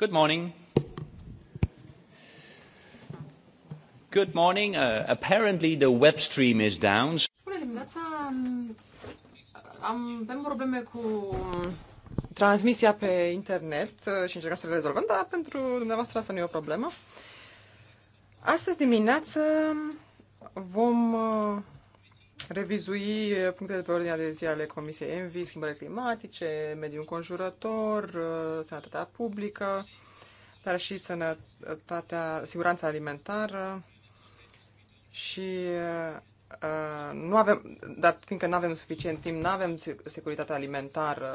Good morning. Good morning. Uh, apparently the web stream is down. Bună dimineața. Am, avem probleme cu transmisia pe internet uh, și încercăm să le rezolvăm, dar pentru dumneavoastră asta nu e o problemă. Astăzi dimineață vom uh, revizui eh, punctele pe ordinea de zi ale Comisiei Envi, schimbările climatice, mediul înconjurător, eh, sănătatea publică, dar și sănătatea, siguranța alimentară și uh, nu avem, dar fiindcă nu avem suficient timp, nu avem securitatea alimentară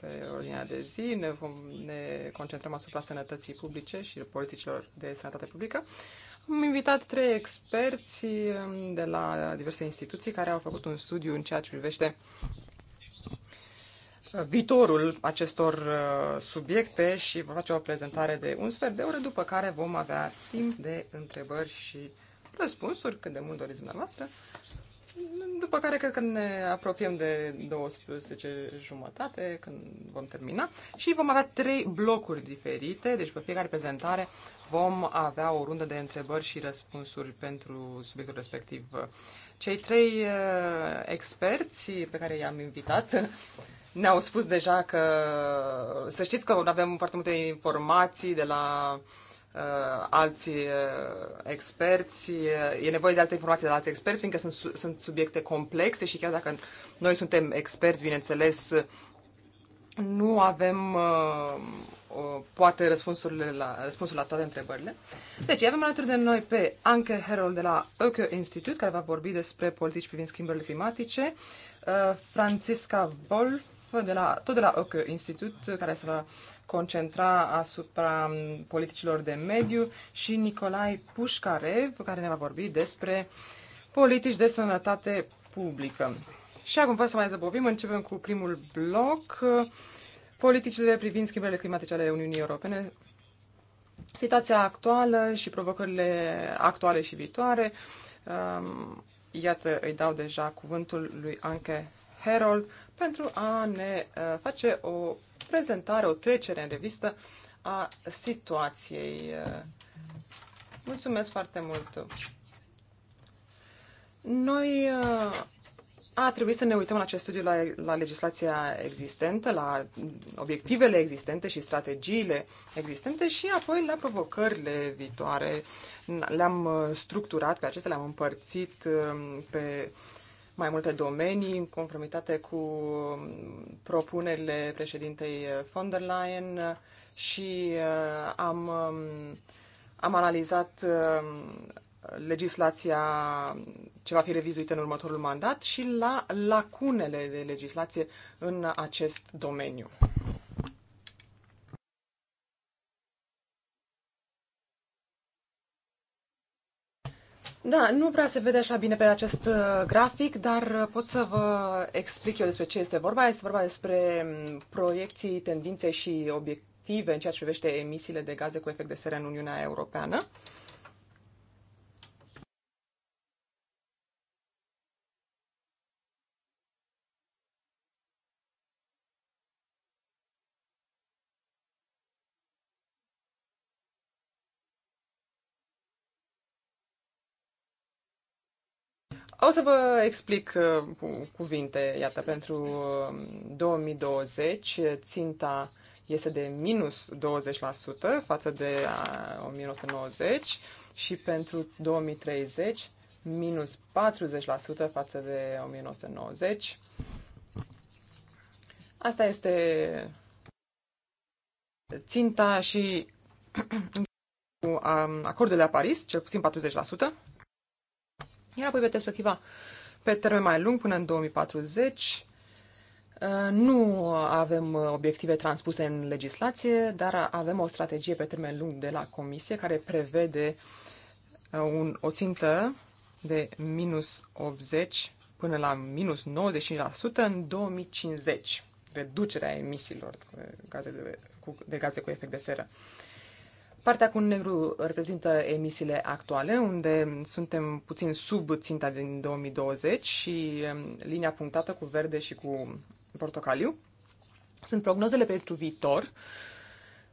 pe ordinea de zi, ne, vom, ne concentrăm asupra sănătății publice și politicilor de sănătate publică. Uh, am invitat trei experți um, de la diverse instituții care au făcut un studiu în ceea ce privește uh, viitorul acestor uh, subiecte și vă face o prezentare de un sfert de oră, după care vom avea timp de întrebări și răspunsuri, cât de mult doriți dumneavoastră după care cred că ne apropiem de 12 jumătate, când vom termina, și vom avea trei blocuri diferite, deci pe fiecare prezentare vom avea o rundă de întrebări și răspunsuri pentru subiectul respectiv. Cei trei uh, experți pe care i-am invitat ne-au spus deja că, să știți că avem foarte multe informații de la uh, alți uh, experți, uh, e nevoie de alte informații de la alți experți, fiindcă sunt, sunt subiecte complexe și chiar dacă noi suntem experți, bineînțeles, nu avem uh, uh, poate răspunsurile la, răspunsul la toate întrebările. Deci, avem alături de noi pe Anke Herold de la Oke Institute, care va vorbi despre politici privind schimbările climatice, uh, Francisca Wolf, de la, tot de la Oke Institute, care se va uh, concentra asupra politicilor de mediu și Nicolai Pușcarev, care ne va vorbi despre politici de sănătate publică. Și acum, fără să mai zăbovim, începem cu primul bloc, politicile privind schimbările climatice ale Uniunii Europene, situația actuală și provocările actuale și viitoare. Um, iată, îi dau deja cuvântul lui Anke Herold pentru a ne uh, face o prezentare, o trecere în revistă a situației. Mulțumesc foarte mult! Noi a trebuit să ne uităm la acest studiu la, la legislația existentă, la obiectivele existente și strategiile existente și apoi la provocările viitoare. Le-am uh, structurat pe acestea, le-am împărțit uh, pe mai multe domenii, în conformitate cu propunerile președintei von der Leyen și uh, am, um, am analizat um, legislația ce va fi revizuită în următorul mandat și la lacunele de legislație în acest domeniu. Da, nu prea se vede așa bine pe acest uh, grafic, dar uh, pot să vă explic eu despre ce este vorba. Este vorba despre mm, proiecții, tendințe și obiective în ceea ce privește emisiile de gaze cu efect de seră în Uniunea Europeană. O să vă explic uh, cu cuvinte, iată, pentru 2020 uh, ținta este de minus 20% față de 1990 uh, și pentru 2030 minus 40% față de 1990. Asta este ținta și acordele um, acordurile la Paris, cel puțin 40%. Iar apoi pe perspectiva pe termen mai lung, până în 2040, uh, nu avem uh, obiective transpuse în legislație, dar avem o strategie pe termen lung de la Comisie care prevede uh, un, o țintă de minus 80 până la minus 95% în 2050, reducerea emisiilor de gaze, de, de gaze cu efect de seră. Partea cu negru reprezintă emisiile actuale, unde suntem puțin sub ținta din 2020 și um, linia punctată cu verde și cu portocaliu. Sunt prognozele pentru viitor.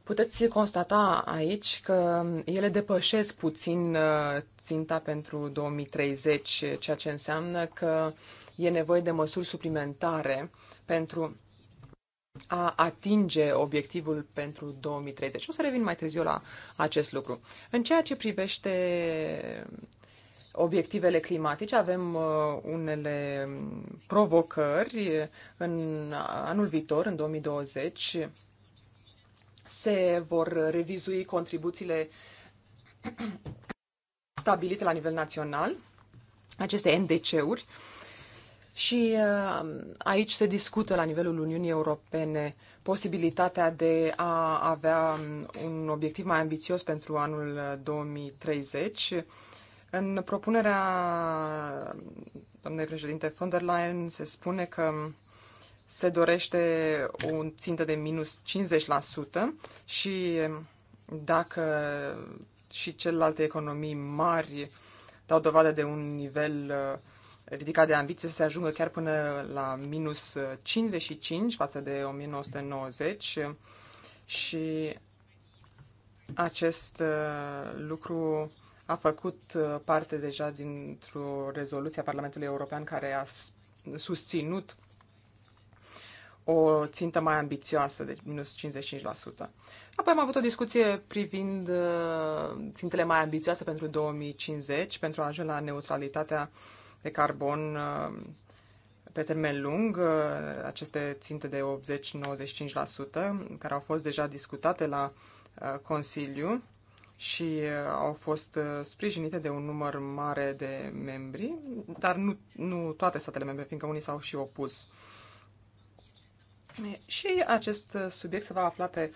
Puteți constata aici că um, ele depășesc puțin uh, ținta pentru 2030, ceea ce înseamnă că e nevoie de măsuri suplimentare pentru a atinge obiectivul pentru 2030. O să revin mai târziu la acest lucru. În ceea ce privește obiectivele climatice, avem uh, unele provocări în anul viitor, în 2020. Se vor revizui contribuțiile stabilite la nivel național, aceste NDC-uri, și uh, aici se discută la nivelul Uniunii Europene posibilitatea de a avea un obiectiv mai ambițios pentru anul 2030. Uh, În propunerea doamnei președinte von der Leyen se spune că se dorește o țintă de minus 50% și dacă și celelalte economii mari dau dovadă de un nivel uh, ridicat de ambiție să se ajungă chiar până la minus 55 față de 1990 și acest uh, lucru a făcut uh, parte deja dintr-o rezoluție a Parlamentului European care a susținut o țintă mai ambițioasă, de deci minus 55%. Apoi am avut o discuție privind uh, țintele mai ambițioase pentru 2050, pentru a ajunge la neutralitatea uh, de carbon uh, pe termen lung, uh, aceste ținte de 80-95% care au fost deja discutate la uh, Consiliu și au fost sprijinite de un număr mare de membri, dar nu, nu toate statele membre, fiindcă unii s-au și opus. Și acest subiect se va afla pe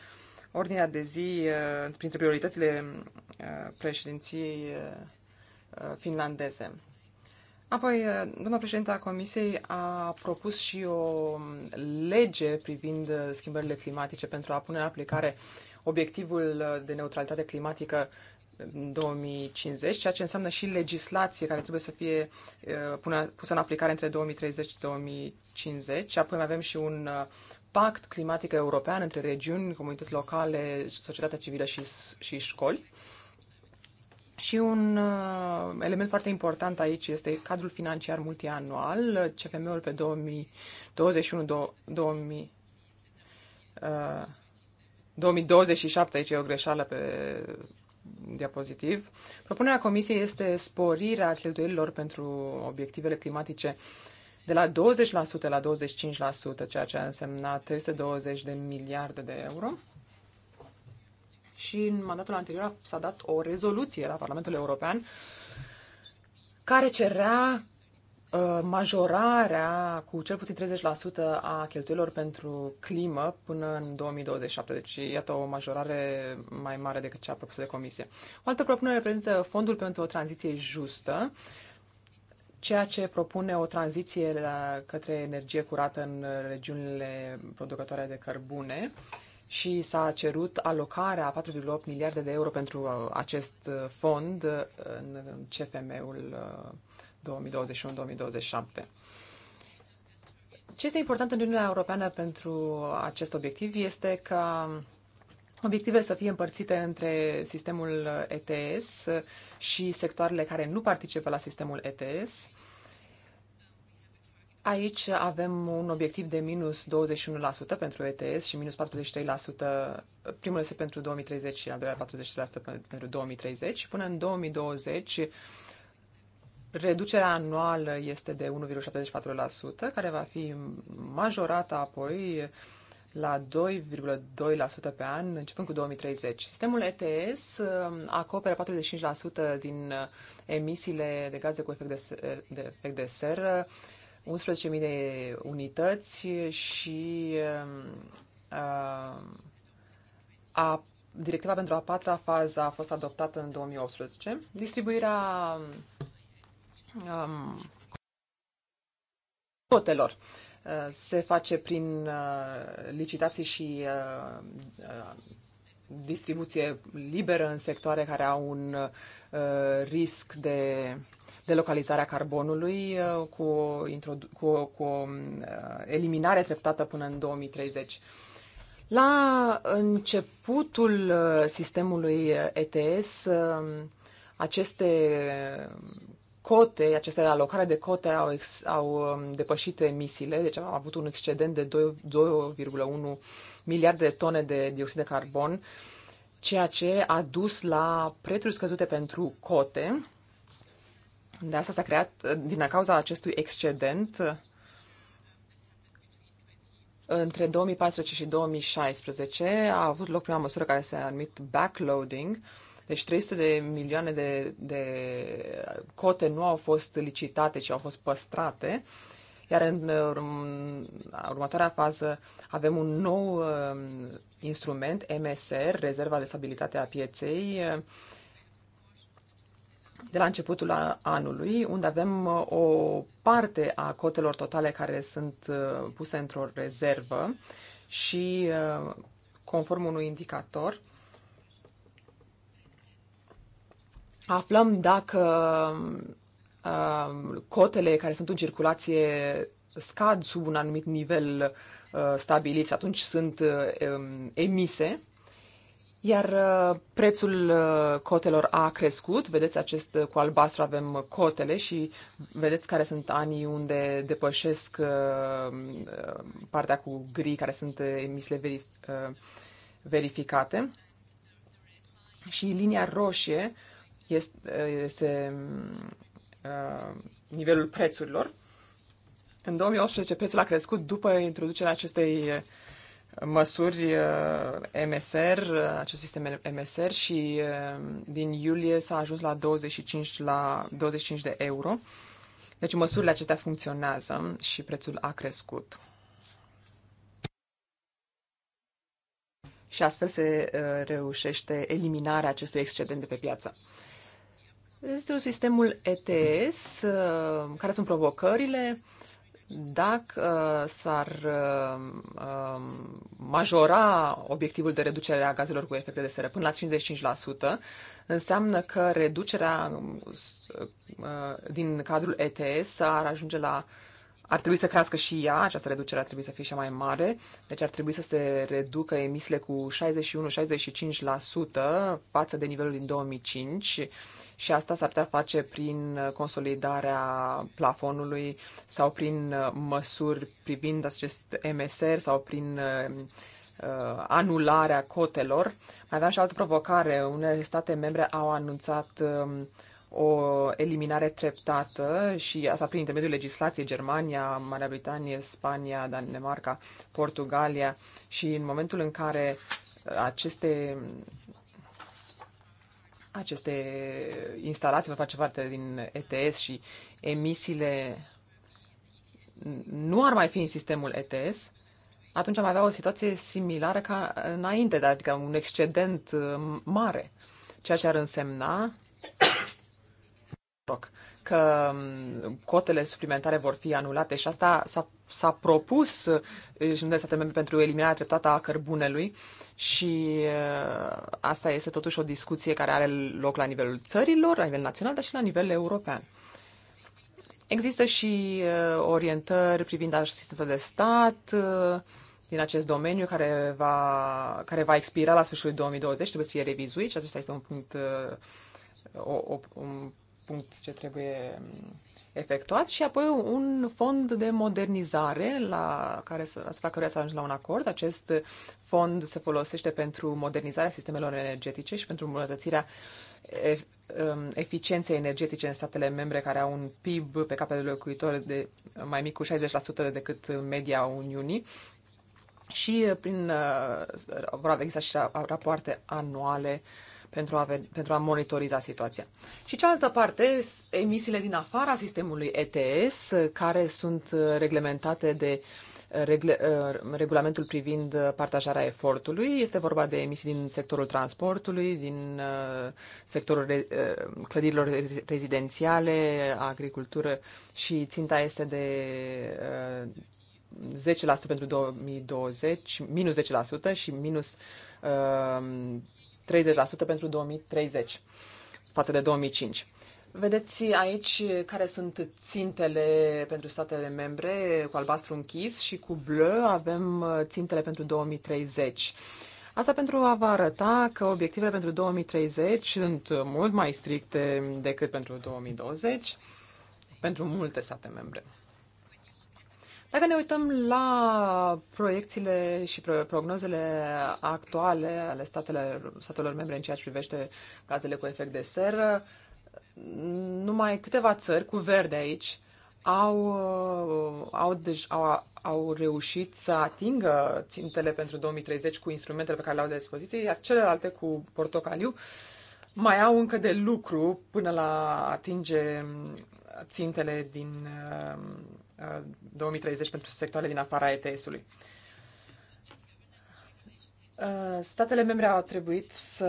ordinea de zi printre prioritățile președinției finlandeze. Apoi, uh, doamna președinte a Comisiei a propus și o lege privind uh, schimbările climatice pentru a pune în aplicare obiectivul uh, de neutralitate climatică în 2050, ceea ce înseamnă și legislație care trebuie să fie pusă în aplicare între 2030 și 2050. Apoi mai avem și un pact climatic european între regiuni, comunități locale, societatea civilă și, și școli. Și un uh, element foarte important aici este cadrul financiar multianual, CFM-ul pe 2021-2027, uh, aici e o greșeală pe diapozitiv. Propunerea Comisiei este sporirea cheltuielilor pentru obiectivele climatice de la 20% la 25%, ceea ce a însemnat 320 de miliarde de euro și în mandatul anterior s-a dat o rezoluție la Parlamentul European care cerea uh, majorarea cu cel puțin 30% a cheltuielor pentru climă până în 2027. Deci, iată o majorare mai mare decât cea propusă de comisie. O altă propunere reprezintă fondul pentru o tranziție justă, ceea ce propune o tranziție la, către energie curată în regiunile producătoare de cărbune. Uh, și s-a cerut alocarea a 4,8 miliarde de euro pentru uh, acest uh, fond uh, în CFM-ul 2021-2027. Ce este important în Uniunea Europeană pentru acest obiectiv este că obiectivele să fie împărțite între sistemul ETS și sectoarele care nu participă la sistemul ETS Aici avem un obiectiv de minus 21% pentru ETS și minus 43%, primul este pentru 2030 și al doilea 40% pentru 2030. Până în 2020, reducerea anuală este de 1,74%, care va fi majorată apoi la 2,2% pe an, începând cu 2030. Sistemul ETS um, acoperă 45% din uh, emisiile de gaze cu efect de, de, efect de seră, 11.000 de unități și uh, a, directiva pentru a patra fază a fost adoptată în 2018. Distribuirea um, cotelor uh, se face prin uh, licitații și uh, uh, distribuție liberă în sectoare care au un uh, risc de de localizarea carbonului uh, cu, cu, cu uh, o eliminare treptată până în 2030. La începutul uh, sistemului ETS, aceste cote, aceste alocare de cote au, ex, au um, depășit emisiile, deci am avut un excedent de 2,1 miliarde de tone de dioxid de carbon, ceea ce a dus la prețuri scăzute pentru cote, de asta s-a creat, din cauza acestui excedent, între 2014 și 2016 a avut loc prima măsură care s-a numit backloading, deci 300 de milioane de, de cote nu au fost licitate, ci au fost păstrate. Iar în următoarea fază avem un nou um, instrument, MSR, Rezerva de Stabilitate a Pieței, de la începutul anului, unde avem uh, o parte a cotelor totale care sunt uh, puse într-o rezervă și uh, conform unui indicator, aflăm dacă cotele care sunt în circulație scad sub un anumit nivel stabilit și atunci sunt emise iar uh, prețul uh, cotelor a crescut, vedeți acest uh, cu albastru avem cotele și vedeți care sunt anii unde depășesc partea cu gri, care sunt emisiile verificate. Și linia roșie este, este nivelul prețurilor. În 2018 prețul a crescut după introducerea acestei măsuri uh, MSR, uh, acest sistem MSR și uh, din iulie s-a ajuns la 25, la 25 de euro. Deci măsurile acestea funcționează și prețul a crescut. Și astfel se reușește eliminarea acestui excedent de pe piață. Este un sistemul ETS, care sunt provocările dacă uh, s-ar uh, um, majora obiectivul de reducere a gazelor cu efecte de seră până la 55%, înseamnă că reducerea uh, din cadrul ETS ar ajunge la ar trebui să crească și ea, această reducere ar trebui să fie și mai mare, deci ar trebui să se reducă emisiile cu 61-65% față de nivelul din 2005 și asta s-ar putea face prin consolidarea plafonului sau prin uh, măsuri privind acest MSR sau prin uh, uh, anularea cotelor. Mai aveam și altă provocare. Unele state membre au anunțat uh, o eliminare treptată și asta prin intermediul legislației Germania, Marea Britanie, Spania, Danemarca, Portugalia și în momentul în care uh, aceste aceste instalații vor face parte din ETS și emisiile nu ar mai fi în sistemul ETS, atunci am avea o situație similară ca înainte, adică un excedent uh, mare, ceea ce ar însemna șoc că mm, cotele suplimentare vor fi anulate și asta s-a, s-a propus eh, și în state membre pentru eliminarea treptată a cărbunelui și eh, asta este totuși o discuție care are loc la nivelul țărilor, la nivel național, dar și la nivel european. Există și eh, orientări privind asistența de stat din acest domeniu care va, care va expira la sfârșitul 2020, trebuie să fie revizuit și acesta este un punct, o, o, un punct ce trebuie mm, efectuat și apoi un fond de modernizare la care, asupra căruia s-a ajuns la un acord. Acest fond se folosește pentru modernizarea sistemelor energetice și pentru îmbunătățirea um, eficienței energetice în statele membre care au un PIB pe cap de locuitor de mai mic cu 60% decât media Uniunii. Și uh, prin uh, vor exista și rapoarte anuale uh, pentru a, pentru a monitoriza situația. Și cealaltă parte, emisiile din afara sistemului ETS, care sunt uh, reglementate de uh, regle, uh, regulamentul privind partajarea efortului. Este vorba de emisii din sectorul transportului, din sectorul re, clădirilor rezidențiale, agricultură și ținta este de 10% pentru 2020, minus 10% și minus 30% pentru 2030 față de 2005. Vedeți aici care sunt țintele pentru statele membre, cu albastru închis și cu bleu avem uh, țintele pentru 2030. Asta pentru a vă arăta că obiectivele pentru 2030 sunt mult mai stricte decât pentru 2020 pentru multe state membre. Dacă ne uităm la proiecțiile și prognozele actuale ale statelor statelor membre în ceea ce privește gazele cu efect de seră, numai câteva țări, cu verde aici, au, au, deci, au, au reușit să atingă țintele pentru 2030 cu instrumentele pe care le au la dispoziție, iar celelalte cu portocaliu mai au încă de lucru până la atinge țintele din 2030 uh, pentru sectoarele din afara ETS-ului. Uh, statele membre au trebuit să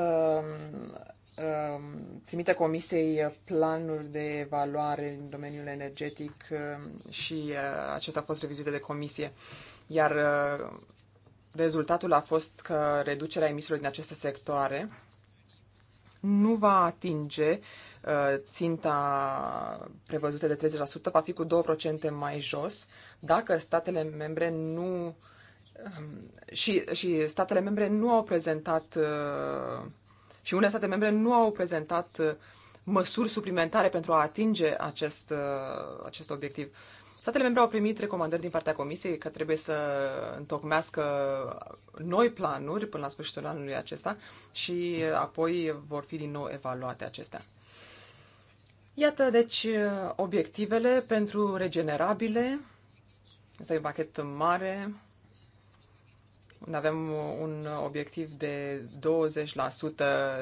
um, trimite comisiei planuri de evaluare în domeniul energetic um, și uh, acestea au fost revizuite de comisie. Iar rezultatul a fost că reducerea emisiilor din aceste sectoare nu va atinge Uh, ținta prevăzută de 30% va fi cu 2% mai jos dacă statele membre nu um, și, și statele membre nu au prezentat uh, și unele state membre nu au prezentat uh, măsuri suplimentare pentru a atinge acest, acest obiectiv. Statele membre au primit recomandări din partea Comisiei că trebuie să întocmească noi planuri până la sfârșitul anului acesta și apoi vor fi din nou evaluate acestea. Iată, deci, obiectivele pentru regenerabile. Este un pachet mare, avem un obiectiv de 20%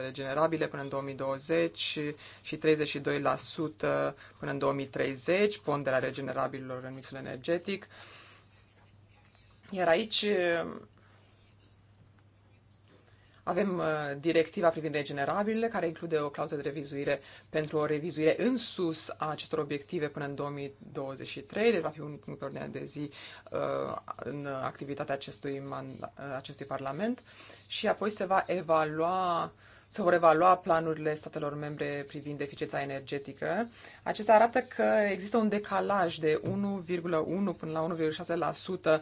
regenerabile până în 2020 și 32% până în 2030, ponderea regenerabililor în mixul energetic. Iar aici avem uh, directiva privind regenerabilele, care include o clauză de revizuire pentru o revizuire în sus a acestor obiective până în 2023, deci va fi un punct pe de zi uh, în activitatea acestui, man, uh, acestui parlament și apoi se va evalua se vor evalua planurile statelor membre privind eficiența energetică. Acestea arată că există un decalaj de 1,1 până la 1,6%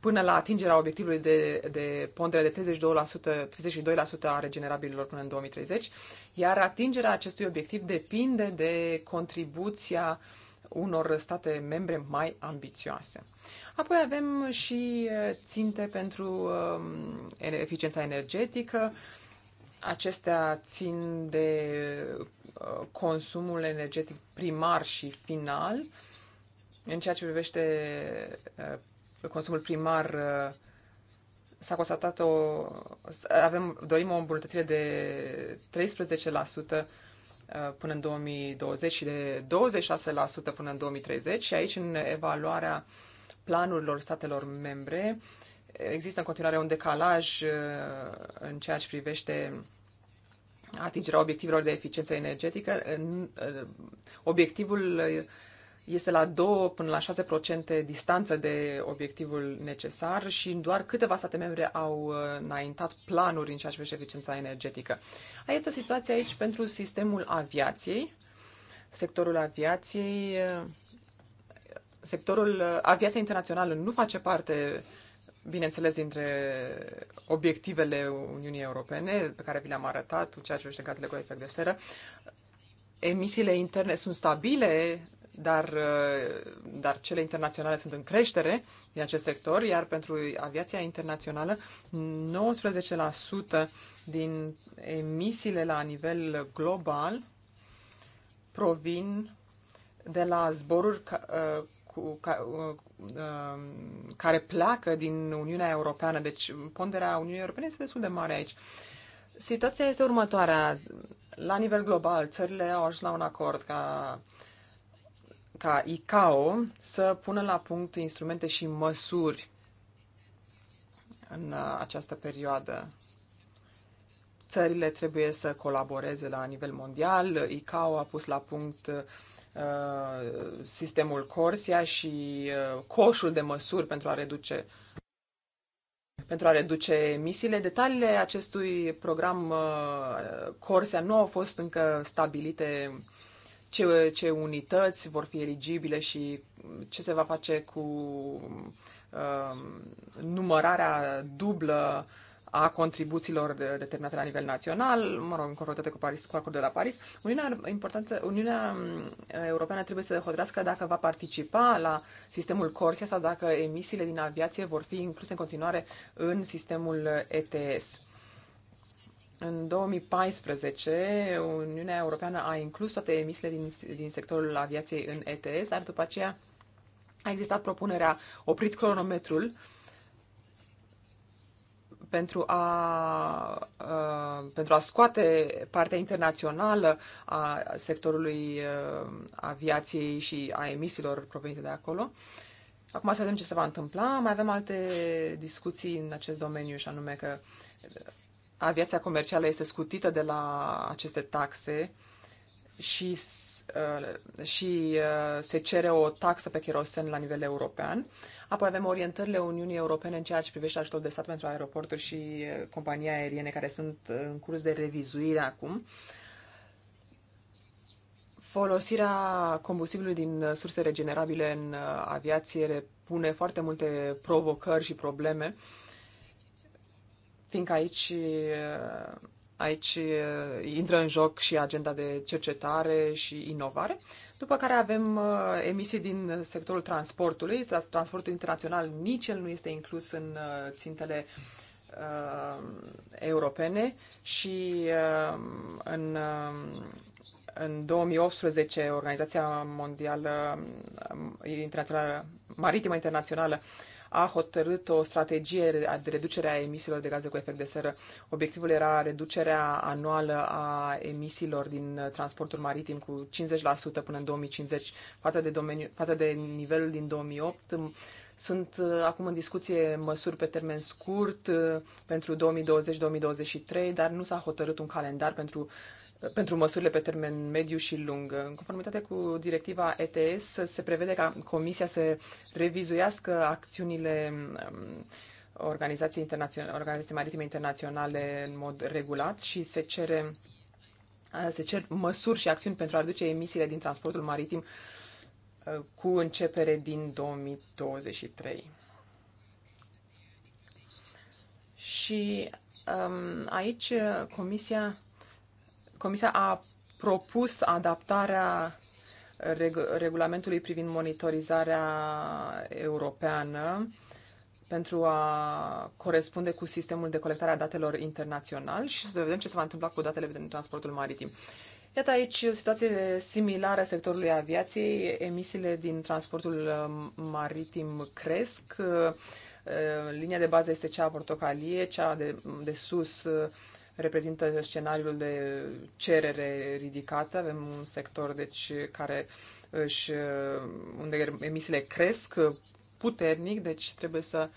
până la atingerea obiectivului de, de pondere de 32%, 32% a regenerabililor până în 2030, iar atingerea acestui obiectiv depinde de contribuția unor state membre mai ambițioase. Apoi avem și eh, ținte pentru eh, eficiența energetică. Acestea țin de eh, consumul energetic primar și final, în ceea ce privește consumul primar uh, s-a constatat o... Avem, dorim o îmbunătățire de 13% uh, până în 2020 și de 26% până în 2030 și aici în evaluarea planurilor statelor membre există în continuare un decalaj uh, în ceea ce privește atingerea obiectivelor de eficiență energetică. Obiectivul este la 2 până la 6% distanță de obiectivul necesar și doar câteva state membre au uh, înaintat planuri în ceea ce privește eficiența energetică. Aiată situația aici pentru sistemul aviației. Sectorul aviației, uh, sectorul uh, aviației internațională nu face parte bineînțeles, dintre obiectivele Uniunii Europene, pe care vi le-am arătat, ceea ce privește gazele cu efect de seră, emisiile interne sunt stabile dar, uh, dar cele internaționale sunt în creștere din acest sector, iar pentru aviația internațională 19% din emisiile la nivel global provin de la zboruri ca, uh, cu, ca, uh, care pleacă din Uniunea Europeană. Deci ponderea Uniunii Europene este destul de mare aici. Situația este următoarea. La nivel global, țările au ajuns la un acord ca ca ICAO să pună la punct instrumente și măsuri în această perioadă. Țările trebuie să colaboreze la nivel mondial. ICAO a pus la punct uh, sistemul Corsia și uh, coșul de măsuri pentru a reduce pentru a reduce emisiile. Detaliile acestui program uh, Corsia nu au fost încă stabilite uh, ce, ce unități vor fi eligibile și ce se va face cu uh, numărarea dublă a contribuțiilor de, determinate la nivel național, mă rog, în conformitate cu, Paris, cu acordul de la Paris, Uniunea, importantă, Uniunea um, Europeană trebuie să hotărască dacă va participa la sistemul Corsia sau dacă emisiile din aviație vor fi incluse în continuare în sistemul ETS. În 2014, Uniunea Europeană a inclus toate emisiile din, din sectorul aviației în ETS, dar după aceea a existat propunerea opriți cronometrul pentru a, pentru a scoate partea internațională a sectorului aviației și a emisiilor provenite de acolo. Acum să vedem ce se va întâmpla. Mai avem alte discuții în acest domeniu și anume că aviația comercială este scutită de la aceste taxe și, uh, și uh, se cere o taxă pe cherosen la nivel european. Apoi avem orientările Uniunii Europene în ceea ce privește ajutorul de stat pentru aeroporturi și uh, companii aeriene care sunt în curs de revizuire acum. Folosirea combustibilului din surse regenerabile în aviație pune foarte multe provocări și probleme uh, fiindcă aici, aici uh, intră în joc și agenda de cercetare și inovare. După care avem uh, emisii din sectorul transportului. Transportul internațional nici el nu este inclus în uh, țintele uh, europene și uh, în, uh, în 2018 Organizația Mondială Internațională Maritimă Internațională uh, a hotărât o strategie de reducere a emisiilor de gaze cu efect de seră. Obiectivul era reducerea anuală a emisiilor din transportul maritim cu 50% până în 2050 față de, domeniu, față de nivelul din 2008. Sunt uh, acum în discuție măsuri pe termen scurt uh, pentru 2020-2023, dar nu s-a hotărât un calendar pentru pentru măsurile pe termen mediu și lung. În conformitate cu directiva ETS, se prevede ca Comisia să revizuiască acțiunile um, Organizației, internaționale, Organizației Maritime Internaționale în mod regulat și se cere se cer măsuri și acțiuni pentru a reduce emisiile din transportul maritim uh, cu începere din 2023. Și um, aici uh, Comisia Comisia a propus adaptarea reg- regulamentului privind monitorizarea europeană pentru a corespunde cu sistemul de colectare a datelor internațional și să vedem ce se va întâmpla cu datele din transportul maritim. Iată aici o situație similară sectorului aviației. Emisiile din transportul uh, maritim cresc. Uh, linia de bază este cea portocalie, cea de, de sus uh, reprezintă scenariul de cerere ridicată. Avem un sector deci, care își, unde emisiile cresc puternic, deci trebuie să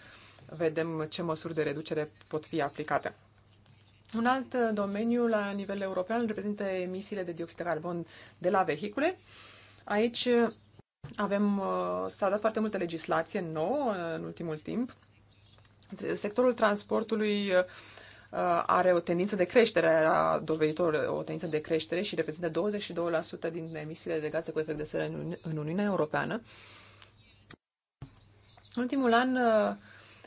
vedem ce măsuri de reducere pot fi aplicate. Un alt domeniu la nivel european reprezintă emisiile de dioxid de carbon de la vehicule. Aici avem, s-a dat foarte multă legislație nouă în ultimul timp. Sectorul transportului Uh, are o tendință de creștere, a dovedit o, tendință de creștere și reprezintă 22% din emisiile de gaze cu efect de seră în, în Uniunea Europeană. În ultimul an, uh,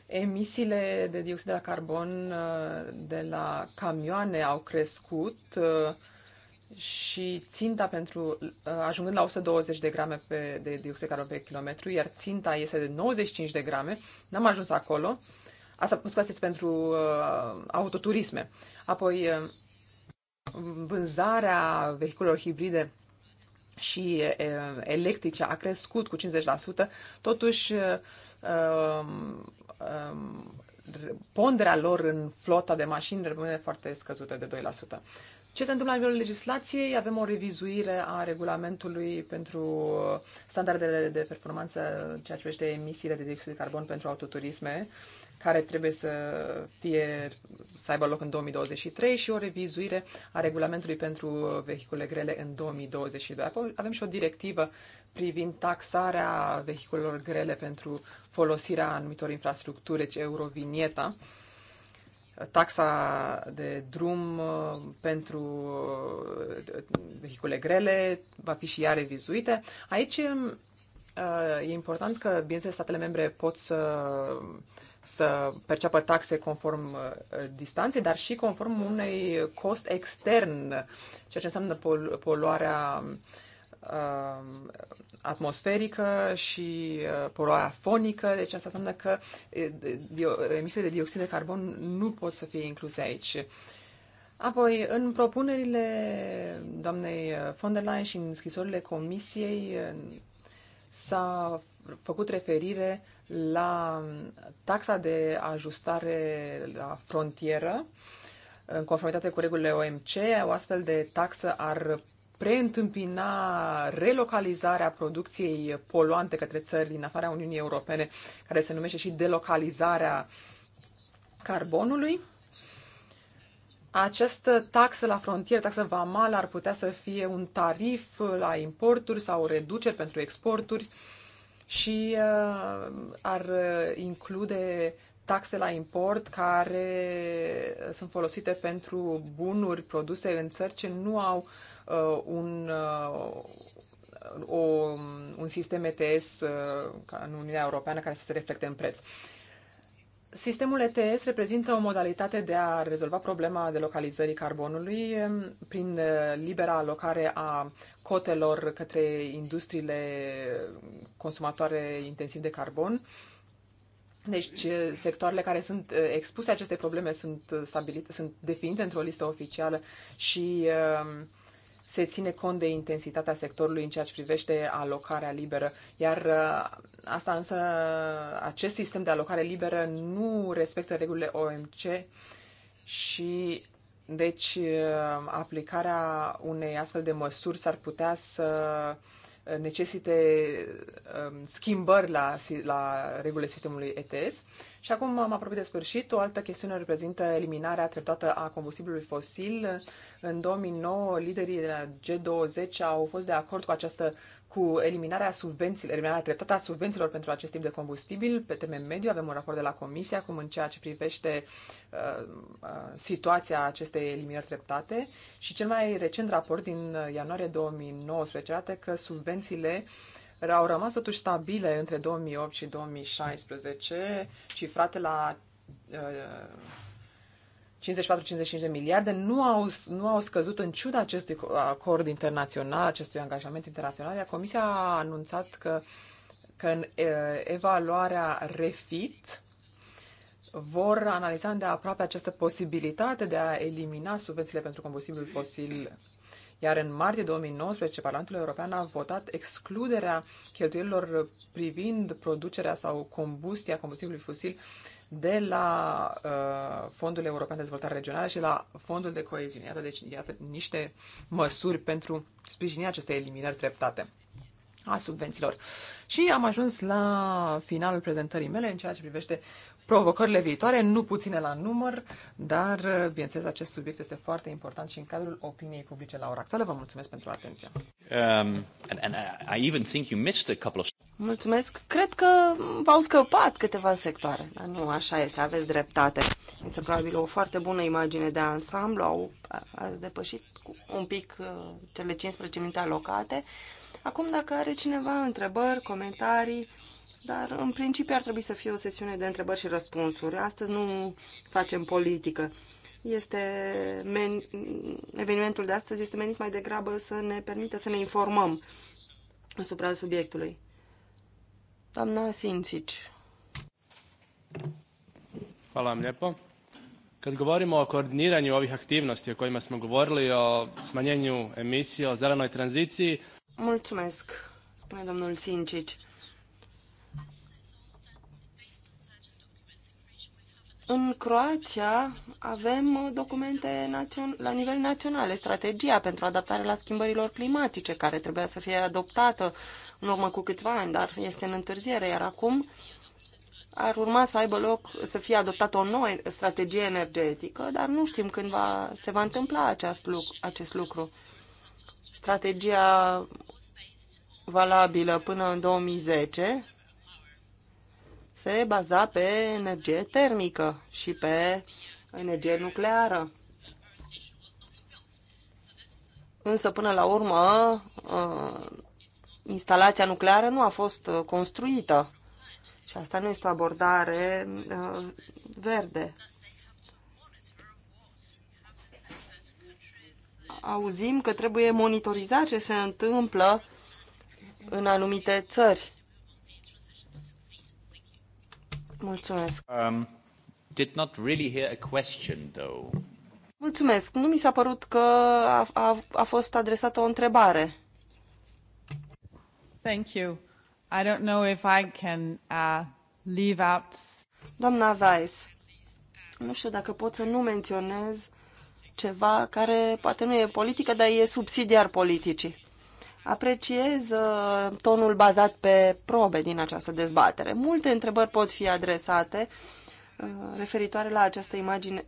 emisiile de dioxid de carbon uh, de la camioane au crescut și ținta pentru, ajungând la 120 de grame pe, de dioxid de carbon pe kilometru, iar ținta este de 95 de grame, n-am ajuns acolo, Asta scoateți pentru uh, autoturisme. Apoi, uh, vânzarea vehiculelor hibride și uh, electrice a crescut cu 50%, totuși uh, uh, ponderea lor în flota de mașini rămâne foarte scăzută de 2%. Ce se întâmplă la nivelul legislației? Avem o revizuire a regulamentului pentru standardele de performanță în ceea ce privește emisiile de dioxid de carbon pentru autoturisme care trebuie să, fie, să aibă loc în 2023 și o revizuire a regulamentului pentru vehicule grele în 2022. Apoi avem și o directivă privind taxarea vehiculelor grele pentru folosirea anumitor infrastructuri, deci Eurovinieta, taxa de drum uh, pentru uh, vehicule grele va fi și ea revizuită. Aici uh, e important că, bineînțeles, statele membre pot să să perceapă taxe conform uh, distanței, dar și conform unei cost extern, ceea ce înseamnă poluarea uh, atmosferică și uh, poluarea fonică, deci asta înseamnă că emisiile de dioxid de carbon nu pot să fie incluse aici. Apoi, în propunerile doamnei von der Leyen și în scrisorile comisiei s-a făcut referire la taxa de ajustare la frontieră. În conformitate cu regulile OMC, o astfel de taxă ar preîntâmpina relocalizarea producției poluante către țări din afara Uniunii Europene, care se numește și delocalizarea carbonului. Această taxă la frontieră, taxă vamală, ar putea să fie un tarif la importuri sau reduceri pentru exporturi și uh, ar include taxe la import care sunt folosite pentru bunuri produse în țări ce nu au uh, un, uh, o, un sistem ETS uh, ca în Uniunea Europeană care să se reflecte în preț. Sistemul ETS reprezintă o modalitate de a rezolva problema de localizării carbonului prin eh, libera alocare a cotelor către industriile consumatoare intensiv de carbon. Deci, eh, sectoarele care sunt eh, expuse aceste probleme sunt stabilite, sunt definite într-o listă oficială și uh, se ține cont de intensitatea sectorului în ceea ce privește alocarea liberă, iar uh, asta însă, acest sistem de alocare liberă nu respectă regulile OMC și deci uh, aplicarea unei astfel de măsuri s-ar putea să necesite um, schimbări la, la regulile sistemului ETS și acum am apropiat de sfârșit. O altă chestiune reprezintă eliminarea treptată a combustibilului fosil. În 2009, liderii de la G20 au fost de acord cu această cu eliminarea subvențiilor, eliminarea treptată a subvențiilor pentru acest tip de combustibil. Pe termen mediu avem un raport de la Comisie cum în ceea ce privește uh, uh, situația acestei eliminări treptate și cel mai recent raport din ianuarie 2019 arată că subvențiile uh, au rămas totuși stabile între 2008 și 2016, cifrate la uh, 54-55 de miliarde, nu au, nu au scăzut în ciuda acestui acord internațional, acestui angajament internațional, iar Comisia a anunțat că, că în uh, evaluarea refit, vor analiza de aproape această posibilitate de a elimina subvențiile pentru combustibil fosil iar în martie 2019, Parlamentul European a votat excluderea cheltuielilor privind producerea sau combustia combustibilului fosil de la uh, Fondul European de Dezvoltare Regională și la Fondul de Coeziune. Iată, deci, iată niște măsuri pentru sprijinirea acestei eliminări treptate a subvențiilor. Și am ajuns la finalul prezentării mele în ceea ce privește provocările viitoare, nu puține la număr, dar, uh, bineînțeles, acest subiect este foarte important și în cadrul opiniei publice la ora actuală. Vă mulțumesc pentru atenție. Um, mulțumesc. Cred că v-au scăpat câteva sectoare, dar nu așa este, aveți dreptate. Este probabil o foarte bună imagine de ansamblu, au, depășit un pic uh, cele 15 minute alocate. Acum, dacă are cineva întrebări, comentarii, dar, în principiu, ar trebui să fie o sesiune de întrebări și răspunsuri. Astăzi nu facem politică. Este men... Evenimentul de astăzi este menit mai degrabă să ne permită să ne informăm asupra subiectului. Doamna Sințici. Hvala vam lijepo. Kad govorimo o koordiniranju ovih aktivnosti o kojima smo govorili, o smanjenju emisije, o zelenoj tranziciji... Mulțumesc, spune domnul Sincici. În Croația avem documente la nivel național, strategia pentru adaptare la schimbărilor climatice, care trebuia să fie adoptată în urmă cu câțiva ani, dar este în întârziere, iar acum ar urma să aibă loc să fie adoptată o nouă strategie energetică, dar nu știm când va, se va întâmpla acest lucru, acest lucru. Strategia valabilă până în 2010 se baza pe energie termică și pe energie nucleară. Însă, până la urmă, ă, instalația nucleară nu a fost construită. Și asta nu este o abordare ă, verde. Auzim că trebuie monitorizat ce se întâmplă în anumite țări. Mulțumesc. Um, did not really hear a question, though. Mulțumesc. Nu mi s-a părut că a, a, a fost adresată o întrebare. Thank you. I don't know if I can uh, leave out... Doamna Weiss, nu știu dacă pot să nu menționez ceva care poate nu e politică, dar e subsidiar politicii. Apreciez uh, tonul bazat pe probe din această dezbatere. Multe întrebări pot fi adresate uh, referitoare la această, imagine,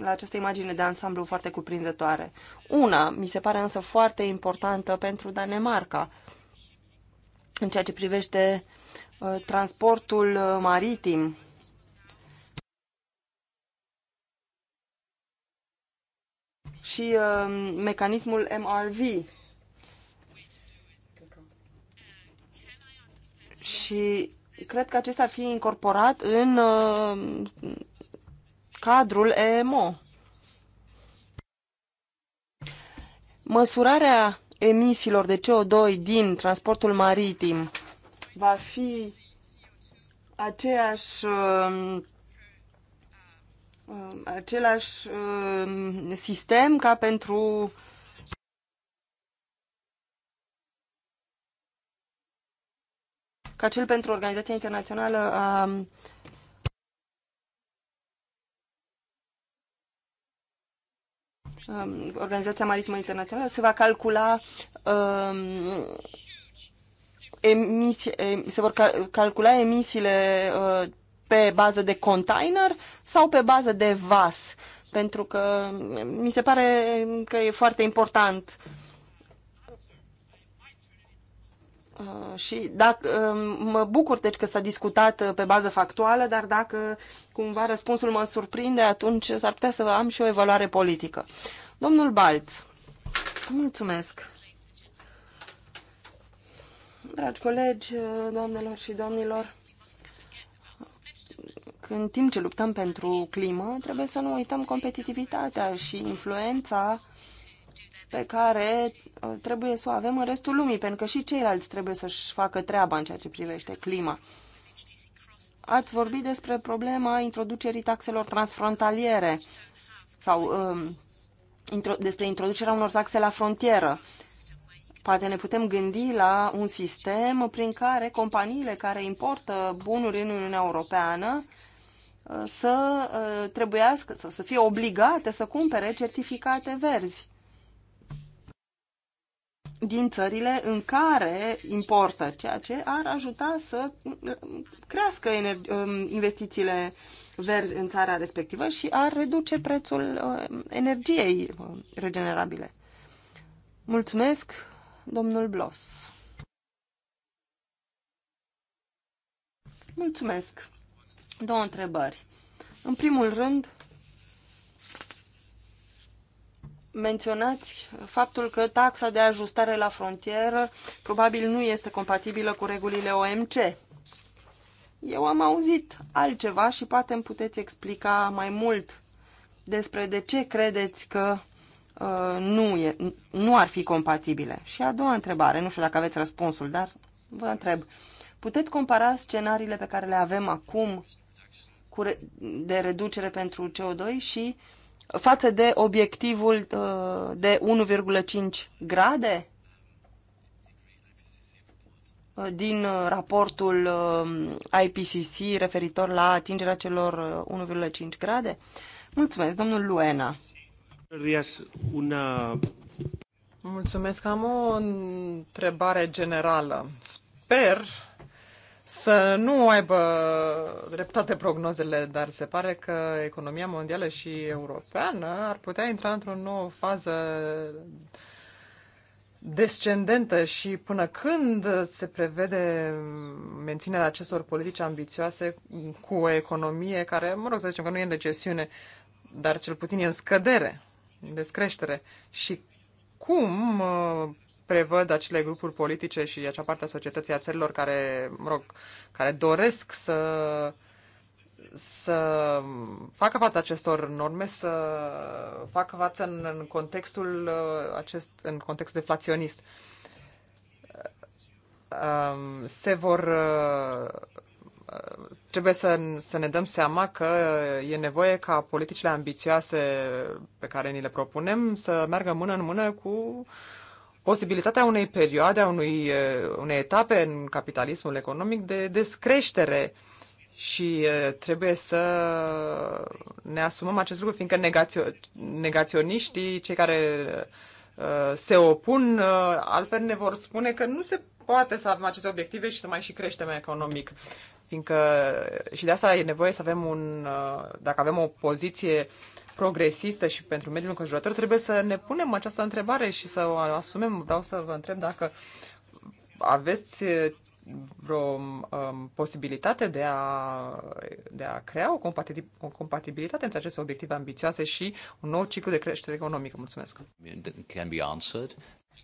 la această imagine de ansamblu foarte cuprinzătoare. Una mi se pare însă foarte importantă pentru Danemarca în ceea ce privește uh, transportul maritim. și mecanismul MRV Și cred că acesta ar fi incorporat în uh, cadrul EMO. Măsurarea emisiilor de CO2 din transportul maritim va fi aceeași uh, uh, același sistem ca pentru ca cel pentru Organizația Internațională a um, Organizația Maritimă Internațională, se va calcula um, emisi, se vor cal calcula emisiile uh, pe bază de container sau pe bază de vas, pentru că mi se pare că e foarte important uh, Uh, și dacă, uh, mă bucur deci că s-a discutat uh, pe bază factuală, dar dacă cumva răspunsul mă surprinde, atunci s-ar putea să am și o evaluare politică. Domnul Balț, mulțumesc. Dragi colegi, doamnelor și domnilor, în timp ce luptăm pentru climă, trebuie să nu uităm competitivitatea și influența pe care uh, trebuie să o avem în restul lumii, pentru că și ceilalți trebuie să-și facă treaba în ceea ce privește clima. Ați vorbit despre problema introducerii taxelor transfrontaliere sau um, intro, despre introducerea unor taxe la frontieră. Poate ne putem gândi la un sistem prin care companiile care importă bunuri în Uniunea Europeană uh, să uh, trebuiască să fie obligate să cumpere certificate verzi din țările în care importă, ceea ce ar ajuta să uh, crească um, investițiile verzi în țara respectivă și ar reduce prețul uh, energiei uh, regenerabile. Mulțumesc, domnul Blos. Mulțumesc. Două întrebări. În primul rând, menționați faptul că taxa de ajustare la frontieră probabil nu este compatibilă cu regulile OMC. Eu am auzit altceva și poate îmi puteți explica mai mult despre de ce credeți că uh, nu, e, nu ar fi compatibile. Și a doua întrebare, nu știu dacă aveți răspunsul, dar vă întreb. Puteți compara scenariile pe care le avem acum cu re- de reducere pentru CO2 și uh, față de obiectivul uh, de 1,5 grade uh, din uh, raportul IPCC referitor la atingerea celor 1,5 grade? Mulțumesc, domnul Luena. Mulțumesc. Am o întrebare generală. Sper să nu aibă dreptate prognozele, dar se pare că economia mondială și europeană ar putea intra într-o nouă fază descendentă și până când se prevede menținerea acestor politici ambițioase cu o economie care, mă rog să zicem că nu e în recesiune, dar cel puțin e în scădere, în descreștere și cum uh, prevăd acele grupuri politice și acea parte a societății a țărilor care, mă rog, care doresc să să facă față acestor norme, să facă față în, în contextul uh, acest, în context deflaționist. Um, se vor uh, uh, trebuie să, să ne dăm seama că e nevoie ca politicile ambițioase pe care ni le propunem să meargă mână în mână cu posibilitatea unei perioade, a unui, unei etape în capitalismul economic de descreștere și trebuie să ne asumăm acest lucru, fiindcă negaționi, negaționiștii, cei care se opun, altfel ne vor spune că nu se poate să avem aceste obiective și să mai și creștem economic. Fiindcă și de asta e nevoie să avem un, dacă avem o poziție uh, progresistă și pentru mediul înconjurător, trebuie să ne punem această întrebare și să o asumem. Vreau să vă întreb dacă aveți eh, vreo um, posibilitate de a, de a crea o, compatibil, o compatibilitate între aceste obiective ambițioase și un nou ciclu de creștere economică. Mulțumesc. Can be answered.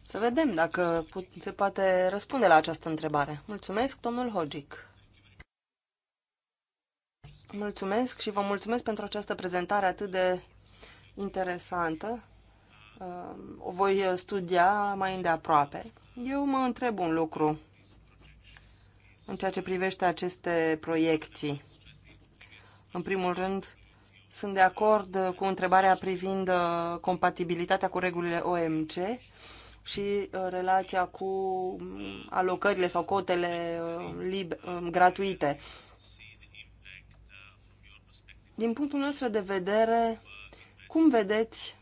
Să vedem dacă put, se poate răspunde la această întrebare. Mulțumesc, domnul Hogic. Mulțumesc și vă mulțumesc pentru această prezentare atât de interesantă. Uh, o voi studia mai îndeaproape. Eu mă întreb un lucru în ceea ce privește aceste proiecții. În primul rând, sunt de acord cu întrebarea privind uh, compatibilitatea cu regulile OMC și uh, relația cu alocările sau cotele gratuite. Din punctul nostru de vedere, cum vedeți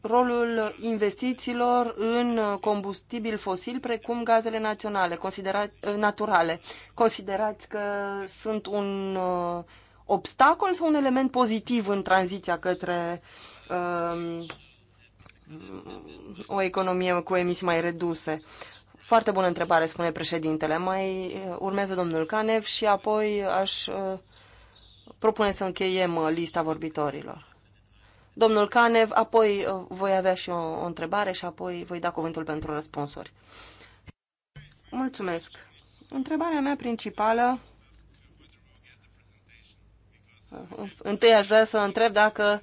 rolul investițiilor în combustibil fosil, precum gazele naționale, considera- naturale. Considerați că sunt un uh, obstacol sau un element pozitiv în tranziția către um, o economie cu emisii mai reduse? Foarte bună întrebare, spune președintele. Mai uh, urmează domnul Canev și apoi aș uh, propune să încheiem uh, lista vorbitorilor. Domnul Canev, apoi voi avea și o, o întrebare și apoi voi da cuvântul pentru răspunsuri. Mulțumesc. Întrebarea mea principală Întâi aș vrea să întreb dacă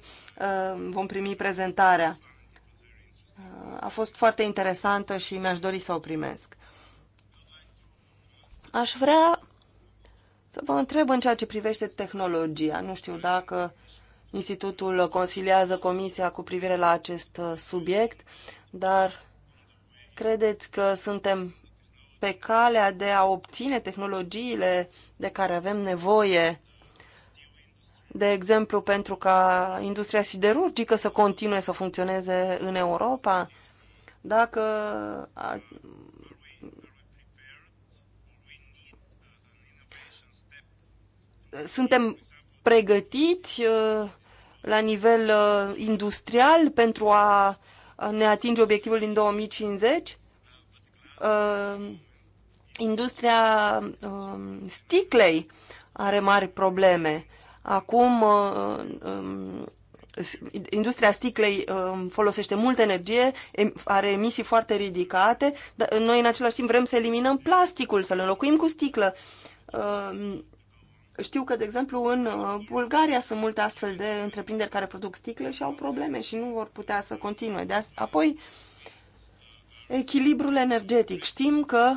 vom primi prezentarea a fost foarte interesantă și mi-aș dori să o primesc. Aș vrea să vă întreb în ceea ce privește tehnologia. Nu știu dacă Institutul consiliază Comisia cu privire la acest uh, subiect, dar credeți că suntem pe calea de a obține tehnologiile de care avem nevoie de exemplu, pentru ca industria siderurgică să continue să funcționeze în Europa, dacă a... suntem pregătiți uh, la nivel uh, industrial pentru a ne atinge obiectivul din 2050, uh, industria sticlei are mari probleme Acum, uh, um, industria sticlei um, folosește multă energie, are emisii foarte ridicate, dar noi în același timp vrem să eliminăm plasticul, să-l înlocuim cu sticlă. Um, știu că, de exemplu, în uh, Bulgaria sunt multe astfel de întreprinderi care produc sticlă și au probleme și nu vor putea să continue. De apoi, echilibrul energetic. Știm că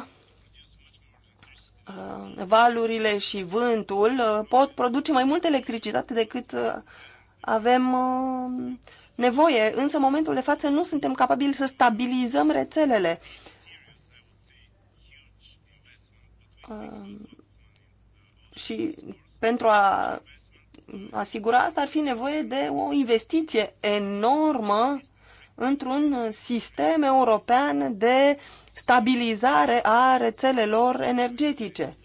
Uh, valurile și vântul uh, pot produce mai multă electricitate decât uh, avem nevoie, însă în momentul de față nu suntem capabili să stabilizăm rețelele. Și pentru a asigura asta ar fi nevoie de o investiție enormă într-un sistem european de stabilizare a rețelelor energetice.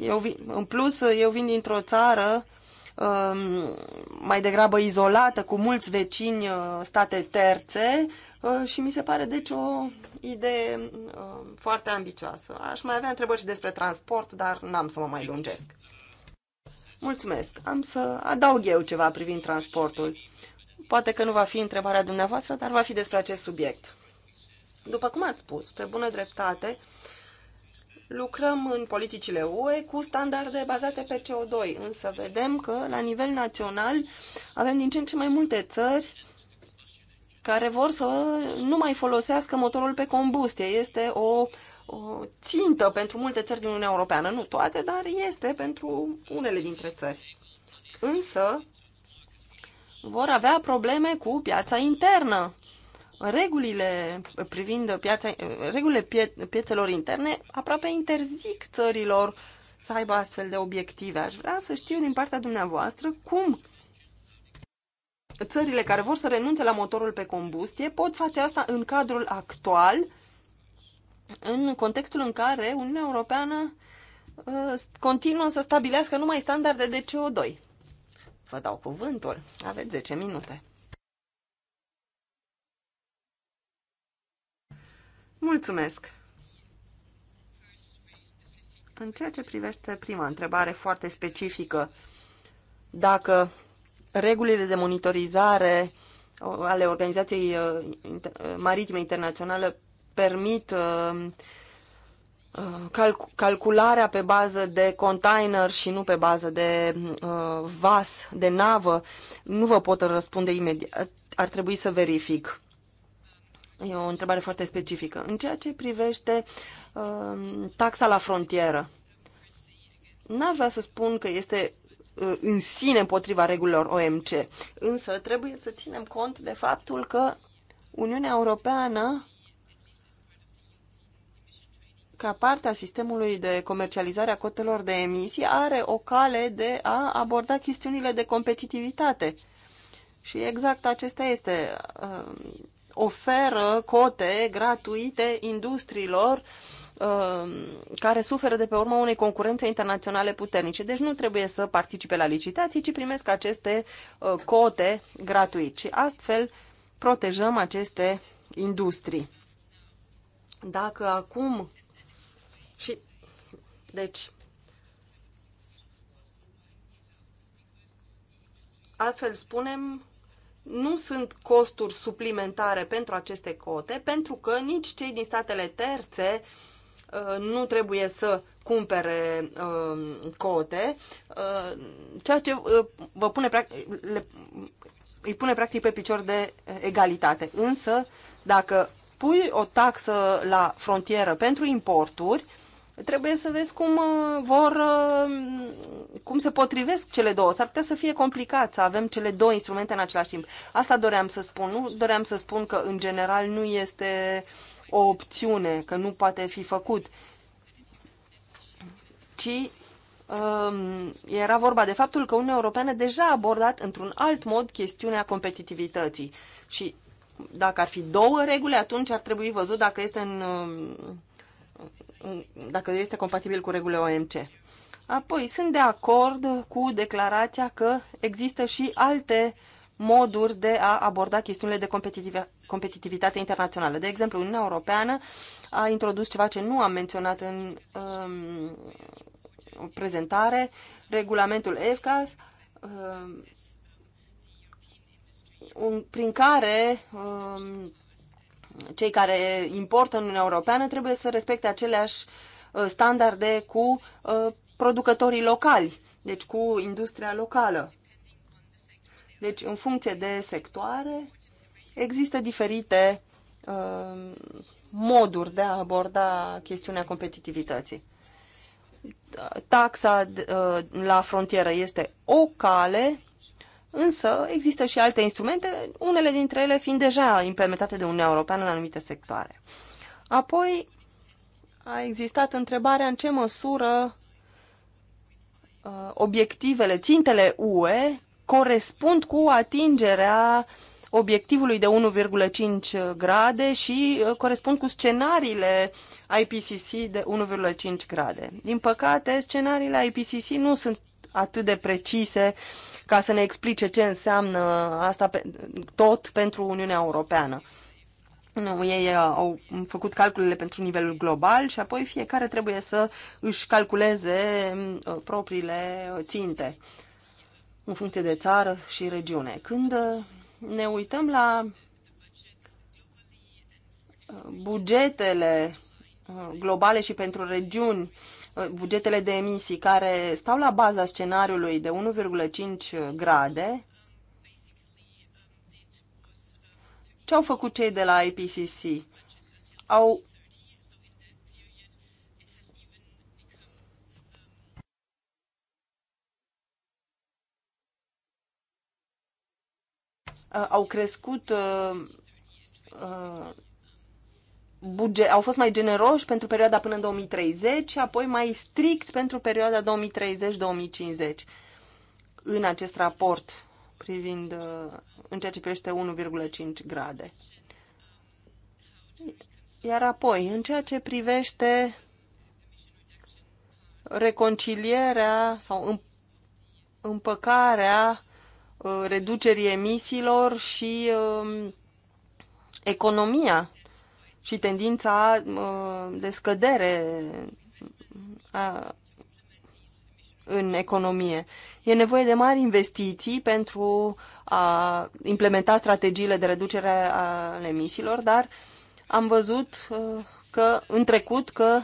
Eu vin, în plus, eu vin dintr-o țară um, mai degrabă izolată, cu mulți vecini uh, state terțe uh, și mi se pare deci o idee um, foarte ambicioasă. Aș mai avea întrebări și despre transport, dar n-am să mă mai lungesc. Mulțumesc. Am să adaug eu ceva privind transportul. Poate că nu va fi întrebarea dumneavoastră, dar va fi despre acest subiect. După cum ați spus, pe bună dreptate, lucrăm în politicile UE cu standarde bazate pe CO2, însă vedem că la nivel național avem din ce în ce mai multe țări care vor să nu mai folosească motorul pe combustie. Este o, o țintă pentru multe țări din Uniunea Europeană, nu toate, dar este pentru unele dintre țări. Însă vor avea probleme cu piața internă regulile privind piața, regulile pie, piețelor interne aproape interzic țărilor să aibă astfel de obiective. Aș vrea să știu din partea dumneavoastră cum țările care vor să renunțe la motorul pe combustie pot face asta în cadrul actual, în contextul în care Uniunea Europeană ă, continuă să stabilească numai standarde de CO2. Vă dau cuvântul. Aveți 10 minute. Mulțumesc! În ceea ce privește prima întrebare foarte specifică, dacă regulile de monitorizare uh, ale Organizației uh, uh, Maritime Internaționale permit calcularea pe bază de container și nu pe bază de vas, de navă, nu vă pot răspunde imediat. Ar trebui să verific. E o întrebare foarte specifică. În ceea ce privește uh, taxa la frontieră, n ar vrea să spun că este uh, în sine împotriva regulilor OMC, însă trebuie să ținem cont de faptul că Uniunea Europeană, ca parte a sistemului de comercializare a cotelor de emisii, are o cale de a aborda chestiunile de competitivitate. Și exact acesta este uh, oferă cote gratuite industriilor uh, care suferă de pe urma unei concurențe internaționale puternice. Deci nu trebuie să participe la licitații, ci primesc aceste uh, cote gratuit. Și astfel protejăm aceste industrii. Dacă acum și deci astfel spunem nu sunt costuri suplimentare pentru aceste cote, pentru că nici cei din statele terțe uh, nu trebuie să cumpere uh, cote, uh, ceea ce vă pune, le, îi pune practic pe picior de egalitate. Însă, dacă pui o taxă la frontieră pentru importuri, trebuie să vezi cum uh, vor, uh, cum se potrivesc cele două. S-ar putea să fie complicat să avem cele două instrumente în același timp. Asta doream să spun. Nu doream să spun că, în general, nu este o opțiune, că nu poate fi făcut, ci um, era vorba de faptul că Uniunea Europeană deja a abordat într-un alt mod chestiunea competitivității. Și dacă ar fi două reguli, atunci ar trebui văzut dacă este în um, dacă este compatibil cu regulile OMC. Apoi, sunt de acord cu declarația că există și alte moduri de a aborda chestiunile de competitivitate internațională. De exemplu, Uniunea Europeană a introdus ceva ce nu am menționat în um, prezentare, regulamentul EFCAS, um, prin care um, cei care importă în Uniunea Europeană trebuie să respecte aceleași uh, standarde cu uh, producătorii locali, deci cu industria locală. Deci, în funcție de sectoare, există diferite uh, moduri de a aborda chestiunea competitivității. Taxa la frontieră este o cale Însă există și alte instrumente, unele dintre ele fiind deja implementate de Uniunea Europeană în anumite sectoare. Apoi a existat întrebarea în ce măsură uh, obiectivele, țintele UE corespund cu atingerea obiectivului de 1,5 grade și uh, corespund cu scenariile IPCC de 1,5 grade. Din păcate, scenariile IPCC nu sunt atât de precise uh, ca să ne explice ce înseamnă asta pe, tot pentru Uniunea Europeană. Nu, ei uh, au făcut calculele pentru nivelul global și apoi fiecare trebuie să își calculeze mm, uh, propriile ținte în funcție de țară și regiune. Când uh, ne uităm la bugetele globale și pentru regiuni bugetele de emisii care stau la baza scenariului de 1,5 grade, ce au făcut cei de la IPCC? Au au crescut uh, uh, buge- au fost mai generoși pentru perioada până în 2030 și apoi mai strict pentru perioada 2030-2050. În acest raport privind uh, în ceea ce privește 1,5 grade. Iar apoi, în ceea ce privește reconcilierea sau împăcarea uh, reducerii emisiilor și um, economia și tendința uh, de scădere a, uh, în economie. E nevoie de mari investiții pentru a implementa strategiile de reducere a emisiilor, dar am văzut uh, că în trecut că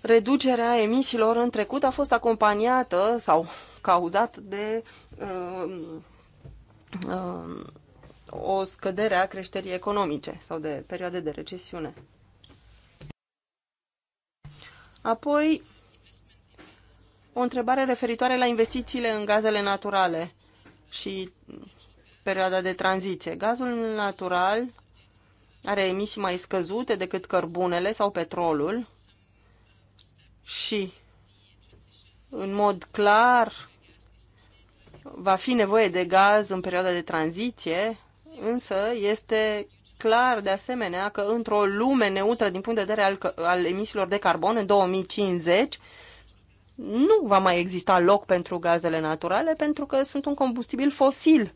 reducerea emisiilor în trecut a fost acompaniată sau cauzat de uh, uh, o scădere a creșterii economice sau de perioade de recesiune. Apoi, o întrebare referitoare la investițiile în gazele naturale și perioada de tranziție. Gazul natural are emisii mai scăzute decât cărbunele sau petrolul și, în mod clar, va fi nevoie de gaz în perioada de tranziție Însă este clar de asemenea că într-o lume neutră din punct de vedere al, al emisiilor de carbon în 2050 nu va mai exista loc pentru gazele naturale pentru că sunt un combustibil fosil.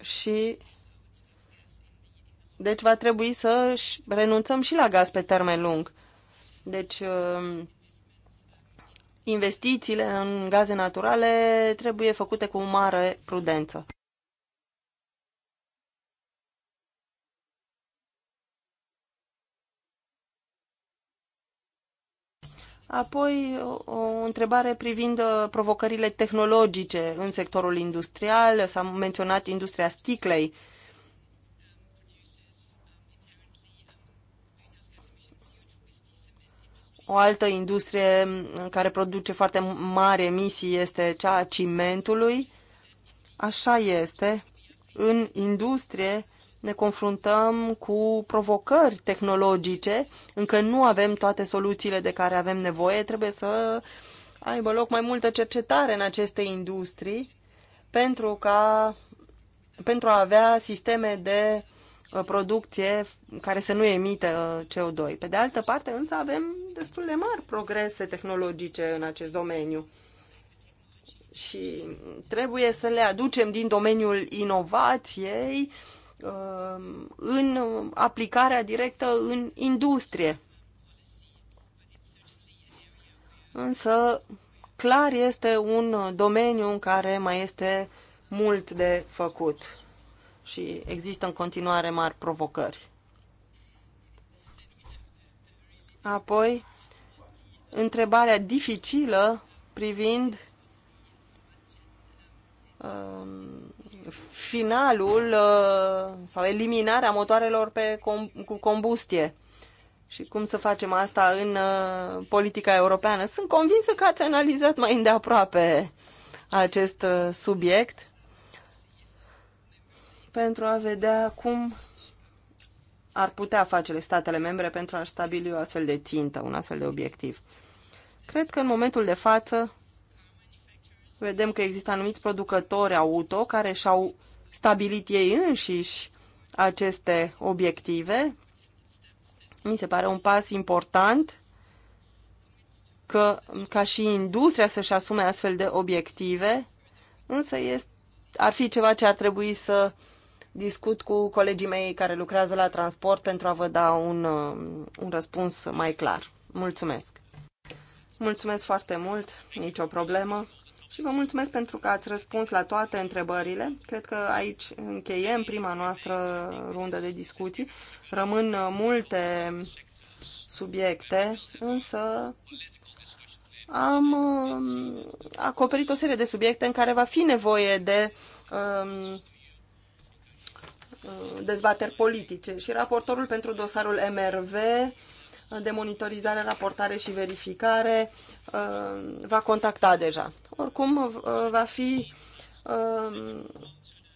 Și deci va trebui să renunțăm și la gaz pe termen lung. Deci um, investițiile în gaze naturale trebuie făcute cu mare prudență. Apoi, o întrebare privind uh, provocările tehnologice în sectorul industrial. S-a menționat industria sticlei. O altă industrie care produce foarte mari emisii este cea a cimentului. Așa este. În industrie ne confruntăm cu provocări tehnologice, încă nu avem toate soluțiile de care avem nevoie, trebuie să aibă loc mai multă cercetare în aceste industrii pentru, ca, pentru a avea sisteme de Uh, producție care să nu emite uh, CO2. Pe de altă parte, însă, avem destul de mari progrese tehnologice în acest domeniu și trebuie să le aducem din domeniul inovației uh, în aplicarea directă în industrie. Însă, clar este un domeniu în care mai este mult de făcut și există în continuare mari provocări. Apoi, întrebarea dificilă privind um, finalul uh, sau eliminarea motoarelor pe com- cu combustie și cum să facem asta în uh, politica europeană. Sunt convinsă că ați analizat mai îndeaproape acest uh, subiect pentru a vedea cum ar putea face statele membre pentru a stabili o astfel de țintă, un astfel de obiectiv. Cred că în momentul de față vedem că există anumiți producători auto care și-au stabilit ei înșiși aceste obiective. Mi se pare un pas important că, ca și industria să-și asume astfel de obiective, însă este, ar fi ceva ce ar trebui să uh, discut cu colegii mei care lucrează la transport pentru a vă da un, um, un răspuns mai clar. Mulțumesc! Mulțumesc foarte mult, nicio problemă. Și vă mulțumesc pentru că ați răspuns la toate întrebările. Cred că aici încheiem prima noastră rundă de discuții. Rămân uh, multe subiecte, însă am um, acoperit o serie de subiecte în care va fi nevoie de um, Uh, dezbateri politice și raportorul pentru dosarul MRV uh, de monitorizare, raportare și verificare uh, va contacta deja. Oricum, va fi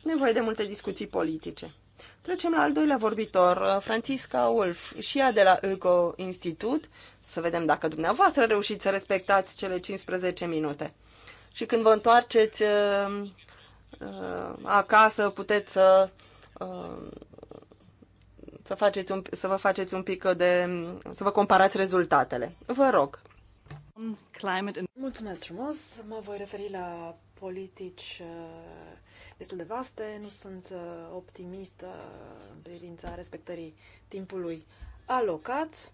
nevoie de multe discuții politice. Trecem la al doilea vorbitor, Francisca Wolf, și ea de la Eco Institut, să vedem dacă dumneavoastră reușiți să respectați cele 15 minute. Și când vă întoarceți acasă, puteți să să, faceți un, să vă faceți un pic de... să vă comparați rezultatele. Vă rog. Mulțumesc frumos. Mă voi referi la politici uh, destul de vaste. Nu sunt uh, optimistă în privința respectării timpului alocat,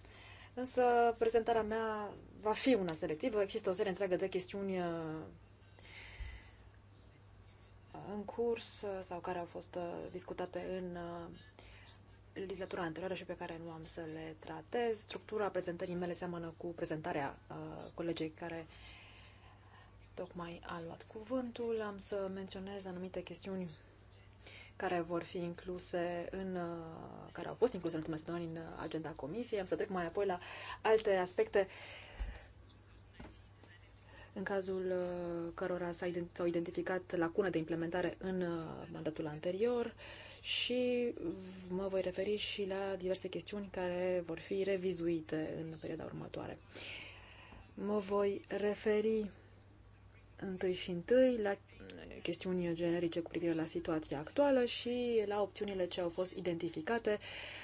însă prezentarea mea va fi una selectivă. Există o serie întreagă de chestiuni uh, în curs uh, sau care au fost uh, discutate în uh, legislatura anterioară și pe care nu am să le tratez. Structura prezentării mele seamănă cu prezentarea colegei care tocmai a luat cuvântul. Am să menționez anumite chestiuni care vor fi incluse în, care au fost incluse în ultimele săptămâni în agenda comisiei. Am să trec mai apoi la alte aspecte uh, în cazul uh, cărora s-au identificat lacune de implementare în uh, mandatul anterior și mă voi referi și la diverse chestiuni care vor fi revizuite în perioada următoare. Mă voi referi întâi și întâi la chestiuni generice cu privire la situația actuală și la opțiunile ce au fost identificate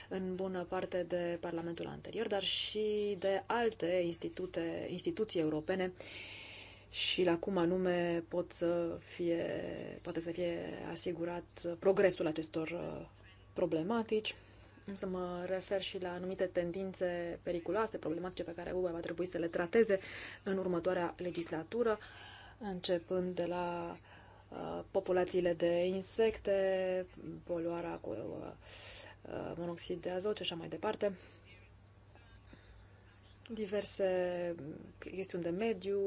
în bună parte de Parlamentul anterior, dar și de alte institute, instituții europene uh, și la cum anume pot să fie, poate să fie asigurat progresul acestor uh, problematici, însă mă refer și la anumite tendințe periculoase, problematice pe care UE va trebui să le trateze în următoarea legislatură, începând de la uh, populațiile de insecte, poluarea cu uh, uh monoxid de azot și așa mai departe diverse chestiuni de mediu,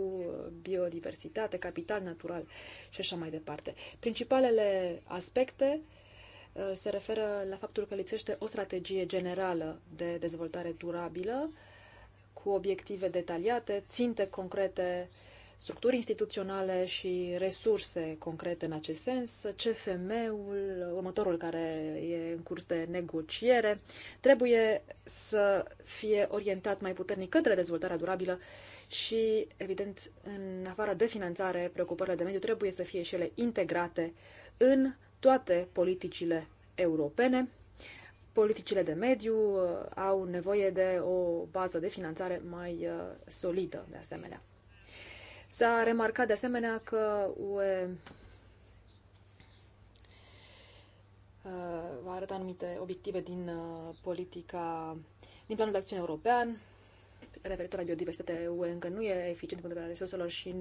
biodiversitate, capital natural și așa mai departe. Principalele aspecte uh, se referă la faptul că lipsește o strategie generală de dezvoltare durabilă cu obiective detaliate, ținte concrete uh, structuri instituționale și resurse concrete în acest sens. CFM-ul, următorul care e în curs de negociere, trebuie să fie orientat mai puternic către dezvoltarea durabilă și, evident, în afară de finanțare, preocupările de mediu trebuie să fie și ele integrate în toate politicile europene. Politicile de mediu uh, au nevoie de o bază de finanțare mai uh, solidă, de asemenea. S-a remarcat de asemenea că UE uh, va arăta anumite obiective din uh, politica, din planul de acțiune european, referitor la biodiversitate UE încă nu e eficient din punct de vedere resurselor și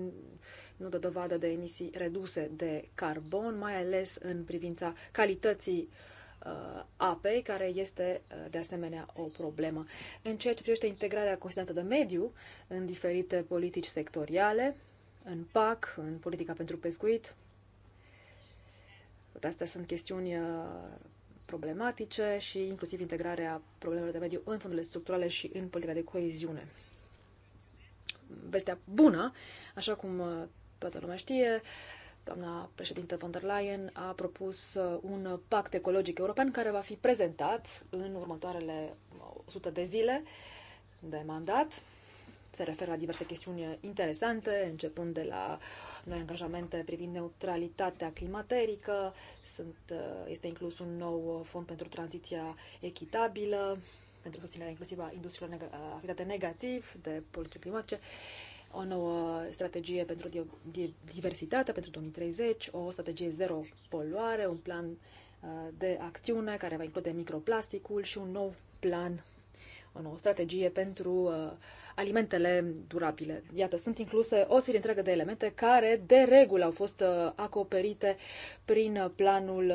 nu dă dovadă de emisii reduse de carbon, mai ales în privința calității uh, Uh, apei, care este uh, de asemenea o problemă. În ceea ce privește integrarea considerată de mediu în diferite politici sectoriale, în PAC, în politica pentru pescuit, astea sunt chestiuni uh, problematice și inclusiv integrarea problemelor de mediu în fondurile structurale și în politica de coeziune. Vestea bună, așa cum toată lumea știe, Doamna președintă von der Leyen a propus uh, un pact ecologic european care va fi prezentat în următoarele 100 uh, de zile de mandat. Se referă la diverse chestiuni interesante, începând de la noi angajamente privind neutralitatea climaterică, sunt, uh, este inclus un nou fond pentru tranziția echitabilă, pentru susținerea inclusivă a industriilor neg- afectate negativ de politici climatice o nouă strategie pentru diversitate pentru 2030, o strategie zero poluare, un plan uh, de acțiune care va include microplasticul și un nou plan, o nouă strategie pentru uh, alimentele durabile. Iată, sunt incluse o serie întreagă de elemente care de regulă au fost uh, acoperite prin planul,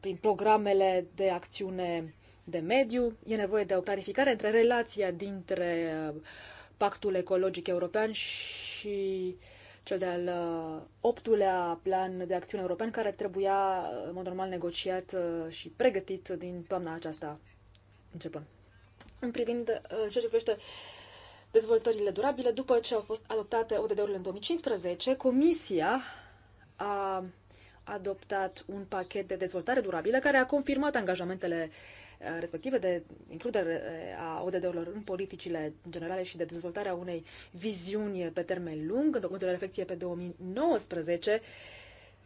prin programele de acțiune de mediu. E nevoie de o clarificare între relația dintre uh, Pactul Ecologic European și cel de-al uh, optulea plan de acțiune european care trebuia, uh, în mod normal, negociat uh, și pregătit din toamna aceasta începând. În privind ceea ce privește dezvoltările durabile, după ce au fost adoptate ODD-urile în 2015, Comisia a adoptat un pachet de dezvoltare durabilă care a confirmat angajamentele uh, Eh, respective de includere eh, a ODD-urilor în politicile generale și de dezvoltarea unei viziuni pe termen lung. În documentul de reflecție pe 2019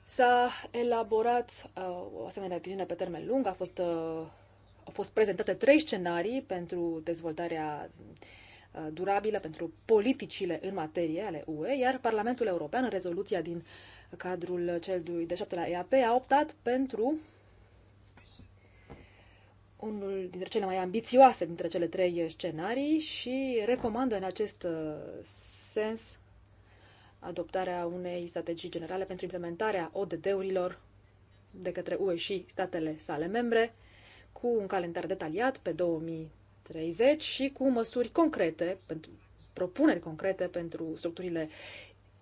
s-a elaborat eh, o asemenea viziune pe termen lung, a fost, au fost prezentate trei scenarii pentru dezvoltarea durabilă pentru politicile în materie ale UE, iar Parlamentul European, în rezoluția din cadrul cel de șaptelea EAP, a optat pentru unul dintre cele mai ambițioase dintre cele trei scenarii și recomandă în acest uh, sens adoptarea unei strategii generale pentru implementarea ODD-urilor de către UE și statele sale membre, cu un calendar detaliat pe 2030 și cu măsuri concrete, pentru, propuneri concrete pentru structurile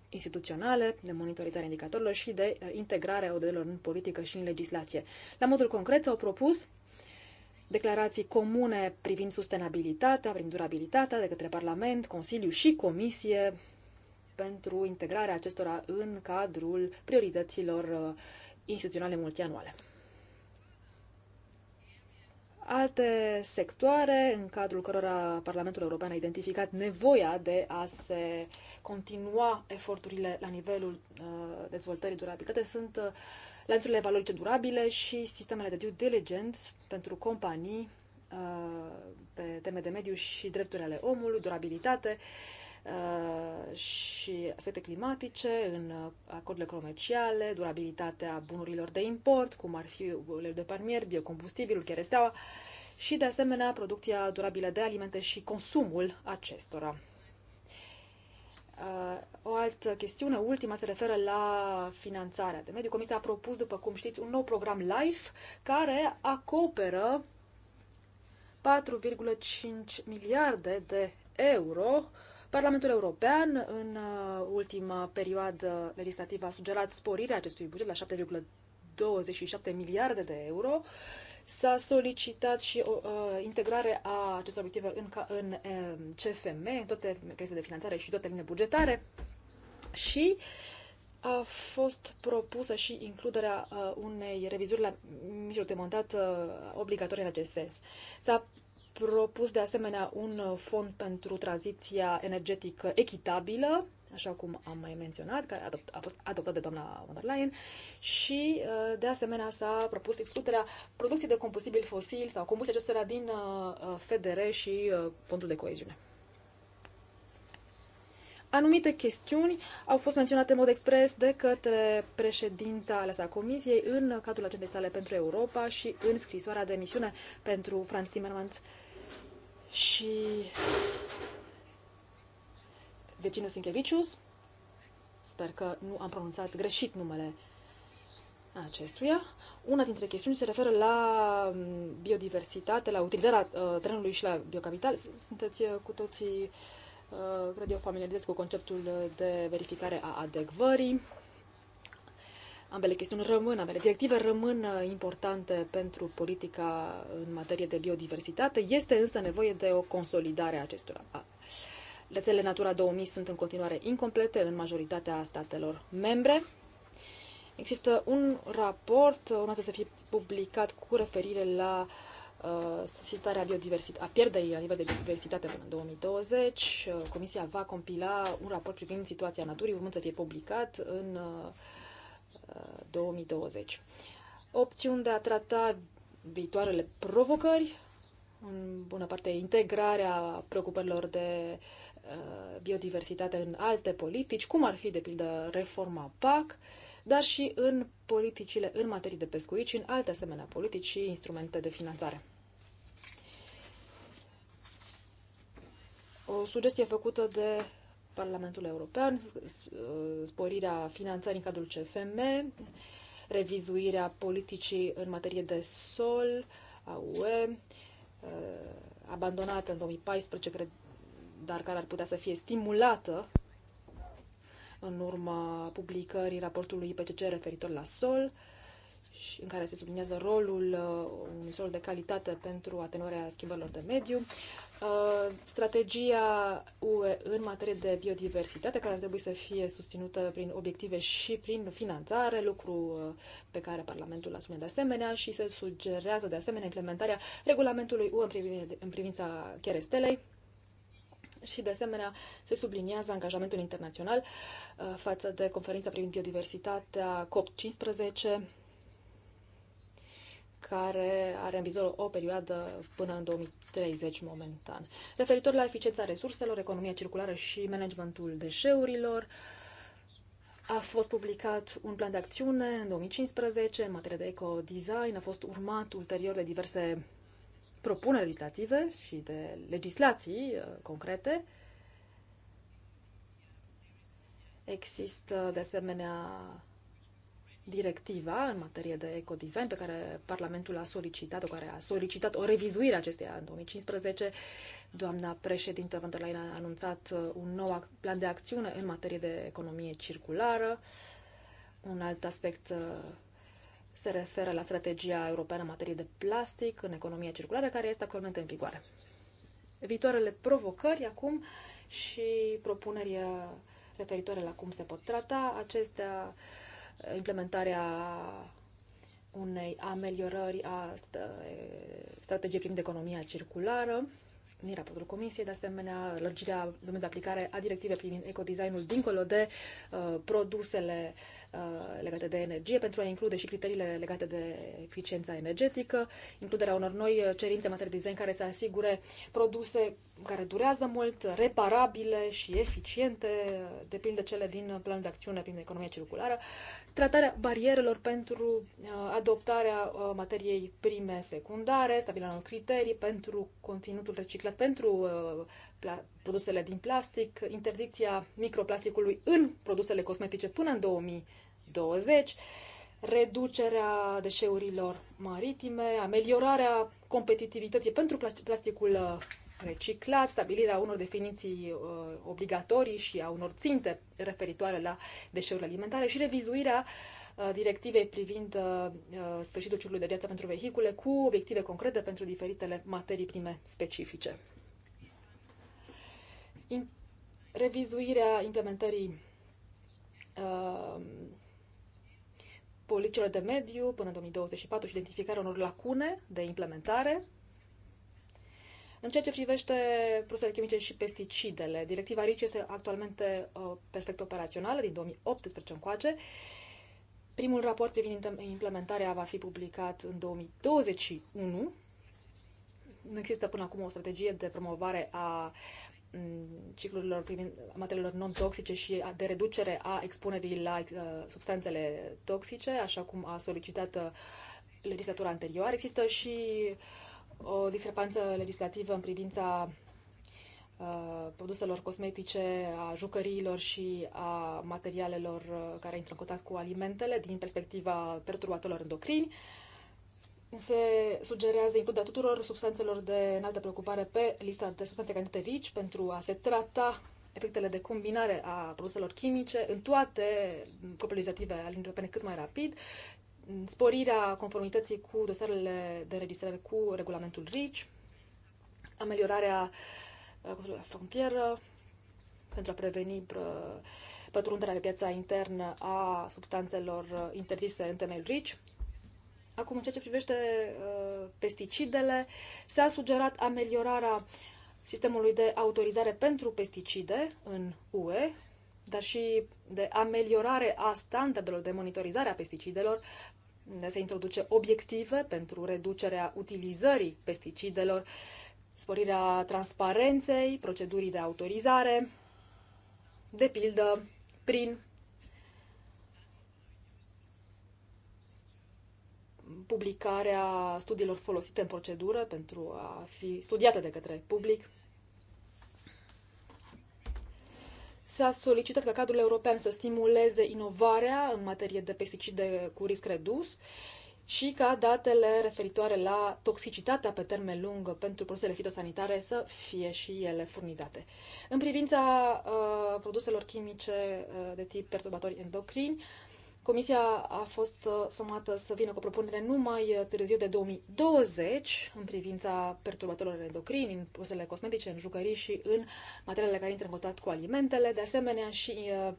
instituționale, de monitorizare indicatorilor și de uh, integrare a ODD-urilor în politică și în legislație. La modul concret s-au propus declarații comune privind sustenabilitatea, privind durabilitatea de către Parlament, Consiliu și Comisie pentru integrarea acestora în cadrul priorităților uh, instituționale multianuale. Alte sectoare în cadrul cărora Parlamentul European a identificat nevoia de a se continua eforturile la nivelul uh, dezvoltării durabilitate sunt uh, lanțurile valorice durabile și sistemele de due diligence pentru companii uh, pe teme de mediu și drepturile ale omului, durabilitate uh, și aspecte climatice în uh, acordurile comerciale, durabilitatea bunurilor de import, cum ar fi uleiul de palmier, biocombustibilul, chiar cheresteaua și, de asemenea, producția durabilă de alimente și consumul acestora. Uh, o altă chestiune, ultima, se referă la finanțarea de mediu. Comisia a propus, după cum știți, un nou program LIFE care acoperă 4,5 miliarde de euro. Parlamentul European, în uh, ultima perioadă legislativă, a sugerat sporirea acestui buget la 7,27 miliarde de euro S-a solicitat și o, uh, integrare a acestor obiective în, în uh, um, CFM, în toate mecanismele de finanțare și toate linii bugetare și a fost propusă și includerea uh, unei revizuri la mijloc de montat uh, obligatorii în acest sens. S-a propus de asemenea un uh, fond pentru tranziția energetică echitabilă, așa cum am mai menționat, care a fost adoptat de doamna von der Leyen și, uh, de asemenea, s-a propus excluderea producției de combustibil fosil sau combustibil acestora din uh, uh, FDR și Fondul de Coeziune. Anumite chestiuni au fost menționate în mod expres de către președinta aleasa Comisiei în cadrul agendei sale pentru Europa și în scrisoarea de misiune pentru Franz Timmermans. Și Virginius Sinchevicius. Sper că nu am pronunțat greșit numele acestuia. Una dintre chestiuni se referă la mm, biodiversitate, la utilizarea uh, terenului și la biocapital. Sunteți uh, cu toții, uh, cred eu, familiarizați cu conceptul uh, de verificare a adecvării. Ambele chestiuni rămân, ambele directive rămân uh, importante pentru politica în materie de biodiversitate. Este însă nevoie de o consolidare a acestora. Rețelele Natura 2000 sunt în continuare incomplete în majoritatea statelor membre. Există un raport, urmează să fie publicat cu referire la uh, sistarea biodiversității, a pierderii la nivel de biodiversitate până în 2020. Uh, Comisia va compila un raport privind situația naturii, urmând să fie publicat în uh, 2020. Uh, Opțiuni de a trata viitoarele provocări, în bună parte integrarea preocupărilor de uh, Uh, biodiversitate în alte politici, cum ar fi, de pildă, reforma PAC, dar și în politicile în materie de pescuit și în alte asemenea politici și instrumente de finanțare. O sugestie făcută de Parlamentul European, uh, sporirea finanțării în cadrul CFM, revizuirea politicii în materie de sol a UE, uh, abandonată în 2014, cred, dar care ar putea să fie stimulată în urma publicării raportului IPCC referitor la sol, și în care se subliniază rolul uh, unui sol de calitate pentru atenuarea schimbărilor de mediu, uh, strategia UE în materie de biodiversitate, care ar trebui să fie susținută prin obiective și prin finanțare, lucru uh, pe care Parlamentul asume de asemenea și se sugerează de asemenea implementarea regulamentului UE în privința cherestelei, și, de asemenea, se subliniază angajamentul internațional uh, față de conferința privind biodiversitatea COP15, care are în vizor o perioadă până în 2030 momentan. Referitor la eficiența resurselor, economia circulară și managementul deșeurilor, a fost publicat un plan de acțiune în 2015 în materie de eco-design, a fost urmat ulterior de diverse propuneri legislative și de legislații uh, concrete. Există, de asemenea, directiva în materie de ecodesign pe care Parlamentul a solicitat-o, care a solicitat o revizuire acesteia în 2015. Doamna președintă von der Leyen a anunțat uh, un nou plan de acțiune în materie de economie circulară. Un alt aspect uh, se referă la strategia europeană în materie de plastic în economia circulară, care este actualmente în vigoare. Viitoarele provocări acum și propuneri referitoare la cum se pot trata acestea, implementarea unei ameliorări a strategiei privind economia circulară, din raportul Comisiei, de asemenea, lărgirea domeniului de aplicare a directivei privind ecodesignul dincolo de uh, produsele uh, Uh, legate de energie, pentru a include și criteriile legate de eficiența energetică, includerea unor noi cerințe în materie de design care să asigure produse care durează mult, reparabile și eficiente, uh, de pildă cele din planul de acțiune prin economia circulară, tratarea barierelor pentru uh, adoptarea uh, materiei prime secundare, stabilirea unor criterii pentru conținutul reciclat, pentru uh, produsele din plastic, interdicția microplasticului în produsele cosmetice până în 2020, reducerea deșeurilor maritime, ameliorarea competitivității pentru plasticul reciclat, stabilirea unor definiții uh, obligatorii și a unor ținte referitoare la deșeurile alimentare și revizuirea uh, directivei privind uh, sfârșitul ciclului de viață pentru vehicule cu obiective concrete pentru diferitele materii prime specifice. Revizuirea implementării politicilor de mediu până în 2024 și identificarea unor lacune de implementare în ceea ce privește produsele chimice și pesticidele, directiva RICI este actualmente uh, perfect operațională din 2018 încoace. Primul raport privind implementarea va fi publicat în 2021. Nu există până acum o strategie de promovare a mm, ciclurilor privind materiilor non-toxice și de reducere a expunerii la uh, substanțele toxice, așa cum a solicitat uh, legislatura anterioară. Există și uh, o discrepanță legislativă în privința uh, produselor cosmetice, a jucăriilor și a materialelor uh, care intră în contact cu alimentele din perspectiva perturbatorilor endocrini. Se sugerează includerea tuturor substanțelor de înaltă preocupare pe lista de substanțe candidate RICI pentru a se trata efectele de combinare a produselor chimice în toate copilizative legislative cât mai rapid sporirea conformității cu dosarele de registrare cu regulamentul RIC, ameliorarea uh, controlului la frontieră pentru a preveni uh, pătrunderea pe piața internă a substanțelor uh, interzise în temeiul RIC. Acum, în ceea ce privește uh, pesticidele, s-a sugerat ameliorarea sistemului de autorizare pentru pesticide în UE, dar și de ameliorare a standardelor de monitorizare a pesticidelor. de Se introduce obiective pentru reducerea utilizării pesticidelor, sporirea transparenței, procedurii de autorizare, de pildă prin publicarea studiilor folosite în procedură pentru a fi studiate de către public, S-a solicitat ca cadrul european să stimuleze inovarea în materie de pesticide cu risc redus și ca datele referitoare la toxicitatea pe termen lung pentru produsele fitosanitare să fie și ele furnizate. În privința uh, produselor chimice uh, de tip perturbatori endocrini, Comisia a fost uh, somată să vină cu o propunere numai uh, târziu de 2020 în privința perturbatorilor endocrini, în produsele cosmetice, în jucării și în materialele care intră în contact cu alimentele, de asemenea și uh,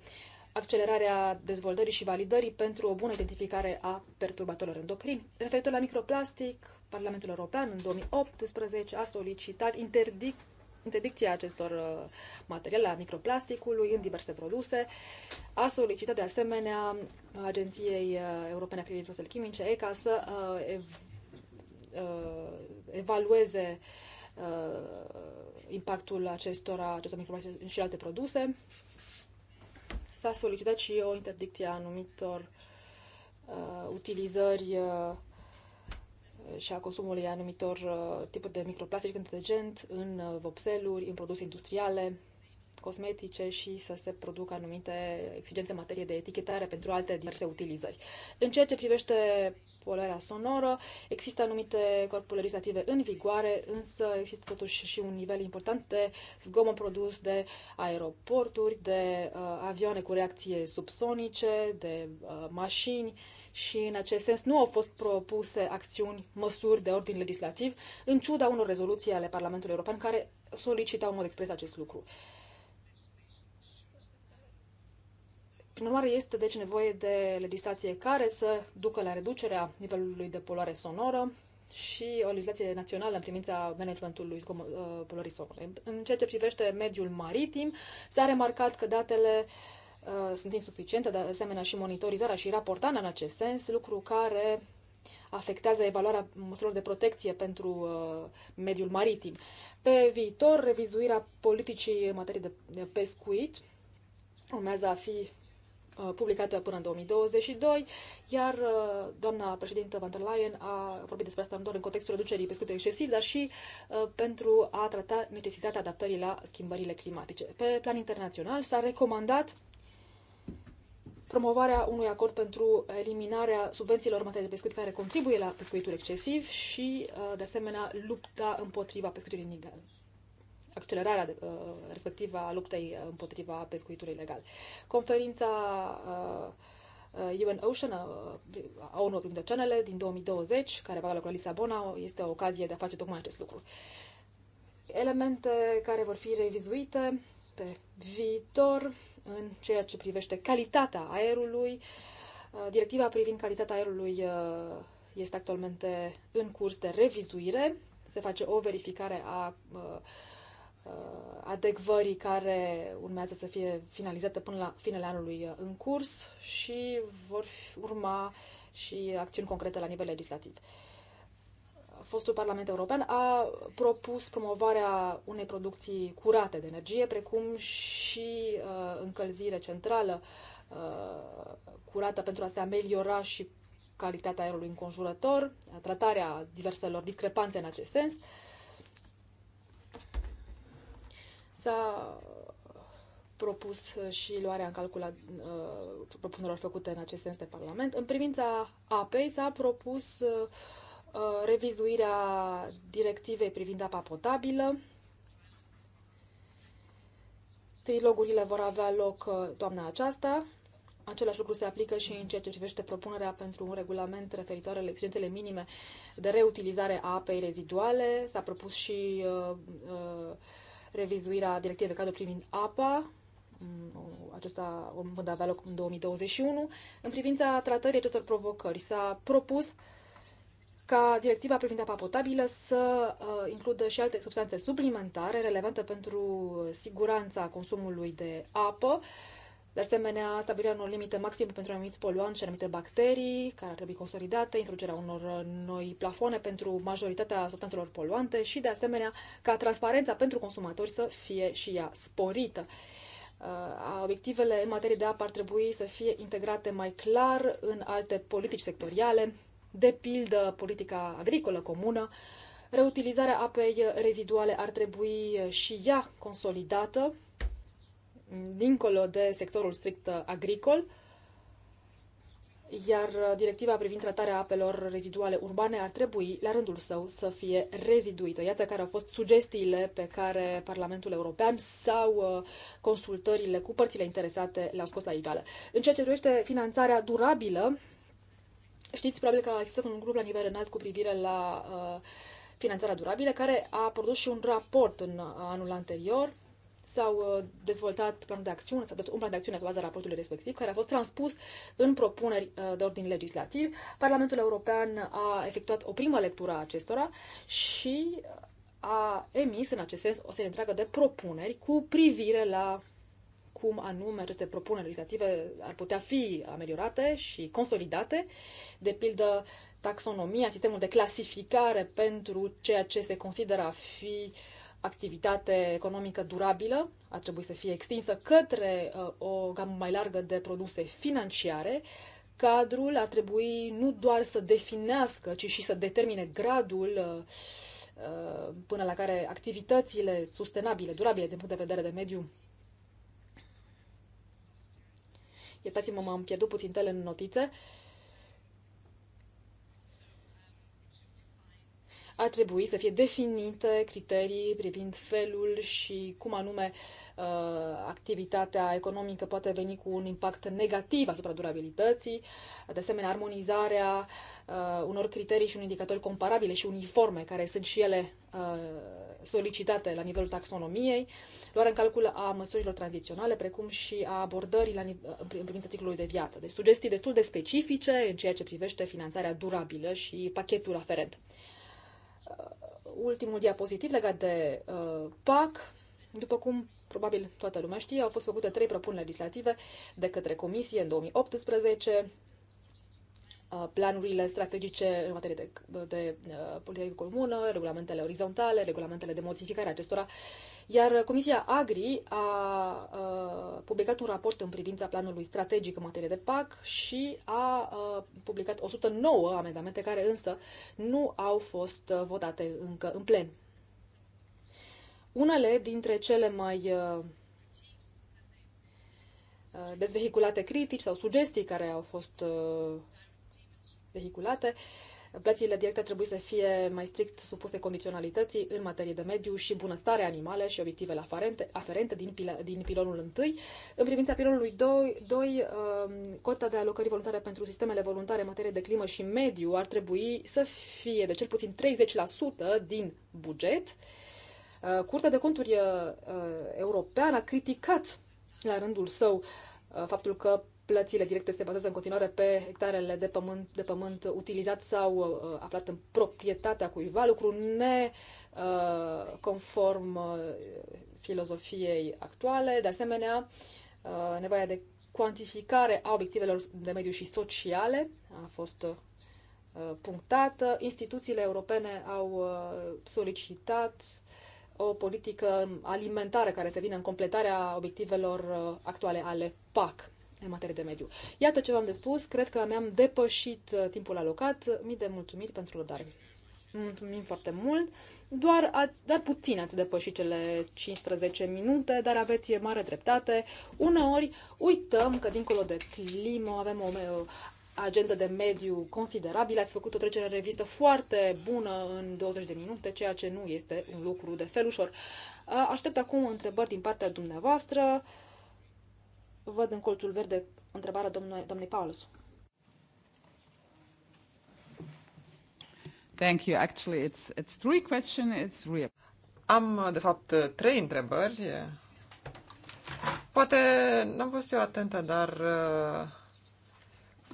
accelerarea dezvoltării și validării pentru o bună identificare a perturbatorilor endocrini. Referitor la microplastic, Parlamentul European în 2018 a solicitat interdict Interdicția acestor uh, materiale a microplasticului în diverse produse a solicitat de asemenea Agenției uh, Europene a Produselor Chimice ECA să uh, evalueze impactul acestora, acestor microplastice și alte produse. S-a solicitat și o interdicție a anumitor utilizări și a consumului anumitor uh, tipuri de microplastici în detergent, uh, în vopseluri, în produse industriale, cosmetice și să se producă anumite exigențe în materie de etichetare pentru alte diverse utilizări. În ceea ce privește poluarea sonoră, există anumite corpuri legislative în vigoare, însă există totuși și un nivel important de zgomot produs de aeroporturi, de uh, avioane cu reacție subsonice, de uh, mașini, uh, și în acest sens nu au fost propuse acțiuni, măsuri de ordin legislativ, în ciuda unor rezoluții ale Parlamentului European care solicitau în mod expres acest lucru. Prin urmare, este deci nevoie de legislație care să ducă la reducerea nivelului de poluare sonoră și o legislație națională în privința managementului uh, poluării sonore. În ceea ce privește mediul maritim, s-a remarcat că datele uh, Uh, sunt insuficiente, de asemenea și monitorizarea și raportarea în acest sens, lucru care afectează evaluarea măsurilor de protecție pentru uh, mediul maritim. Pe viitor, revizuirea politicii în materie de pescuit urmează a fi uh, publicată până în 2022, iar uh, doamna președintă van der Leyen a vorbit despre asta nu doar în contextul reducerii pescuitului excesiv, dar și uh, pentru a trata necesitatea adaptării la schimbările climatice. Pe plan internațional s-a recomandat promovarea unui acord pentru eliminarea subvențiilor în materie de pescuit care contribuie la pescuitul excesiv și, uh, de asemenea, lupta împotriva pescuitului ilegal. Accelerarea uh, respectivă a luptei uh, împotriva pescuitului ilegal. Conferința UN Ocean, a ONU privind oceanele din 2020, care va la Lisabona, este o ocazie de a face tocmai acest lucru. Elemente care vor fi revizuite pe viitor în ceea ce privește calitatea aerului. Uh, directiva privind calitatea aerului uh, este actualmente în curs de revizuire. Se face o verificare a uh, adecvării care urmează să fie finalizată până la finele anului în curs și vor urma și acțiuni concrete la nivel legislativ fostul Parlament European a propus promovarea unei producții curate de energie, precum și uh, încălzire centrală uh, curată pentru a se ameliora și calitatea aerului înconjurător, tratarea diverselor discrepanțe în acest sens. S-a propus și luarea în calcul a uh, propunerilor făcute în acest sens de Parlament. În privința apei s-a propus uh, Uh, revizuirea directivei privind apa potabilă. Trilogurile vor avea loc uh, toamna aceasta. Același lucru se aplică și în ceea ce privește propunerea pentru un regulament referitor la exigențele minime de reutilizare a apei reziduale. S-a propus și uh, uh, revizuirea directivei cadru privind apa, mm, acesta vând avea loc în 2021. În privința tratării acestor provocări, s-a propus ca directiva privind apa potabilă să uh, includă și alte substanțe suplimentare relevante pentru siguranța consumului de apă, de asemenea, stabilirea unor limite maxime pentru anumiți poluanți și anumite bacterii care ar trebui consolidate, introducerea unor uh, noi plafoane pentru majoritatea substanțelor poluante și, de asemenea, ca transparența pentru consumatori să fie și ea sporită. Uh, obiectivele în materie de apă ar trebui să fie integrate mai clar în alte politici sectoriale, de pildă politica agricolă comună, reutilizarea apei reziduale ar trebui și ea consolidată, dincolo de sectorul strict agricol, iar directiva privind tratarea apelor reziduale urbane ar trebui, la rândul său, să fie reziduită. Iată care au fost sugestiile pe care Parlamentul European sau uh, consultările cu părțile interesate le-au scos la iveală. În ceea ce privește finanțarea durabilă, Știți probabil că a existat un grup la nivel înalt cu privire la uh, finanțarea durabilă care a produs și un raport în uh, anul anterior. S-au uh, dezvoltat planul de acțiune, s-a dat un plan de acțiune pe baza raportului respectiv, care a fost transpus în propuneri uh, de ordin legislativ. Parlamentul European a efectuat o primă lectură a acestora și a emis în acest sens o serie întreagă de propuneri cu privire la cum anume aceste propuneri legislative ar putea fi ameliorate și consolidate, de pildă taxonomia, sistemul de clasificare pentru ceea ce se consideră a fi activitate economică durabilă, ar trebui să fie extinsă către uh, o gamă mai largă de produse financiare, cadrul ar trebui nu doar să definească, ci și să determine gradul uh, uh, până la care activitățile sustenabile, durabile din punct de vedere de mediu Iertați-mă, m-am pierdut puțin tel în notițe. ar trebui să fie definite criterii privind felul și cum anume uh, activitatea economică poate veni cu un impact negativ asupra durabilității, de asemenea armonizarea uh, unor criterii și un indicatori comparabile și uniforme, care sunt și ele uh, solicitate la nivelul taxonomiei, luarea în calcul a măsurilor tranziționale, precum și a abordării la în privința ciclului de viață. Deci sugestii destul de specifice în ceea ce privește finanțarea durabilă și pachetul aferent. Uh, ultimul diapozitiv legat de uh, PAC. După cum probabil toată lumea știe, au fost făcute trei propuneri legislative de către Comisie în 2018, uh, planurile strategice în materie de, de, de uh, politică comună, regulamentele orizontale, regulamentele de modificare acestora acestora iar Comisia Agri a, a publicat un raport în privința planului strategic în materie de PAC și a, a publicat 109 amendamente care însă nu au fost uh, votate încă în plen. Unele dintre cele mai uh, uh, dezvehiculate critici sau sugestii care au fost vehiculate uh, Plățile directe trebuie să fie mai strict supuse condiționalității în materie de mediu și bunăstare animale și obiectivele aferente, aferente din, pil- din pilonul 1. În privința pilonului 2, 2 um, cota de alocări voluntare pentru sistemele voluntare în materie de climă și mediu ar trebui să fie de cel puțin 30% din buget. Uh, Curtea de conturi uh, uh, europeană a criticat la rândul său faptul că Plățile directe se bazează în continuare pe hectarele de pământ, de pământ utilizat sau uh, aflat în proprietatea cuiva, lucru ne uh, conform uh, filozofiei actuale. De asemenea, nevoia de cuantificare a obiectivelor de mediu și sociale a fost punctată. Instituțiile europene au solicitat o politică alimentară care să vină în completarea obiectivelor actuale ale PAC în materie de mediu. Iată ce v-am de spus, cred că mi-am depășit uh, timpul alocat, mii de mulțumiri pentru răbdare. Mulțumim foarte mult. Doar, ați, doar puțin ați depășit cele 15 minute, dar aveți mare dreptate. Uneori uităm că dincolo de climă avem o agenda de mediu considerabilă. Ați făcut o trecere în revistă foarte bună în 20 de minute, ceea ce nu este un lucru de fel ușor. Uh, aștept acum întrebări din partea dumneavoastră. Văd în colțul verde întrebarea domnului, domnului Paulus. Thank you. Actually, it's, it's three question, it's real. Am, de fapt, trei întrebări. Poate n-am fost eu atentă, dar uh,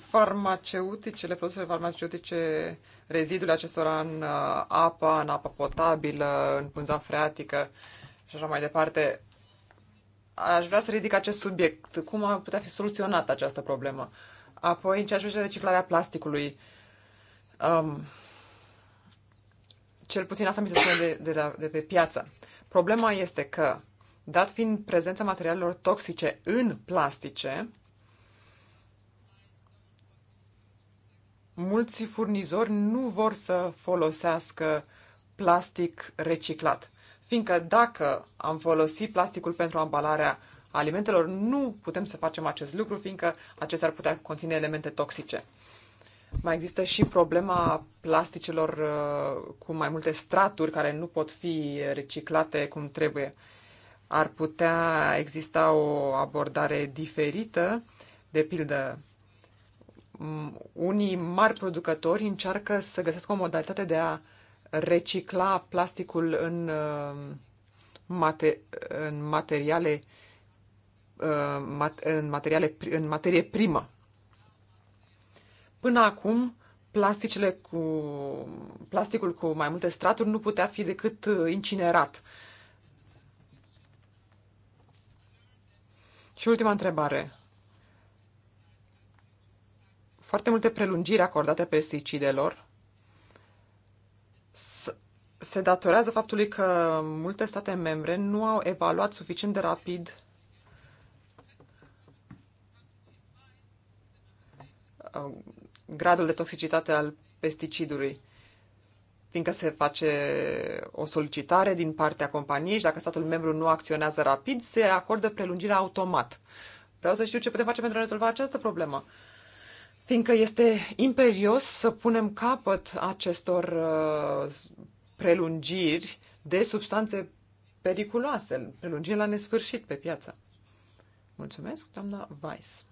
farmaceuticele, produsele farmaceutice, rezidurile acestora în uh, apa, în apă potabilă, în pânza freatică și așa mai departe, aș vrea să ridic acest subiect. Cum ar putea fi soluționată această problemă? Apoi, în ceea ce privește reciclarea plasticului, um, cel puțin asta mi se spune de, de, de pe piață. Problema este că, dat fiind prezența materialelor toxice în plastice, mulți furnizori nu vor să folosească plastic reciclat fiindcă dacă am folosit plasticul pentru ambalarea alimentelor, nu putem să facem acest lucru, fiindcă acestea ar putea conține elemente toxice. Mai există și problema plasticelor uh, cu mai multe straturi care nu pot fi reciclate cum trebuie. Ar putea exista o abordare diferită, de pildă unii mari producători încearcă să găsească o modalitate de a recicla plasticul în, uh, mate, în materiale uh, în, materiale, în materie primă. Până acum, plasticele cu, plasticul cu mai multe straturi nu putea fi decât uh, incinerat. Și ultima întrebare. Foarte multe prelungiri acordate pesticidelor se datorează faptului că multe state membre nu au evaluat suficient de rapid uh, gradul de toxicitate al pesticidului, fiindcă se face o solicitare din partea companiei și dacă statul membru nu acționează rapid, se acordă prelungirea automat. Vreau să știu ce putem face pentru a rezolva această problemă fiindcă este imperios să punem capăt acestor uh, prelungiri de substanțe periculoase, prelungiri la nesfârșit pe piață. Mulțumesc, doamna Weiss.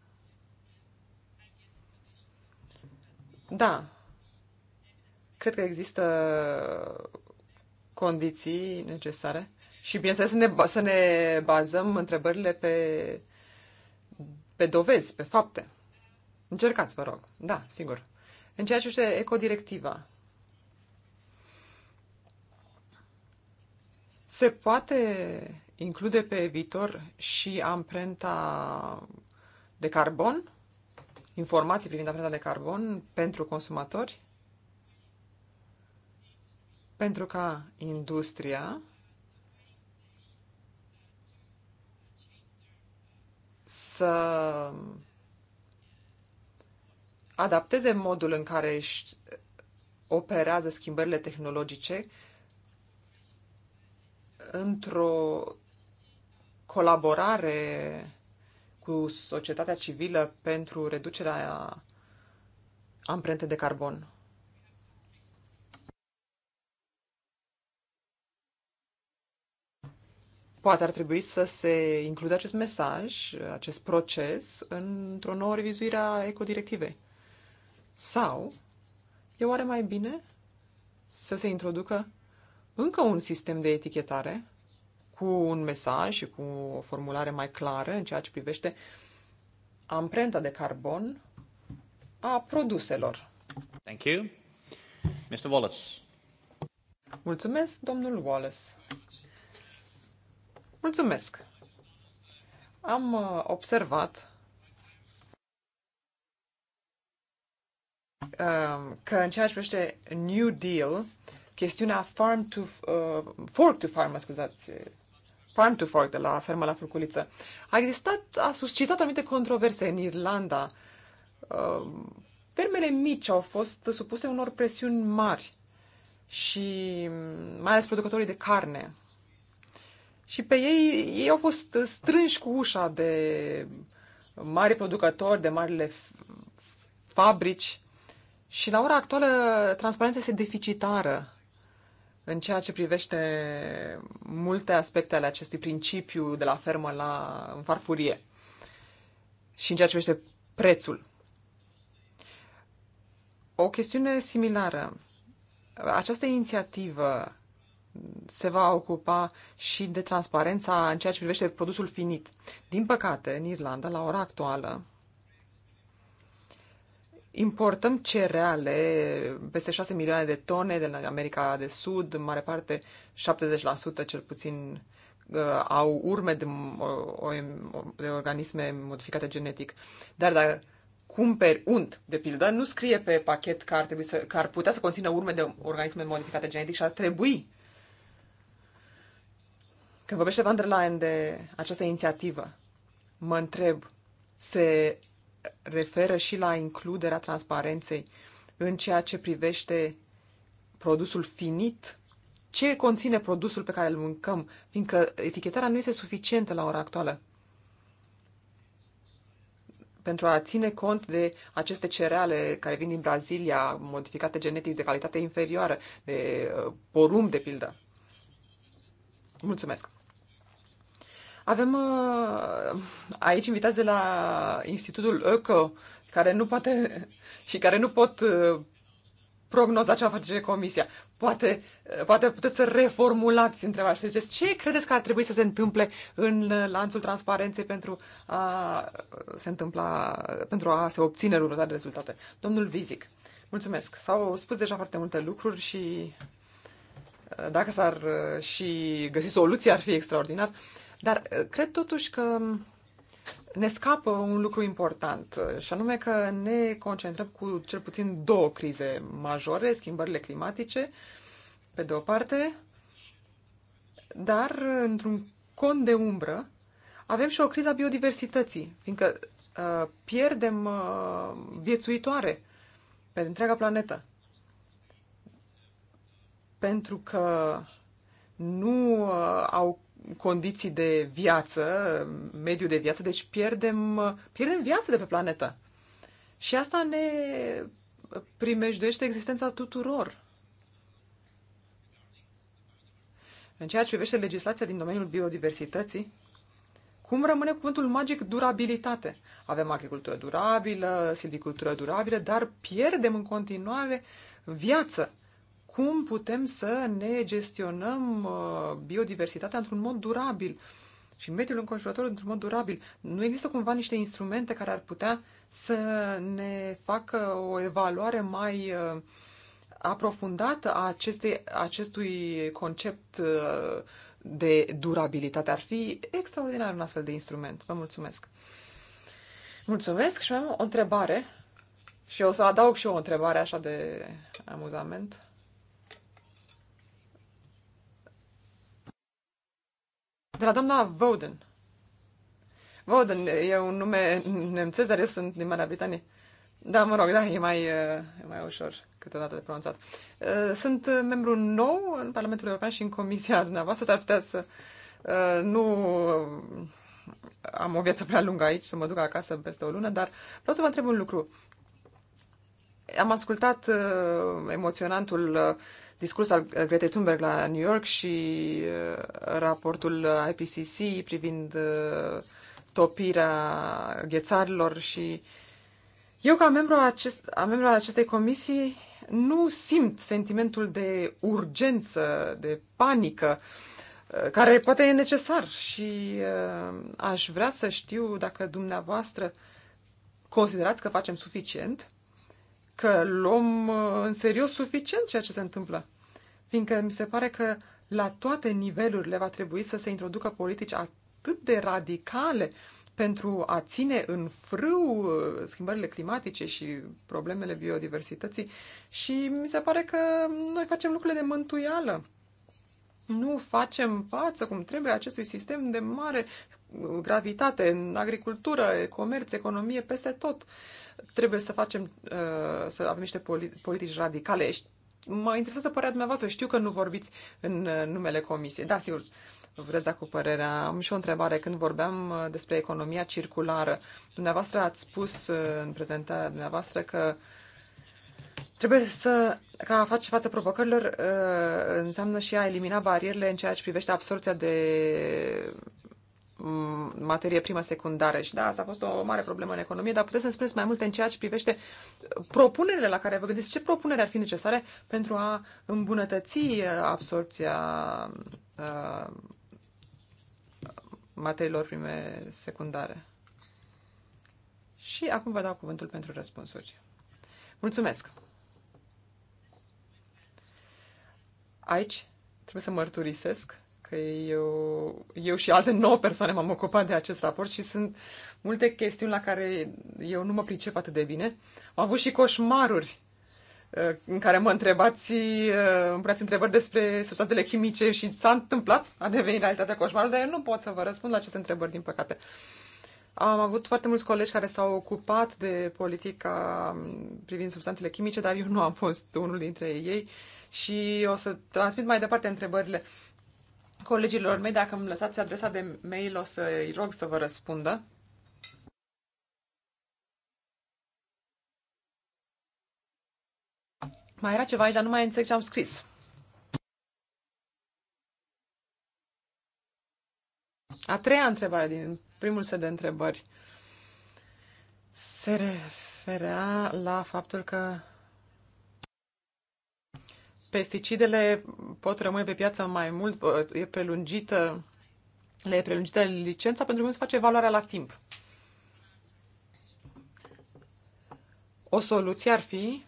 Da, cred că există condiții necesare și, bineînțeles, să ne, să ne bazăm întrebările pe, pe dovezi, pe fapte. Încercați, vă rog. Da, sigur. În ceea ce este ecodirectiva, se poate include pe viitor și amprenta de carbon? Informații privind amprenta de carbon pentru consumatori? Pentru ca industria să adapteze modul în care își operează schimbările tehnologice într-o colaborare cu societatea civilă pentru reducerea amprentei de carbon. Poate ar trebui să se includă acest mesaj, acest proces, într-o nouă revizuire a ecodirectivei. Sau e oare mai bine să se introducă încă un sistem de etichetare cu un mesaj și cu o formulare mai clară în ceea ce privește amprenta de carbon a produselor. Thank you. Mr. Wallace. Mulțumesc, domnul Wallace. Mulțumesc. Am uh, observat Um, că în ceea ce privește New Deal, chestiunea farm to, uh, fork to farm, scuzați, farm to fork, de la fermă la furculiță, a existat, a suscitat anumite controverse în Irlanda. Uh, fermele mici au fost supuse unor presiuni mari și mai ales producătorii de carne. Și pe ei, ei au fost strânși cu ușa de mari producători, de marile fabrici și la ora actuală, transparența este deficitară în ceea ce privește multe aspecte ale acestui principiu de la fermă la în farfurie și în ceea ce privește prețul. O chestiune similară. Această inițiativă se va ocupa și de transparența în ceea ce privește produsul finit. Din păcate, în Irlanda, la ora actuală, Importăm cereale, peste 6 milioane de tone din America de Sud, în mare parte 70% cel puțin uh, au urme de, uh, de organisme modificate genetic. Dar dacă cumperi unt, de pildă, nu scrie pe pachet că ar, trebui să, că ar putea să conțină urme de organisme modificate genetic și ar trebui. Când vorbește Van der Leyen de această inițiativă, mă întreb, se referă și la includerea transparenței în ceea ce privește produsul finit, ce conține produsul pe care îl mâncăm, fiindcă etichetarea nu este suficientă la ora actuală. Pentru a ține cont de aceste cereale care vin din Brazilia, modificate genetic de calitate inferioară, de uh, porumb, de pildă. Mulțumesc! Avem uh, aici invitați de la Institutul ECO, care nu poate și care nu pot uh, prognoza ce va face comisia. Poate, uh, poate puteți să reformulați întrebarea și să ziceți ce credeți că ar trebui să se întâmple în lanțul transparenței pentru a se, întâmpla, pentru a se obține următoarele rezultate. Domnul Vizic, mulțumesc. S-au spus deja foarte multe lucruri și dacă s-ar și găsi soluții ar fi extraordinar. Dar uh, cred totuși că um, ne scapă un lucru important, uh, și anume că ne concentrăm cu cel puțin două crize majore, schimbările climatice, pe de o parte, dar uh, într-un cont de umbră avem și o criză a biodiversității, fiindcă uh, pierdem uh, viețuitoare pe întreaga planetă. Pentru că nu uh, au condiții de viață, mediu de viață, deci pierdem, pierdem viață de pe planetă. Și asta ne primejduiește existența tuturor. În ceea ce privește legislația din domeniul biodiversității, cum rămâne cuvântul magic durabilitate? Avem agricultură durabilă, silvicultură durabilă, dar pierdem în continuare viață cum putem să ne gestionăm uh, biodiversitatea într-un mod durabil și mediul înconjurător într-un mod durabil. Nu există cumva niște instrumente care ar putea să ne facă o evaluare mai uh, aprofundată a acestei, acestui concept uh, de durabilitate. Ar fi extraordinar un astfel de instrument. Vă mulțumesc! Mulțumesc și am o întrebare și o să adaug și eu o întrebare așa de amuzament. de la doamna Voden. Voden e un nume nemțesc, dar eu sunt din Marea Britanie. Da, mă rog, da, e mai, e mai ușor câteodată de pronunțat. Sunt membru nou în Parlamentul European și în comisia dumneavoastră, s-ar putea să nu am o viață prea lungă aici, să mă duc acasă peste o lună, dar vreau să vă întreb un lucru. Am ascultat emoționantul discurs al Gretei Thunberg la New York și uh, raportul IPCC privind uh, topirea ghețarilor și eu ca membru, acest, membru acestei comisii nu simt sentimentul de urgență, de panică, uh, care poate e necesar și aș vrea să știu dacă dumneavoastră considerați că facem suficient că luăm uh, în serios suficient ceea ce se întâmplă. Fiindcă mi se pare că la toate nivelurile va trebui să se introducă politici atât de radicale pentru a ține în frâu uh, schimbările climatice și problemele biodiversității și mi se pare că noi facem lucrurile de mântuială. Nu facem față cum trebuie acestui sistem de mare gravitate în agricultură, comerț, economie, peste tot. Uh, trebuie să facem, uh, să avem niște politici radicale. Mă interesează părerea dumneavoastră. Știu că nu vorbiți în uh, numele comisiei. Da, sigur, vreți da cu părerea. Am și o întrebare. Când vorbeam uh, despre economia circulară, dumneavoastră ați spus în prezentarea dumneavoastră că Trebuie să, ca a face față provocărilor, înseamnă și a elimina barierele în ceea ce privește absorția de materie primă secundară și da, asta a fost o mare problemă în economie, dar puteți să-mi spuneți mai multe în ceea ce privește propunerile la care vă gândiți, ce propunere ar fi necesare pentru a îmbunătăți uh, absorpția uh, materiilor prime secundare. Și acum vă dau cuvântul pentru răspunsuri. Mulțumesc! Aici trebuie să mărturisesc că eu, eu și alte nouă persoane m-am ocupat de acest raport și sunt multe chestiuni la care eu nu mă pricep atât de bine. Am avut și coșmaruri uh, în care mă întrebați, uh, îmi puneați întrebări despre substanțele chimice și s-a întâmplat, a devenit realitatea coșmarului, dar eu nu pot să vă răspund la aceste întrebări, din păcate. Am avut foarte mulți colegi care s-au ocupat de politica um, privind substanțele chimice, dar eu nu am fost unul dintre ei și o să transmit mai departe întrebările. Uh, Colegilor mei, dacă îmi lăsați adresa de mail, o să-i rog să vă răspundă. Mai era ceva aici, dar nu mai înțeleg ce am scris. A treia întrebare din primul set de întrebări se referea la faptul că pesticidele pot rămâne pe piață mai mult, e prelungită, le e prelungită licența pentru că nu se face valoarea la timp. O soluție ar fi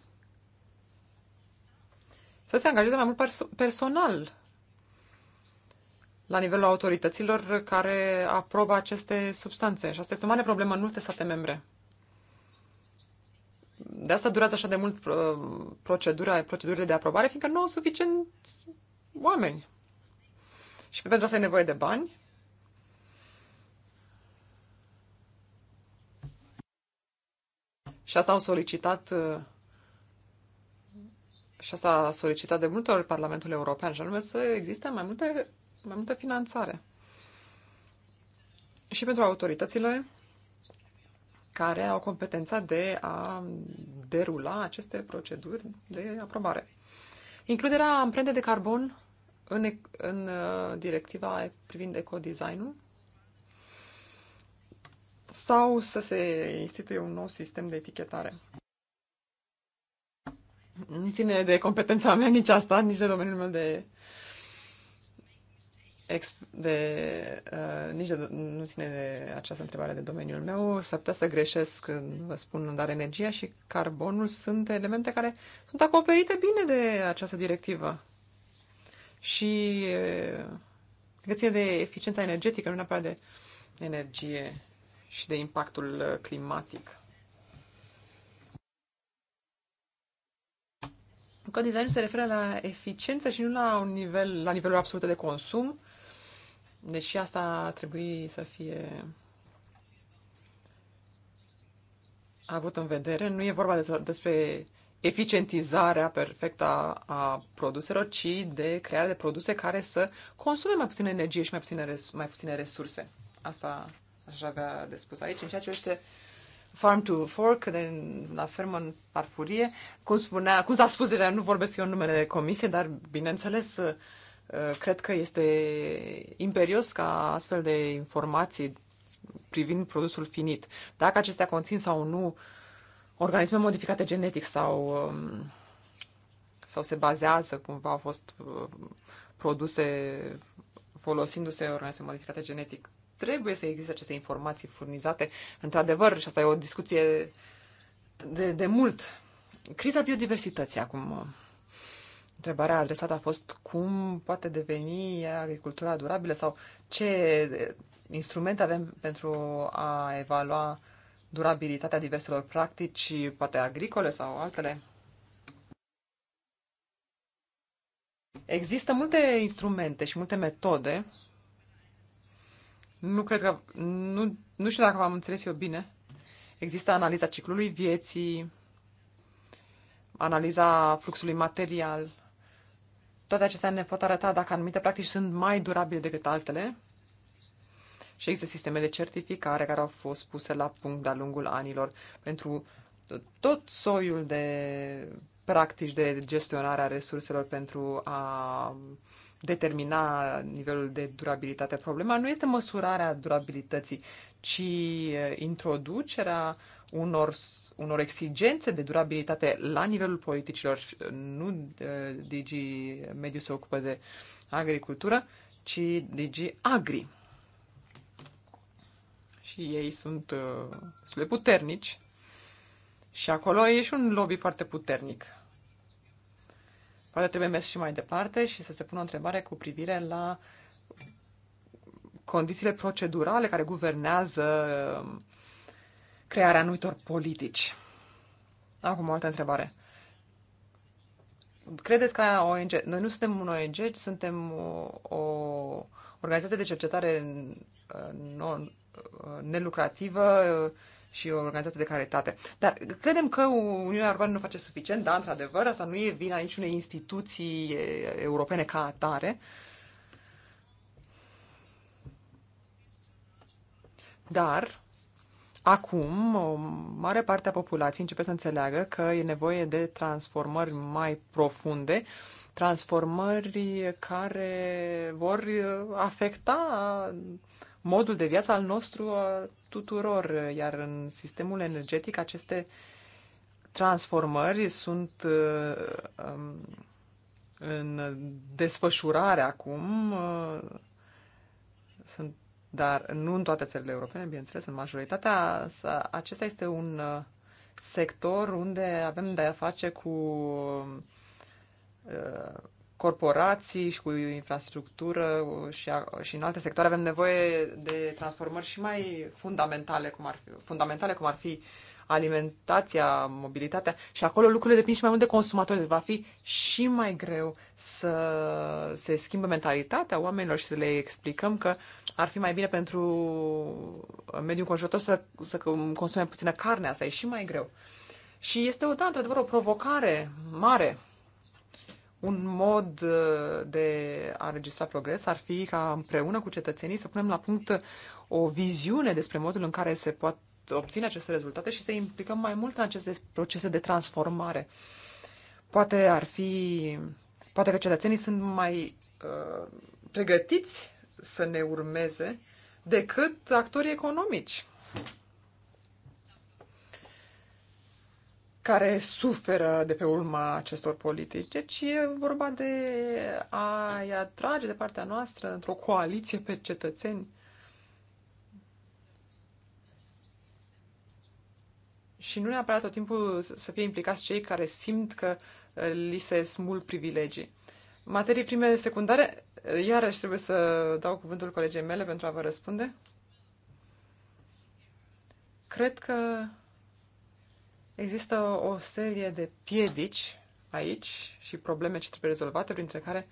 să se angajeze mai mult perso personal la nivelul autorităților care aprobă aceste substanțe. Și asta este o mare problemă în multe state membre de asta durează așa de mult uh, procedura, procedurile de aprobare, fiindcă nu au suficient oameni. Și pentru asta e nevoie de bani. Și asta au solicitat uh, și asta a solicitat de multe ori Parlamentul European, și anume să existe mai multe, mai multă finanțare. Și pentru autoritățile care au competența de a derula aceste proceduri de aprobare. Includerea amprente de carbon în, în uh, directiva privind ecodesignul sau să se instituie un nou sistem de etichetare. Nu ține de competența mea nici asta, nici de domeniul meu de de, uh, nici de, nu ține de această întrebare de domeniul meu, s-ar putea să greșesc când vă spun, dar energia și carbonul sunt elemente care sunt acoperite bine de această directivă. Și uh, că ține de eficiența energetică, nu neapărat de energie și de impactul uh, climatic. Ecodesign se referă la eficiență și nu la un nivel, la nivelul absolut de consum, Deși asta ar trebui să fie avut în vedere, nu e vorba despre eficientizarea perfectă a, a produselor, ci de crearea de produse care să consume mai puțină energie și mai puține, res- mai puține resurse. Asta aș avea de spus aici. În ceea ce este farm to fork, de la fermă în parfurie, cum, spunea, cum s-a spus deja, nu vorbesc eu în numele comisiei, dar bineînțeles Uh, cred că este imperios ca astfel de informații privind produsul finit, dacă acestea conțin sau nu organisme modificate genetic sau, um, sau se bazează cumva au fost uh, produse folosindu-se organisme modificate genetic. Trebuie să existe aceste informații furnizate, într-adevăr, și asta e o discuție de, de mult. Criza biodiversității acum. Uh, Întrebarea adresată a fost cum poate deveni agricultura durabilă sau ce instrumente avem pentru a evalua durabilitatea diverselor practici, poate agricole sau altele? Există multe instrumente și multe metode. Nu cred că. Nu, nu știu dacă v-am înțeles eu bine. Există analiza ciclului vieții, analiza fluxului material, toate acestea ne pot arăta dacă anumite practici sunt mai durabile decât altele. Și există sisteme de certificare care au fost puse la punct de-a lungul anilor pentru tot soiul de practici de gestionare a resurselor pentru a determina nivelul de durabilitate. Problema nu este măsurarea durabilității, ci introducerea unor, unor exigențe de durabilitate la nivelul politicilor. Nu DG Mediu se ocupă de agricultură, ci DG Agri. Și ei sunt uh, puternici și acolo e și un lobby foarte puternic. Poate trebuie mers și mai departe și să se pună o întrebare cu privire la condițiile procedurale care guvernează crearea anumitor politici. Acum o altă întrebare. Credeți că ONG... Noi nu suntem un ONG, suntem o, o organizație de cercetare uh, non, uh, nelucrativă uh, și o organizație de caritate. Dar credem că Uniunea Europeană nu face suficient, dar, într-adevăr, asta nu e vina niciunei instituții europene ca atare. Dar Acum, o mare parte a populației începe să înțeleagă că e nevoie de transformări mai profunde, transformări care vor afecta modul de viață al nostru tuturor, iar în sistemul energetic aceste transformări sunt um, în desfășurare acum, uh, sunt dar nu în toate țările europene, bineînțeles, în majoritatea, acesta este un uh, sector unde avem de a face cu uh, corporații și cu infrastructură uh, și, a, și în alte sectoare avem nevoie de transformări și mai fundamentale cum ar fi, fundamentale cum ar fi alimentația, mobilitatea și acolo lucrurile depind și mai mult de consumatori. Deci va fi și mai greu să se schimbe mentalitatea oamenilor și să le explicăm că uh, ar fi mai bine pentru mediul conjurător să, să consume puțină carne, asta e și mai greu. Și este, da, într-adevăr, o provocare mare. Un mod uh, de a registra progres ar fi ca împreună cu cetățenii să punem la punct o viziune despre modul în care se pot obține aceste rezultate și să implicăm mai mult în aceste procese de transformare. Poate ar fi, poate că cetățenii sunt mai uh, pregătiți să ne urmeze decât actorii economici care suferă de pe urma acestor politici. Deci e vorba de a-i atrage de partea noastră într-o coaliție pe cetățeni și nu neapărat tot timpul să fie implicați cei care simt că uh, li se smul privilegii. Materii prime secundare, Iarăși trebuie să dau cuvântul colegii mele pentru a vă răspunde. Cred că există o serie de piedici aici și probleme ce trebuie rezolvate, printre care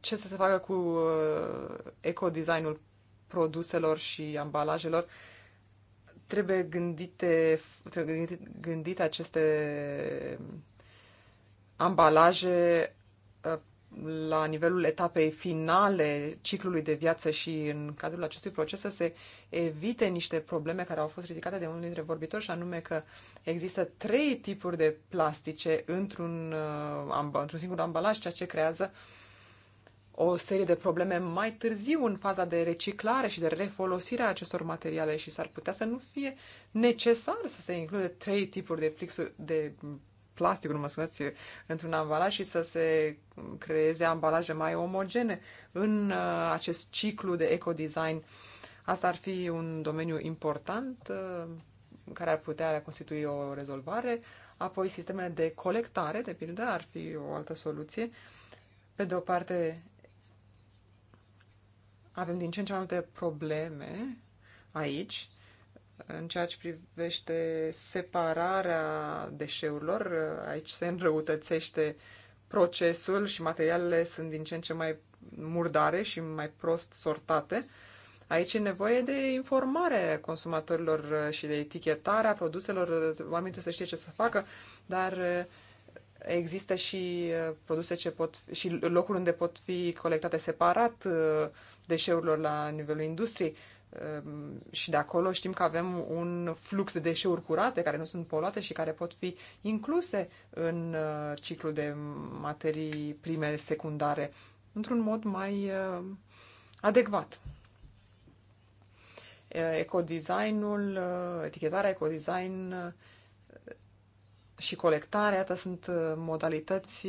ce să se facă cu uh, ecodesignul produselor și ambalajelor. Trebuie gândite, trebuie gândite, gândite aceste ambalaje uh, la nivelul etapei finale ciclului de viață și în cadrul acestui proces să se evite niște probleme care au fost ridicate de unul dintre vorbitori și anume că există trei tipuri de plastice într-un, uh, într-un singur ambalaj, ceea ce creează uh, o serie de probleme mai târziu în faza de reciclare și de refolosire a acestor materiale și s-ar putea să nu fie necesar să se include trei tipuri de plixuri de nu mă scuzați, într-un ambalaj și să se creeze ambalaje mai omogene în uh, acest ciclu de ecodesign. Asta ar fi un domeniu important uh, care ar putea constitui o rezolvare. Apoi, sistemele de colectare, de pildă, ar fi o altă soluție. Pe de o parte, avem din ce în ce mai multe probleme aici în ceea ce privește separarea deșeurilor. Aici se înrăutățește procesul și materialele sunt din ce în ce mai murdare și mai prost sortate. Aici e nevoie de informare consumatorilor și de etichetarea produselor. Oamenii trebuie să știe ce să facă, dar eh, există și eh, produse ce pot și locuri unde pot fi colectate separat eh, deșeurilor la nivelul industriei ehm, și de acolo știm că avem un flux de deșeuri curate care nu sunt poluate și care pot fi incluse în eh, ciclul de materii prime secundare într-un mod mai eh, adecvat. Eh, ecodesignul, etichetarea ecodesign și colectarea, iată, sunt modalități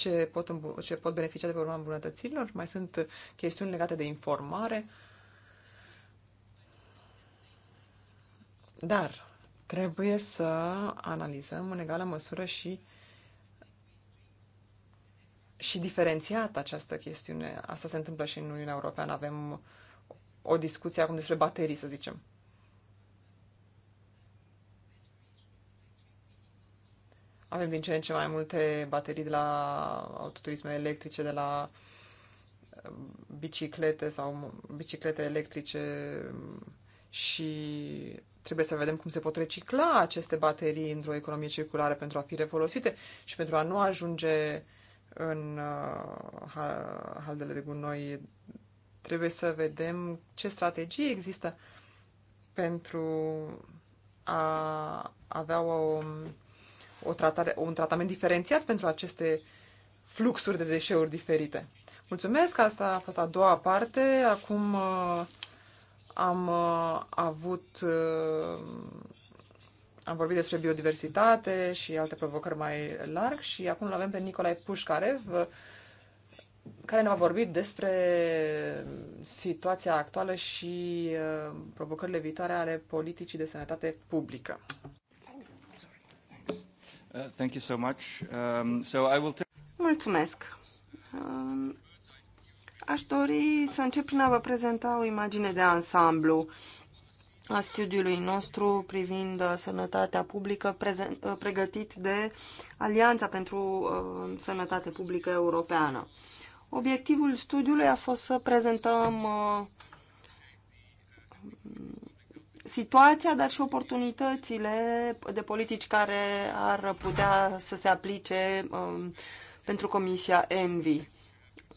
ce pot, ce pot beneficia de pe urma îmbunătățirilor, mai sunt chestiuni legate de informare. Dar trebuie să analizăm în egală măsură și și diferențiat această chestiune. Asta se întâmplă și în Uniunea Europeană. Avem o discuție acum despre baterii, să zicem. Avem din ce în ce mai multe baterii de la autoturisme electrice, de la uh, biciclete sau biciclete electrice mm, și trebuie să vedem cum se pot recicla aceste baterii într-o economie circulară pentru a fi refolosite și pentru a nu ajunge în uh, haldele de gunoi. Trebuie să vedem ce strategii există pentru a avea o o tratare, un tratament diferențiat pentru aceste fluxuri de deșeuri diferite. Mulțumesc, asta a fost a doua parte. Acum uh, am uh, avut. Uh, am vorbit despre biodiversitate și alte provocări mai larg și acum îl avem pe Nicolae Pușcarev, care ne va vorbi despre situația actuală și uh, provocările viitoare ale politicii de sănătate publică. Uh, thank you so much. Um, so I will Mulțumesc. Um, aș dori să încep prin a vă prezenta o imagine de ansamblu a studiului nostru privind uh, sănătatea publică uh, pregătit de Alianța pentru Sănătate Publică Europeană. Obiectivul studiului a fost să prezentăm situația, dar și oportunitățile de politici care ar putea să se aplice um, pentru Comisia ENVI.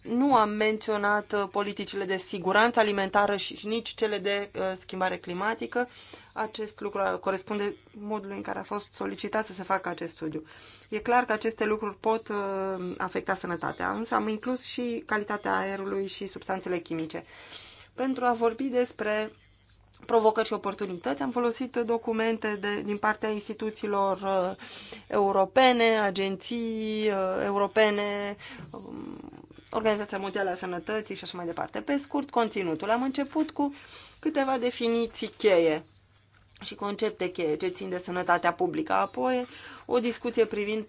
Nu am menționat uh, politicile de siguranță alimentară și nici cele de uh, schimbare climatică. Acest lucru corespunde modului în care a fost solicitat să se facă acest studiu. E clar că aceste lucruri pot uh, afecta sănătatea, însă am inclus și calitatea aerului și substanțele chimice. Pentru a vorbi despre provocări și oportunități. Am folosit documente de, din partea instituțiilor uh, europene, agenții uh, europene, um, Organizația Mondială a Sănătății și așa mai departe. Pe scurt, conținutul. Am început cu câteva definiții cheie și concepte cheie ce țin de sănătatea publică. Apoi o discuție privind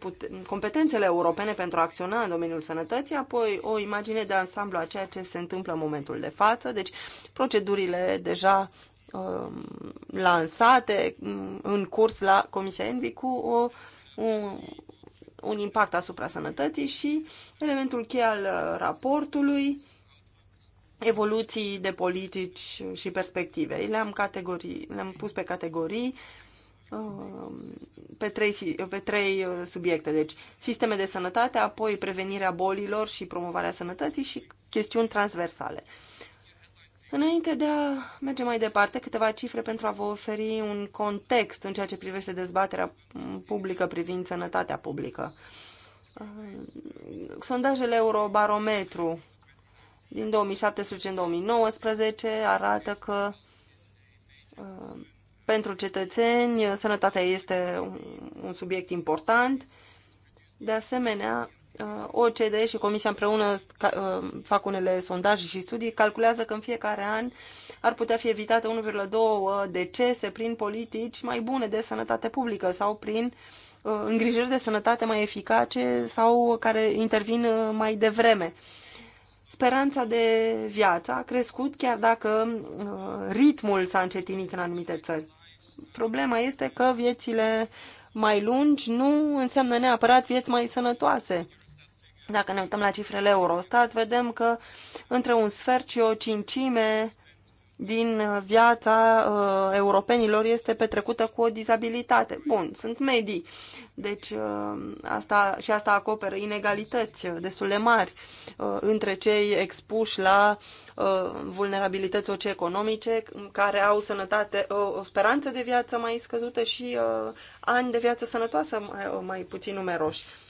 competențele europene pentru a acționa în domeniul sănătății, apoi o imagine de ansamblu a ceea ce se întâmplă în momentul de față, deci procedurile deja Um, lansate um, în curs la Comisia Envi cu o, un, un impact asupra sănătății și elementul cheie al uh, raportului, evoluții de politici și perspective. Le-am, le-am pus pe categorii um, pe trei, pe trei uh, subiecte, deci sisteme de sănătate, apoi prevenirea bolilor și promovarea sănătății și chestiuni transversale. Uh, Înainte de a merge mai departe, câteva cifre pentru a vă oferi un context în ceea ce privește dezbaterea publică privind sănătatea publică. Sondajele Eurobarometru din 2017 în 2019 arată că uh, pentru cetățeni sănătatea este un subiect important. De asemenea, Uh, OCDE și Comisia împreună uh, fac unele sondaje și studii, calculează că în fiecare an ar putea fi evitate 1,2 decese prin politici mai bune de sănătate publică sau prin uh, îngrijiri de sănătate mai eficace sau care intervin mai devreme. Speranța de viață a crescut chiar dacă ritmul s-a încetinit în anumite țări. Problema este că viețile mai lungi nu înseamnă neapărat vieți mai sănătoase. Dacă ne uităm la cifrele Eurostat, vedem că între un sfert și o cincime din viața uh, europenilor este petrecută cu o dizabilitate. Bun, sunt medii, deci uh, asta, și asta acoperă inegalități destul de mari uh, între cei expuși la uh, vulnerabilități socioeconomice care au sănătate, uh, o speranță de viață mai scăzută și uh, ani de viață sănătoasă mai, uh, mai puțin numeroși. Uh,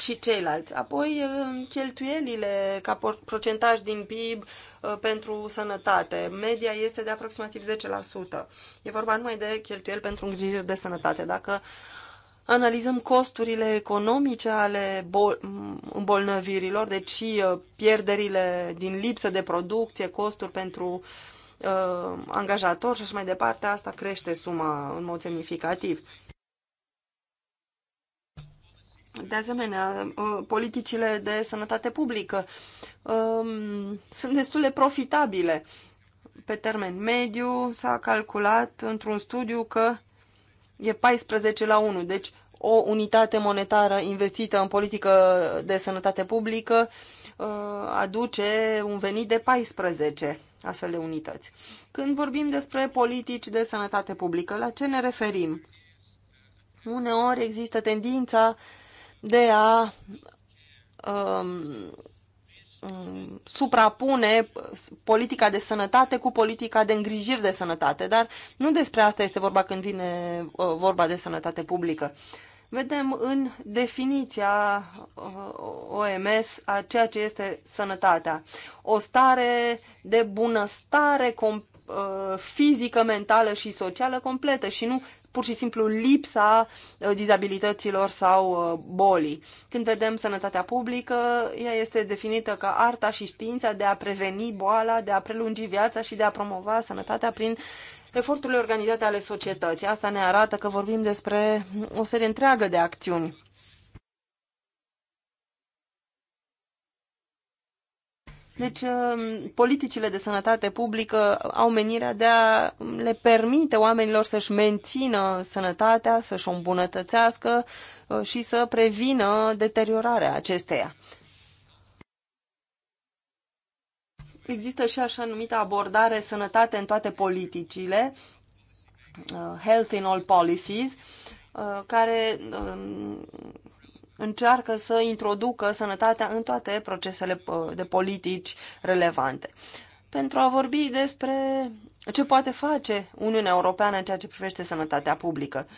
și ceilalți. Apoi, cheltuielile ca procentaj din PIB uh, pentru sănătate. Media este de aproximativ 10%. E vorba numai de cheltuieli pentru îngrijiri de sănătate. Dacă analizăm costurile economice ale bol- îmbolnăvirilor, deci uh, pierderile din lipsă de producție, costuri pentru uh, angajator și așa mai departe, asta crește suma în mod semnificativ. De asemenea, uh, politicile de sănătate publică um, sunt destul de profitabile. Pe termen mediu s-a calculat într-un studiu că e 14 la 1, deci o unitate monetară investită în politică de sănătate publică uh, aduce un venit de 14 astfel de unități. Când vorbim despre politici de sănătate publică, la ce ne referim? Uneori există tendința de a um, suprapune politica de sănătate cu politica de îngrijiri de sănătate, dar nu despre asta este vorba când vine uh, vorba de sănătate publică. Vedem în definiția uh, OMS a ceea ce este sănătatea. O stare de bunăstare Uh, fizică, mentală și socială completă și nu pur și simplu lipsa uh, dizabilităților sau uh, bolii. Când vedem sănătatea publică, ea este definită ca arta și știința de a preveni boala, de a prelungi viața și de a promova sănătatea prin eforturile organizate ale societății. Asta ne arată că vorbim despre o serie întreagă de acțiuni Deci, um, politicile de sănătate publică au menirea de a le permite oamenilor să-și mențină sănătatea, să-și o îmbunătățească uh, și să prevină deteriorarea acesteia. Există și așa numită abordare sănătate în toate politicile, uh, health in all policies, uh, care um, încearcă să introducă sănătatea în toate procesele uh, de politici relevante. Pentru a vorbi despre ce poate face Uniunea Europeană în ceea ce privește sănătatea publică.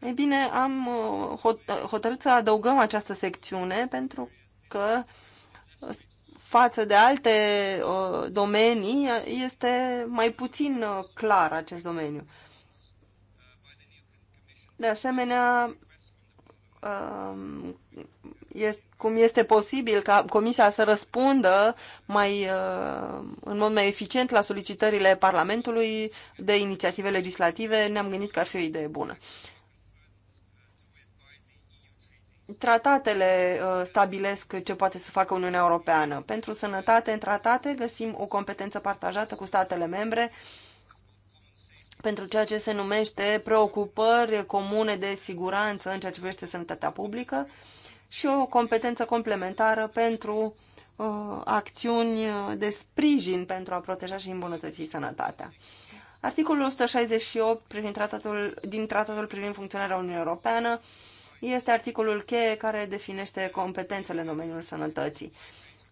Ei bine, am uh, hotărât să adăugăm această secțiune pentru că față de alte uh, domenii este mai puțin clar acest domeniu. De asemenea, Um, cum este posibil ca Comisia să răspundă mai, uh, în mod mai eficient la solicitările Parlamentului de inițiative legislative, ne-am gândit că ar fi o idee bună. Tratatele uh, stabilesc ce poate să facă Uniunea Europeană. Pentru sănătate, în tratate găsim o competență partajată cu statele membre uh, pentru ceea ce se numește preocupări comune de siguranță în ceea ce privește sănătatea publică și o competență complementară pentru uh, acțiuni de sprijin pentru a proteja și îmbunătăți sănătatea. Articolul 168 privind tratatul, din Tratatul privind funcționarea Uniunii Europeană este articolul cheie care definește competențele în domeniul sănătății.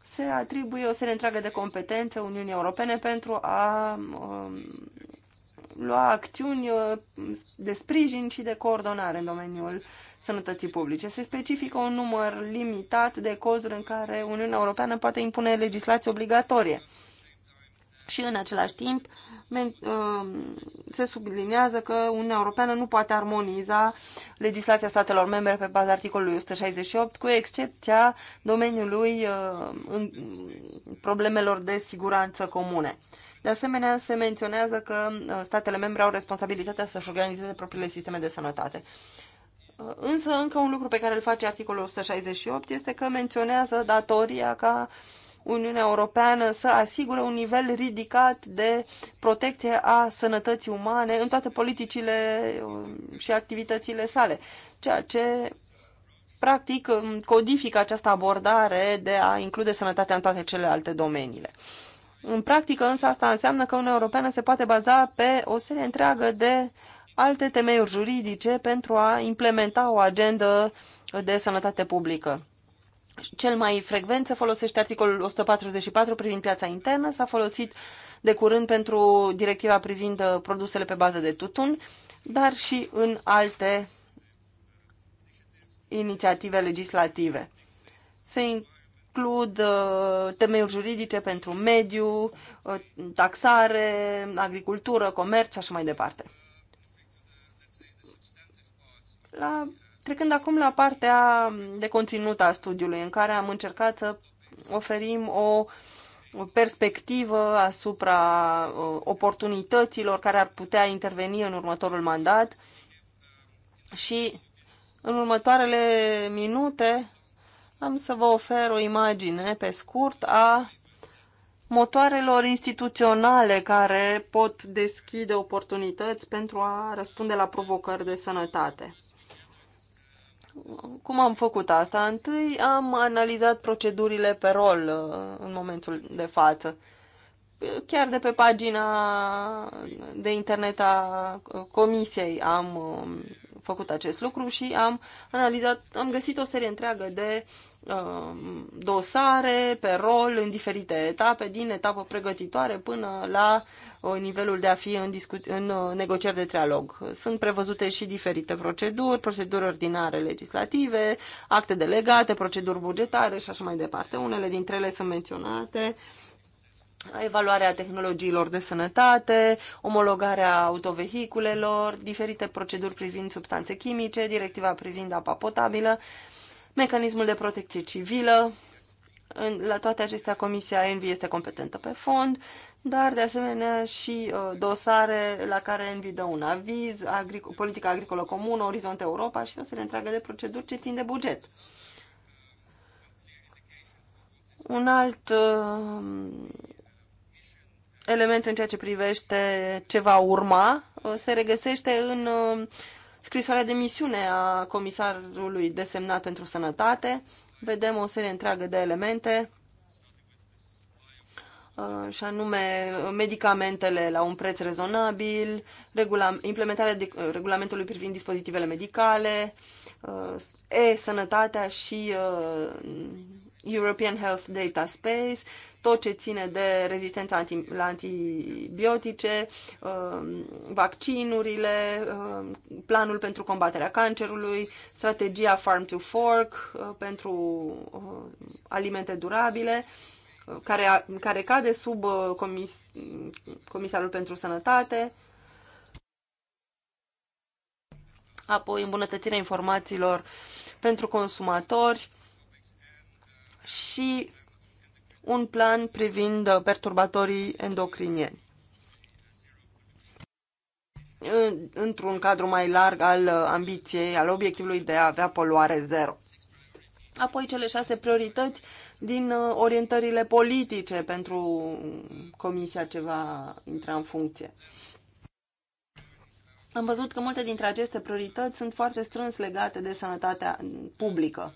Se atribuie o serie întreagă de competențe Uniunii Europene pentru a um, lua acțiuni uh, de sprijin și de coordonare în domeniul sănătății publice. Se specifică un număr limitat de cozuri în care Uniunea Europeană poate impune legislație obligatorie. Și în același timp uh, se subliniază că Uniunea Europeană nu poate armoniza legislația statelor membre pe baza articolului 168, cu excepția domeniului uh, problemelor de siguranță comune. De asemenea, se menționează că uh, statele membre au responsabilitatea să-și organizeze propriile sisteme de sănătate. Uh, însă, încă un lucru pe care îl face articolul 168 este că menționează datoria ca Uniunea Europeană să asigure un nivel ridicat de protecție a sănătății umane în toate politicile uh, și activitățile sale, ceea ce practic codifică această abordare de a include sănătatea în toate celelalte domeniile. În practică, însă, asta înseamnă că Uniunea Europeană se poate baza pe o serie întreagă de alte temeiuri juridice pentru a implementa o agendă de sănătate publică. Cel mai frecvent se folosește articolul 144 privind piața internă, s-a folosit de curând pentru directiva privind uh, produsele pe bază de tutun, dar și în alte inițiative legislative. Se includ uh, temeiuri juridice pentru mediu, uh, taxare, agricultură, comerț și așa mai departe. La, trecând acum la partea de conținut a studiului, în care am încercat să oferim o perspectivă asupra uh, oportunităților care ar putea interveni în următorul mandat și în următoarele minute am să vă ofer o imagine pe scurt a motoarelor instituționale care pot deschide oportunități pentru a răspunde la provocări de sănătate. Cum am făcut asta? Întâi am analizat procedurile pe rol uh, în momentul de față. Chiar de pe pagina de internet a uh, comisiei am um, făcut acest lucru și am analizat, am găsit o serie întreagă de uh, dosare pe rol în diferite etape, din etapă pregătitoare până la uh, nivelul de a fi în, în uh, negocieri de trialog. Sunt prevăzute și diferite proceduri, proceduri ordinare legislative, acte delegate, proceduri bugetare și așa mai departe. Unele dintre ele sunt menționate uh, evaluarea tehnologiilor de sănătate, omologarea autovehiculelor, diferite proceduri privind substanțe chimice, directiva privind apa potabilă, mecanismul de protecție civilă. La toate acestea, Comisia Envi este competentă pe fond, dar de asemenea și uh, dosare la care Envi dă un aviz, agric politica agricolă comună, Orizont Europa și o să ne întreagă de proceduri ce țin de buget. Un alt uh, element în ceea ce privește ce va urma uh, se regăsește în uh, scrisoarea de misiune a comisarului desemnat pentru sănătate. Vedem o serie întreagă de elemente uh, și anume medicamentele la un preț rezonabil, implementarea de, regulamentului privind dispozitivele medicale, e-sănătatea și European Health Data Space, tot ce ține de rezistența anti, la antibiotice, um, vaccinurile, um, planul pentru combaterea cancerului, strategia Farm to Fork uh, pentru uh, alimente durabile, uh, care, care cade sub comis, Comisarul pentru Sănătate, apoi îmbunătățirea informațiilor pentru consumatori, și un plan privind uh, perturbatorii endocrinieni. Într-un cadru mai larg al uh, ambiției, al obiectivului de a avea poluare zero. Apoi cele șase priorități din uh, orientările politice pentru comisia ce va intra în funcție. Am văzut că multe dintre aceste priorități sunt foarte strâns legate de sănătatea publică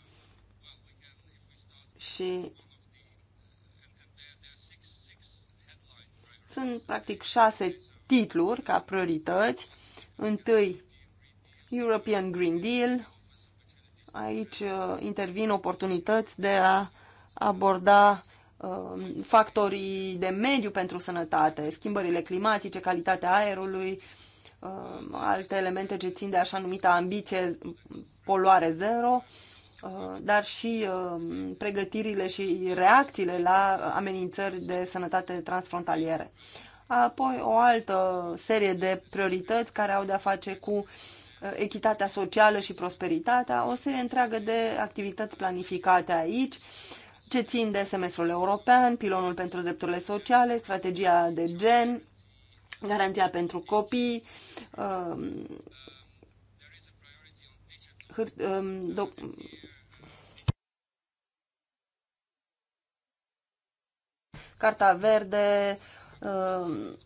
și sunt practic șase titluri ca priorități. Întâi, European Green Deal. Aici uh, intervin oportunități de a aborda uh, factorii de mediu pentru sănătate, schimbările climatice, calitatea aerului, uh, alte elemente ce țin de așa numită ambiție poluare zero Uh, dar și uh, pregătirile și reacțiile la amenințări de sănătate transfrontaliere. Apoi o altă serie de priorități care au de-a face cu uh, echitatea socială și prosperitatea, o serie întreagă de activități planificate aici, ce țin de semestrul european, pilonul pentru drepturile sociale, strategia de gen, garanția pentru copii, um, um, Carta Verde, um,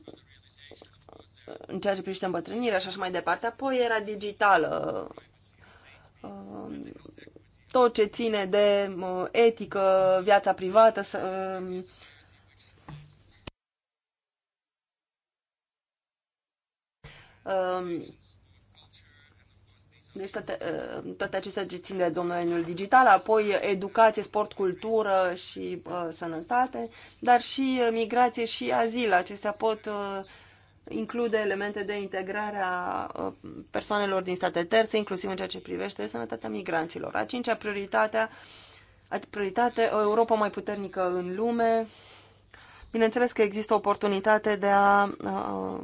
în ceea ce privește îmbătrânirea și așa mai departe. Apoi era digitală, um, tot ce ține de uh, etică, viața privată, um, deci toate, ă, toate acestea ce țin de domeniul digital, apoi educație, sport, cultură și uh, sănătate, dar și ă, migrație și azil. Acestea pot uh, include elemente de integrare a uh, persoanelor din state terțe, inclusiv în ceea ce privește sănătatea migranților. A cincea a prioritate, o Europa mai puternică în lume, Bineînțeles că există oportunitate de a, uh,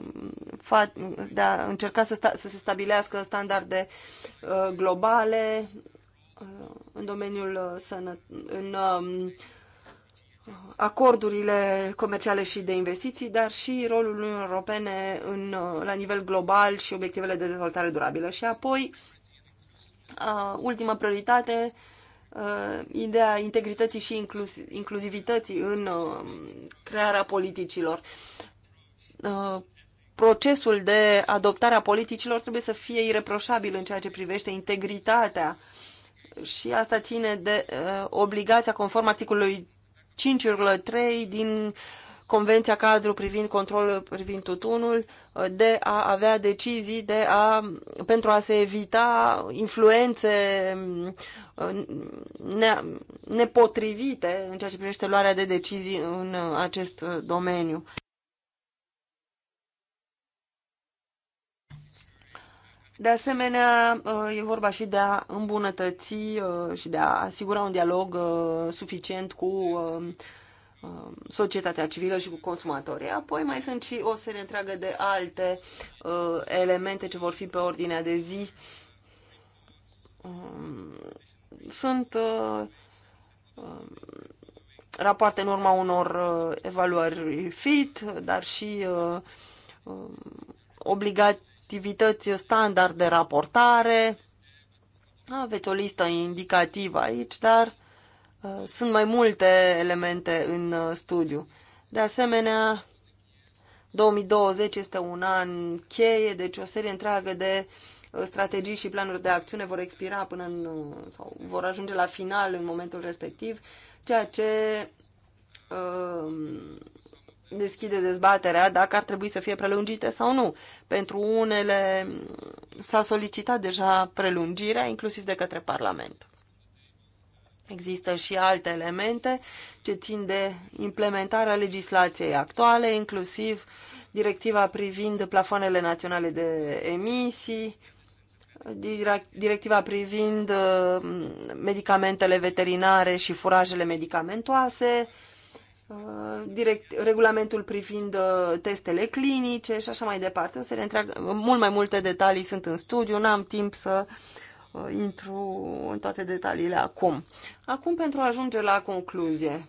de a încerca să, sta, să se stabilească standarde uh, globale uh, în domeniul sănătății, în um, acordurile comerciale și de investiții, dar și rolul Uniunii Europene în, la nivel global și obiectivele de dezvoltare durabilă. Și apoi, ultima prioritate uh, ideea integrității și inclus inclusivității în uh, crearea politicilor. Uh, procesul de adoptare a politicilor trebuie să fie ireproșabil în ceea ce privește integritatea și asta ține de uh, obligația conform articolului 5,3 din Convenția cadru privind controlul privind tutunul uh, de a avea decizii de a, pentru a se evita influențe uh, ne, nepotrivite în ceea ce privește luarea de decizii în uh, acest domeniu. De asemenea, e vorba și de a îmbunătăți și de a asigura un dialog suficient cu Um, societatea civilă și cu consumatorii. Apoi mai sunt și o serie întreagă de alte uh, elemente ce vor fi pe ordinea de zi. Um, sunt uh, um, rapoarte în urma unor uh, evaluări FIT, dar și uh, uh, obligativități standard de raportare. Aveți o listă indicativă aici, dar uh, Uh, sunt mai multe elemente în uh, studiu. De asemenea, 2020 este un an cheie, deci o serie întreagă de uh, strategii și planuri de acțiune vor expira până în, sau vor ajunge la final în momentul respectiv, ceea ce deschide dezbaterea dacă ar trebui să fie prelungite sau nu. Pentru unele s-a solicitat deja prelungirea, inclusiv de către Parlament. Există și alte elemente ce țin de implementarea legislației actuale, inclusiv directiva privind plafoanele naționale de emisii, directiva privind uh, medicamentele veterinare și furajele medicamentoase, uh, direct, regulamentul privind uh, testele clinice și așa mai departe. O serie întreagă, mult mai multe detalii sunt în studiu, n-am timp să uh, Uh, intru în toate detaliile acum. Acum, pentru a ajunge la concluzie,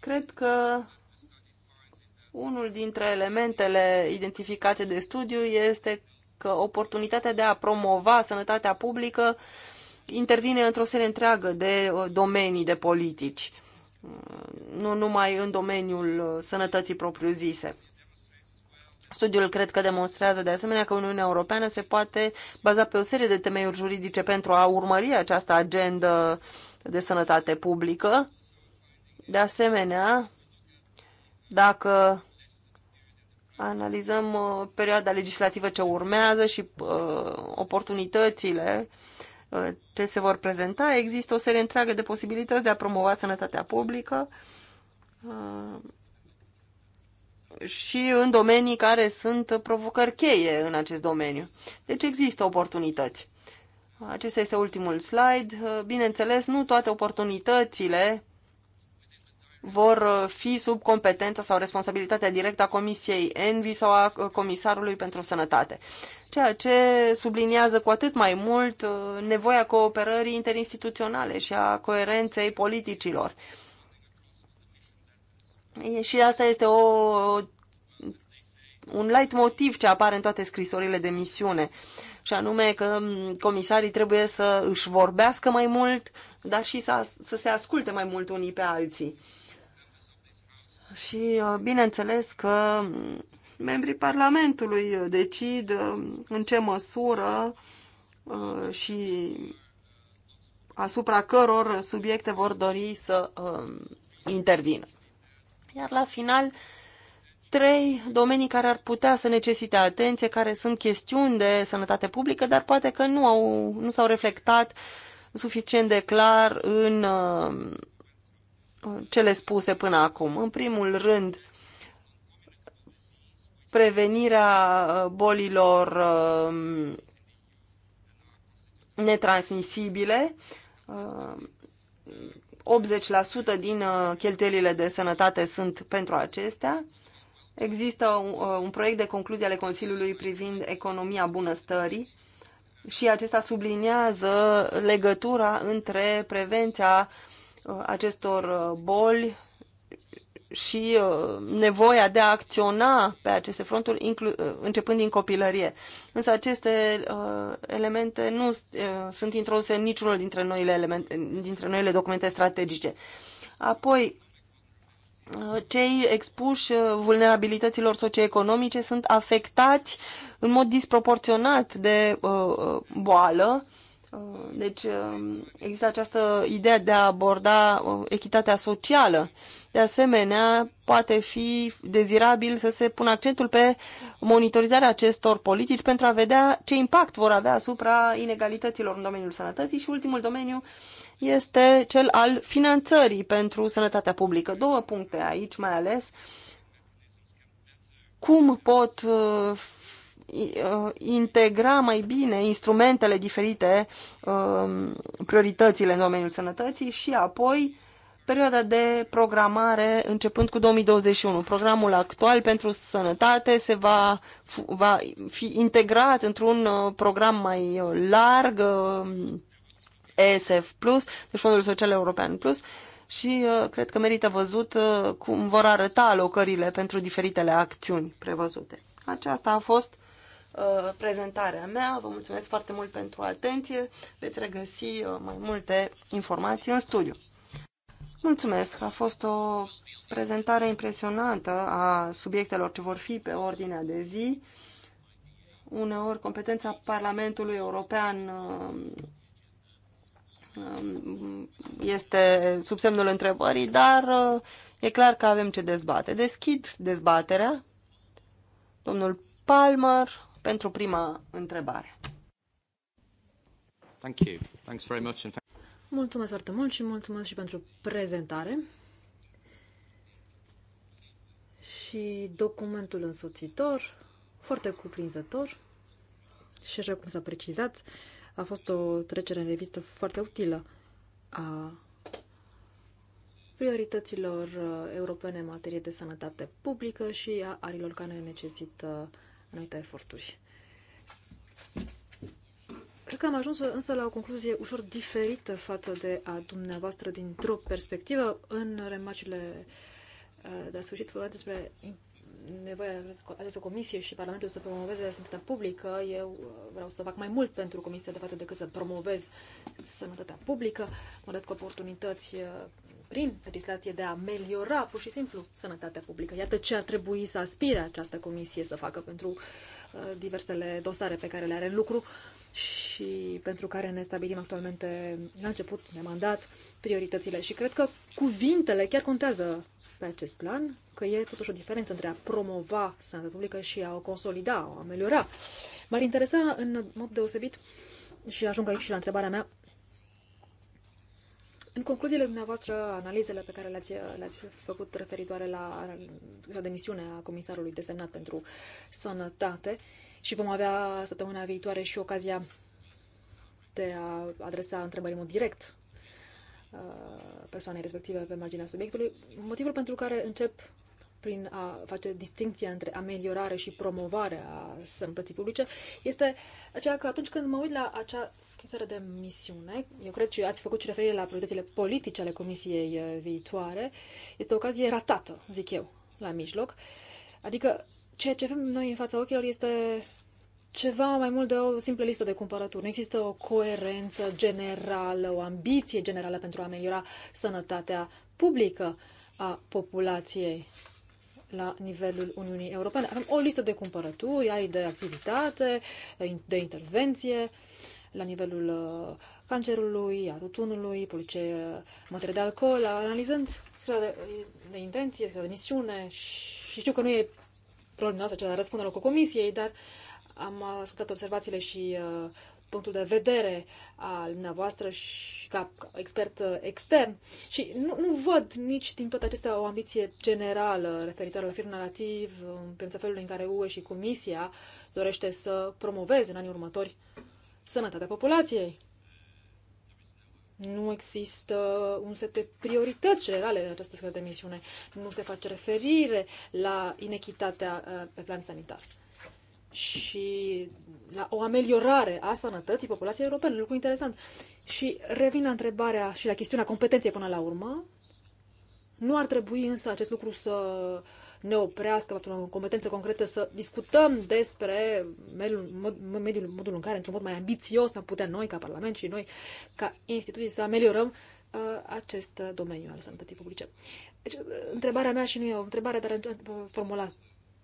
cred că unul dintre elementele identificate de studiu este că oportunitatea de a promova sănătatea publică intervine într-o serie întreagă de uh, domenii de politici, uh, nu numai în domeniul sănătății propriu-zise. Studiul cred că demonstrează de asemenea că Uniunea Europeană se poate baza pe o serie de temeiuri juridice pentru a urmări această agendă de sănătate publică. De asemenea, dacă analizăm uh, perioada legislativă ce urmează și uh, oportunitățile uh, ce se vor prezenta, există o serie întreagă de posibilități de a promova sănătatea publică și în domenii care sunt provocări cheie în acest domeniu. Deci există oportunități. Acesta este ultimul slide. Bineînțeles, nu toate oportunitățile vor fi sub competența sau responsabilitatea directă a Comisiei Envi sau a Comisarului pentru Sănătate. Ceea ce subliniază cu atât mai mult nevoia cooperării interinstituționale și a coerenței politicilor. Și asta este o, un light motiv ce apare în toate scrisorile de misiune, și anume că comisarii trebuie să își vorbească mai mult, dar și să, să se asculte mai mult unii pe alții. Și uh, bineînțeles că membrii Parlamentului decid uh, în ce măsură uh, și asupra căror subiecte vor dori să intervină. Iar la final, trei domenii care ar putea să necesite atenție, care sunt chestiuni de sănătate publică, dar poate că nu, au, nu s-au reflectat suficient de clar în uh, cele spuse până acum. În primul rând, prevenirea uh, bolilor uh, netransmisibile, 80% din uh, cheltuielile de sănătate sunt pentru acestea. Există uh, un proiect de concluzie ale Consiliului privind economia bunăstării și acesta subliniază legătura între prevenția uh, acestor boli și uh, nevoia de a acționa pe aceste fronturi, uh, începând din copilărie. Însă aceste uh, elemente nu uh, sunt introduse în niciunul dintre noile, elemente, dintre noile documente strategice. Apoi, uh, cei expuși vulnerabilităților socioeconomice sunt afectați în mod disproporționat de boală Uh, deci uh, există această idee de a aborda uh, echitatea socială. De asemenea, poate fi dezirabil să se pună accentul pe monitorizarea acestor politici pentru a vedea ce impact vor avea asupra inegalităților în domeniul sănătății și ultimul domeniu este cel al finanțării pentru sănătatea publică. Două puncte aici mai ales. Cum pot Uh, integra mai bine instrumentele diferite, um, prioritățile în domeniul sănătății și apoi perioada de programare începând cu 2021. Programul actual pentru sănătate se va, va fi integrat într-un uh, program mai uh, larg, ESF+, deci Fondul Social European+, Plus, și cred că merită văzut cum vor arăta alocările pentru diferitele acțiuni prevăzute. Aceasta a fost Uh, prezentarea mea. Vă mulțumesc foarte mult pentru atenție. Veți regăsi uh, mai multe informații în studiu. Mulțumesc! A fost o prezentare impresionantă a subiectelor ce vor fi pe ordinea de zi. Uneori, competența Parlamentului European um, um, este sub semnul întrebării, dar uh, e clar că avem ce dezbate. Deschid dezbaterea. Domnul Palmer, pentru prima întrebare. Thank you. Thanks very much and Mulțumesc foarte mult și mulțumesc și pentru prezentare și documentul însoțitor, foarte cuprinzător și așa cum s-a precizat, a fost o trecere în revistă foarte utilă a priorităților uh, europene în materie de sănătate publică și a arilor care necesită uh, anumite eforturi. Cred că am ajuns însă la o concluzie ușor diferită față de a dumneavoastră dintr-o perspectivă în remarcile uh, de la sfârșit vorbeam despre nevoia această comisie și Parlamentul să promoveze sănătatea publică. Eu uh, vreau să fac mai mult pentru comisia de față decât să promovez sănătatea publică. Mă oportunități uh, prin legislație de a ameliora pur și simplu sănătatea publică. Iată ce ar trebui să aspire această comisie să facă pentru uh, diversele dosare pe care le are în lucru și pentru care ne stabilim actualmente la început ne mandat prioritățile. Și cred că cuvintele chiar contează pe acest plan, că e totuși o diferență între a promova sănătatea publică și a o consolida, a o ameliora. M-ar interesa în mod deosebit și ajung aici și la întrebarea mea, în concluziile dumneavoastră, analizele pe care le-ați, le-ați făcut referitoare la, la demisiunea comisarului desemnat pentru sănătate și vom avea săptămâna viitoare și ocazia de a adresa întrebări în mod direct uh, persoanei respective pe marginea subiectului. Motivul pentru care încep prin a face distinția între ameliorare și promovare a sănătății publice, este aceea că atunci când mă uit la acea scrisoare de misiune, eu cred că ați făcut și referire la prioritățile politice ale comisiei uh, viitoare, este o ocazie ratată, zic eu, la mijloc. Adică ceea ce avem noi în fața ochilor este ceva mai mult de o simplă listă de cumpărături. Nu există o coerență generală, o ambiție generală pentru a ameliora sănătatea publică a populației la nivelul Uniunii Europene. Avem o listă de cumpărături, ai de activitate, de intervenție la nivelul uh, cancerului, a tutunului, poliție, materie de alcool, analizând de, de intenție, de misiune și știu că nu e problema noastră aceea de a răspunde locul comisiei, dar am ascultat observațiile și uh, punctul de vedere al dumneavoastră și ca expert extern și nu, nu văd nici din toate acestea o ambiție generală referitoare la firul narrativ, prin felul în care UE și Comisia dorește să promoveze în anii următori sănătatea populației. Nu există un set de priorități generale în această de misiune. Nu se face referire la inechitatea uh, pe plan sanitar și la o ameliorare a sănătății populației europene, lucru interesant. Și revin la întrebarea și la chestiunea competenței până la urmă. Nu ar trebui însă acest lucru să ne oprească, faptul o competență concretă, să discutăm despre mediul, mod, mediul, modul în care, într-un mod mai ambițios, am putea noi, ca Parlament și noi, ca instituții, să ameliorăm uh, acest domeniu al sănătății publice. Deci, uh, întrebarea mea și nu e o întrebare, dar uh, formulat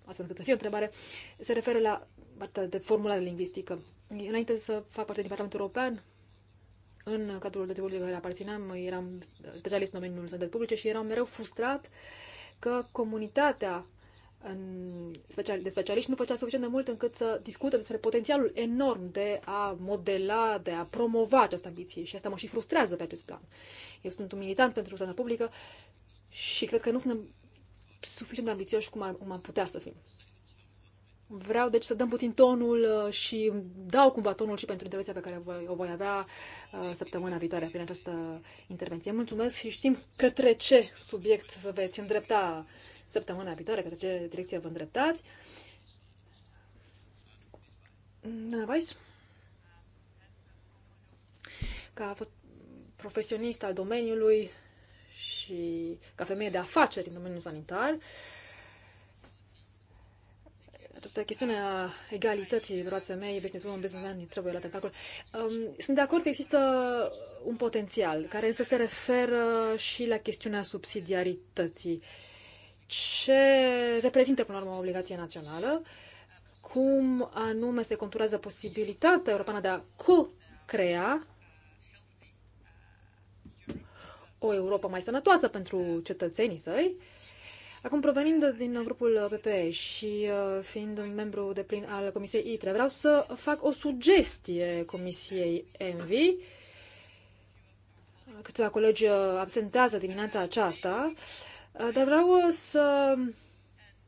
astfel încât să fie o întrebare, se referă la partea de formulare lingvistică. Înainte să fac parte din Parlamentul European, în cadrul de publică care aparțineam, eram specialist în domeniul sănătății publice și eram mereu frustrat că comunitatea de specialiști nu făcea suficient de mult încât să discute despre potențialul enorm de a modela, de a promova această ambiție și asta mă și frustrează pe acest plan. Eu sunt un militant pentru sănătatea publică și cred că nu suntem suficient de ambițioși cum, ar, cum am putea să fim. Vreau, deci, să dăm puțin tonul uh, și dau cumva tonul și pentru intervenția pe care o voi avea uh, săptămâna viitoare prin această intervenție. Mulțumesc și știm către ce subiect vă veți îndrepta săptămâna viitoare, către ce direcție vă îndreptați. Weiss? Că a fost profesionist al domeniului, și ca femeie de afaceri în domeniul sanitar, această chestiune a egalității bărbați femei, business woman, business man, trebuie luată în calcul. Um, sunt de acord că există un potențial care însă se referă și la chestiunea subsidiarității. Ce reprezintă până la urmă o obligație națională? Cum anume se conturează posibilitatea europeană de a co-crea o Europa mai sănătoasă pentru cetățenii săi. Acum, provenind din grupul PPE și uh, fiind un membru de plin al Comisiei ITRE, vreau să fac o sugestie Comisiei ENVI. Câțiva colegi uh, absentează dimineața aceasta, uh, dar vreau să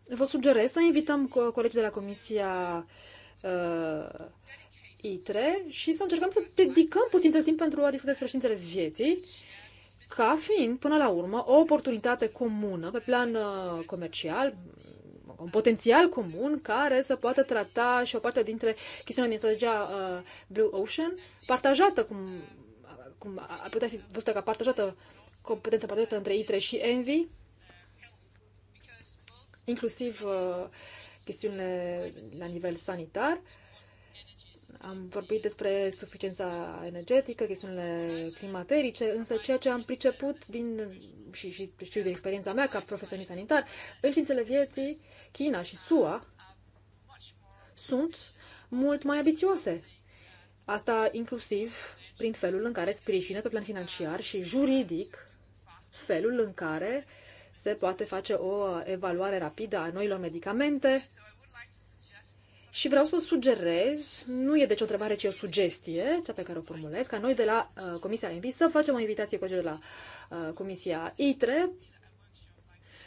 vă sugerez să invităm colegii de la Comisia ITRE și să încercăm să dedicăm puțin de timp pentru a discuta despre științele vieții ca fiind, până la urmă, o oportunitate comună pe plan uh, comercial, un potențial comun care să poată trata și o parte dintre chestiunea din strategia uh, Blue Ocean, partajată cum, cum a putea fi văzută ca partajată, competența partajată între ITRE și ENVI, inclusiv uh, chestiunile la nivel sanitar. Uh, am vorbit despre suficiența energetică, chestiunile climaterice, însă ceea ce am priceput din, și, și știu din experiența mea ca profesionist sanitar, în științele vieții, China și SUA sunt mult mai ambițioase. Asta inclusiv prin felul în care sprijină pe plan financiar și juridic felul în care se poate face o evaluare rapidă a noilor medicamente, și vreau să sugerez, nu e deci o întrebare, ci o sugestie, cea pe care o formulez, ca noi de la uh, Comisia ENVI să facem o invitație cu de la uh, Comisia ITRE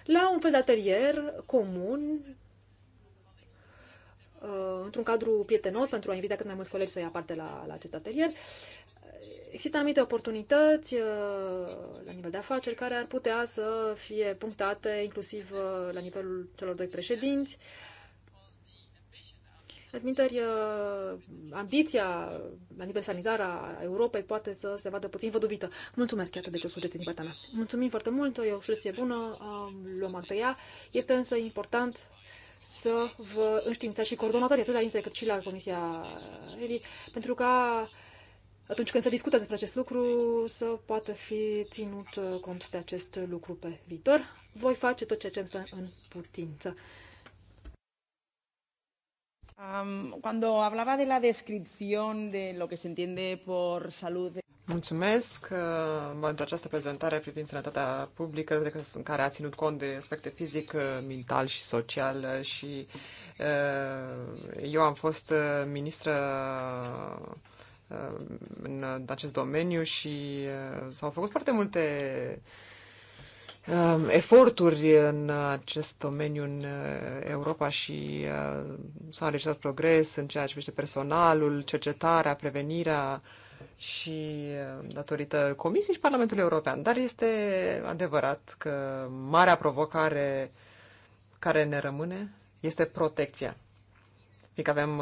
la un fel de atelier comun uh, într-un cadru prietenos pentru a invita cât mai mulți colegi să ia parte la, la acest atelier. Există anumite oportunități uh, la nivel de afaceri care ar putea să fie punctate inclusiv uh, la nivelul celor doi președinți. Adminteri, uh, ambiția la nivel adică sanitar a Europei poate să se vadă puțin văduvită. Mulțumesc, de deci, ce o sugestie din partea mea. Mulțumim foarte mult, e o sugestie bună, luăm actă ea. Este însă important să vă înștiințați și coordonatorii, atât la Inter cât și la Comisia Eli, pentru ca atunci când se discută despre acest lucru, să poată fi ținut cont de acest lucru pe viitor. Voi face tot ceea ce îmi stă în putință. Um, cuando hablaba de la descripción de lo que se entiende por salud. Mulțumesc uh, această prezentare privind sănătatea publică, de care a ținut cont de aspecte fizic, uh, mental și social. Uh, și uh, eu am fost ministră în acest domeniu și s-au făcut foarte multe Um, eforturi în acest domeniu în uh, Europa și uh, s-a înregistrat progres în ceea ce privește personalul, cercetarea, prevenirea și uh, datorită Comisiei și Parlamentului European. Dar este adevărat că marea provocare care ne rămâne este protecția. Fiindcă avem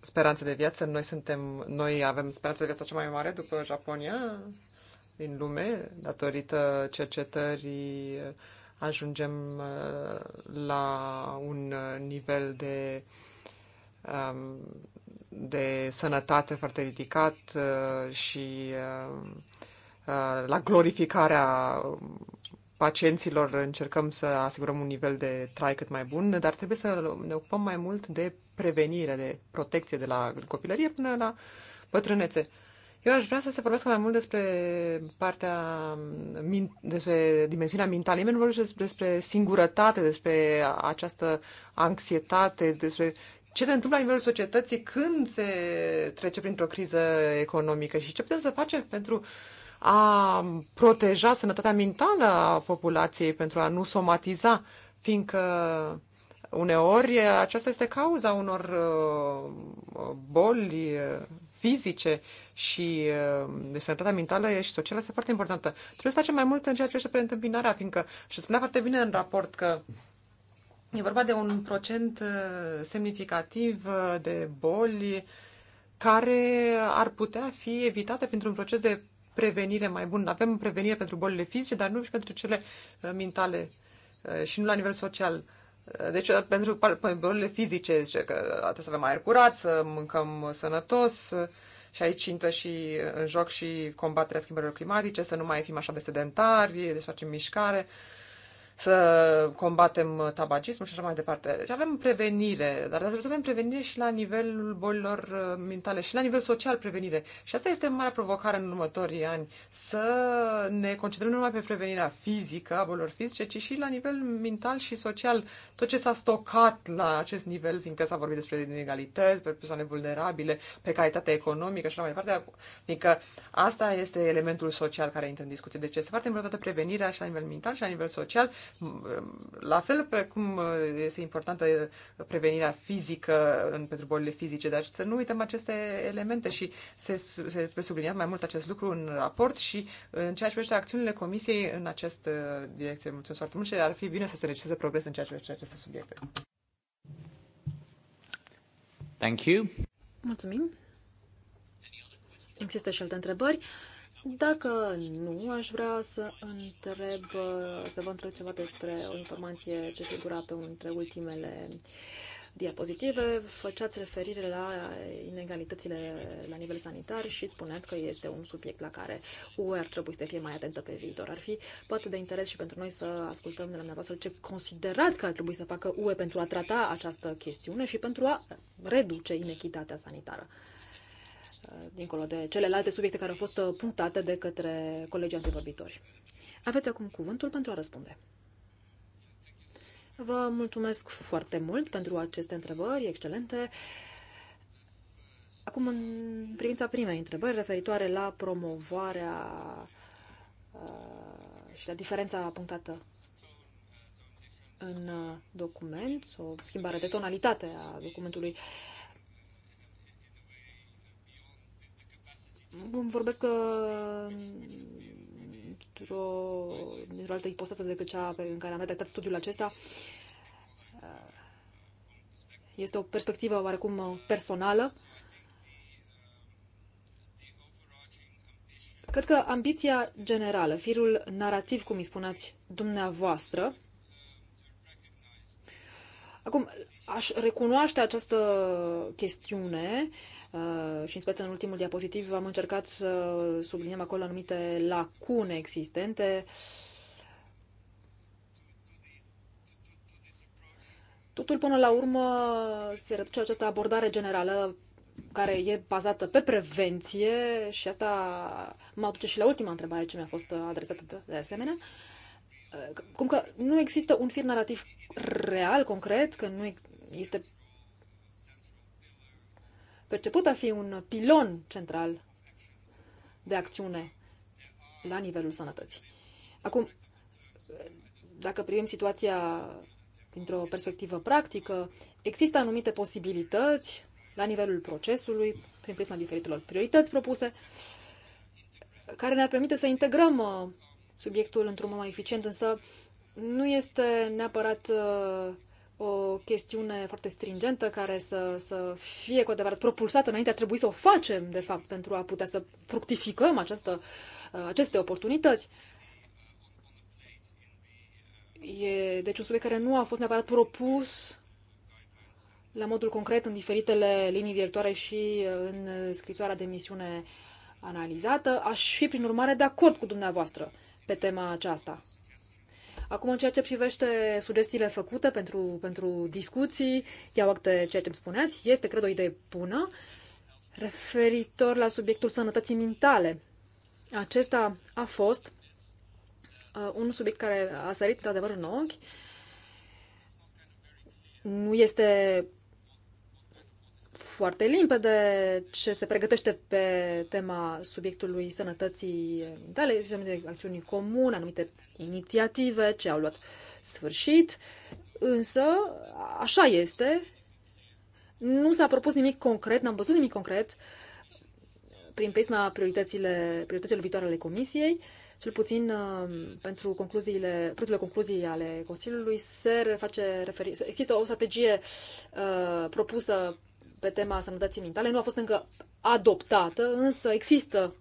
speranță de viață, noi suntem, noi avem speranța de viață cea mai mare după Japonia, din lume, datorită cercetării ajungem uh, la un uh, nivel de, um, de sănătate foarte ridicat uh, și la glorificarea pacienților încercăm să asigurăm un nivel de trai cât mai bun, dar trebuie să ne ocupăm mai mult de prevenire, de protecție de la copilărie până la bătrânețe. Eu aș vrea să se vorbească mai mult despre partea, despre dimensiunea mentală. Nimeni nu vorbește despre singurătate, despre această anxietate, despre ce se întâmplă la nivelul societății când se trece printr-o criză economică și ce putem să facem pentru a proteja sănătatea mentală a populației, pentru a nu somatiza, fiindcă uneori aceasta este cauza unor uh, boli uh, fizice și uh, de sănătatea mentală și socială este foarte importantă. Trebuie să facem mai mult în ceea ce privește preîntâmpinarea, fiindcă, și spunea foarte bine în raport că e vorba de un procent uh, semnificativ uh, de boli care ar putea fi evitate printr-un proces de prevenire mai bun. Avem prevenire pentru bolile fizice, dar nu și pentru cele mentale și nu la nivel social. Deci, uh, pentru bolile fizice, zice că trebuie să avem aer curat, să mâncăm sănătos uh, și aici intră și uh, în joc și combaterea schimbărilor climatice, să nu mai fim așa de sedentari, deci facem mișcare. Uh, să combatem tabacismul și așa mai departe. Deci avem prevenire, dar trebuie să avem prevenire și la nivelul bolilor uh, mentale și la nivel social prevenire. Și asta este marea provocare în următorii ani, să ne concentrăm nu numai pe prevenirea fizică a bolilor fizice, ci și la nivel mental și social, tot ce s-a stocat la acest nivel, fiindcă s-a vorbit despre inegalități, pe persoane vulnerabile, pe calitatea economică și așa mai departe, fiindcă asta este elementul social care intră în discuție. Deci este foarte importantă prevenirea și la nivel mental și la nivel social la fel pe cum uh, este importantă uh, prevenirea fizică pentru bolile fizice, dar să nu uităm aceste elemente și se, se presublinia mai mult acest lucru în raport și în ceea ce privește acțiunile Comisiei în această uh, direcție. Mulțumesc foarte mult și ar fi bine să se registreze progres în ceea ce privește aceste subiecte. Thank you. Mulțumim. Există și alte întrebări. Dacă nu, aș vrea să întreb, să vă întreb ceva despre o informație ce figura pe unul dintre ultimele diapozitive. Făceați referire la inegalitățile la nivel sanitar și spuneați că este un subiect la care UE ar trebui să fie mai atentă pe viitor. Ar fi poate de interes și pentru noi să ascultăm de la dumneavoastră ce considerați că ar trebui să facă UE pentru a trata această chestiune și pentru a reduce inechitatea sanitară dincolo de celelalte subiecte care au fost uh, punctate de către colegii antevorbitori. Aveți acum cuvântul pentru a răspunde. Vă mulțumesc foarte mult pentru aceste întrebări excelente. Acum, în privința primei întrebări, referitoare la promovarea uh, și la diferența punctată în uh, document, o schimbare de tonalitate a documentului. Uh, Bun, vorbesc uh, într-o, într o altă ipostază decât cea pe, în care am redactat studiul acesta. Uh, este o perspectivă oarecum personală. Cred că ambiția generală, firul narrativ, cum îi spuneați dumneavoastră, acum aș recunoaște această chestiune uh, Uh, și în speță în ultimul diapozitiv am încercat să subliniem acolo anumite lacune existente. Totul până la urmă se reduce această abordare generală care e bazată pe prevenție și asta mă aduce și la ultima întrebare ce mi-a fost adresată de asemenea. Uh, cum că nu există un fir narrativ real, concret, că nu este perceput a fi un pilon central de acțiune la nivelul sănătății. Acum, dacă privim situația dintr-o perspectivă practică, există anumite posibilități la nivelul procesului, prin prisma diferitelor priorități propuse, care ne-ar permite să integrăm uh, subiectul într-un mod mai eficient, însă nu este neapărat uh, o chestiune foarte stringentă care să, să fie cu adevărat propulsată înainte, ar trebui să o facem, de fapt, pentru a putea să fructificăm această, uh, aceste oportunități. E, deci, un subiect care nu a fost neapărat propus la modul concret în diferitele linii directoare și uh, în scrisoarea de misiune analizată. Aș fi, prin urmare, de acord cu dumneavoastră pe tema aceasta. Acum, în ceea ce privește sugestiile făcute pentru, pentru discuții, iau acte ceea ce îmi spuneați, este, cred, o idee bună, referitor la subiectul sănătății mentale. Acesta a fost uh, un subiect care a sărit, într-adevăr, în ochi. Nu este foarte limpede ce se pregătește pe tema subiectului sănătății mentale. Există anumite acțiuni comune, anumite inițiative ce au luat sfârșit, însă așa este. Nu s-a propus nimic concret, n-am văzut nimic concret prin prisma prioritățile, priorităților viitoare ale Comisiei cel puțin uh, pentru concluziile, pentru concluzii ale Consiliului, se face referi, există o strategie uh, propusă pe tema sănătății mentale nu a fost încă adoptată, însă există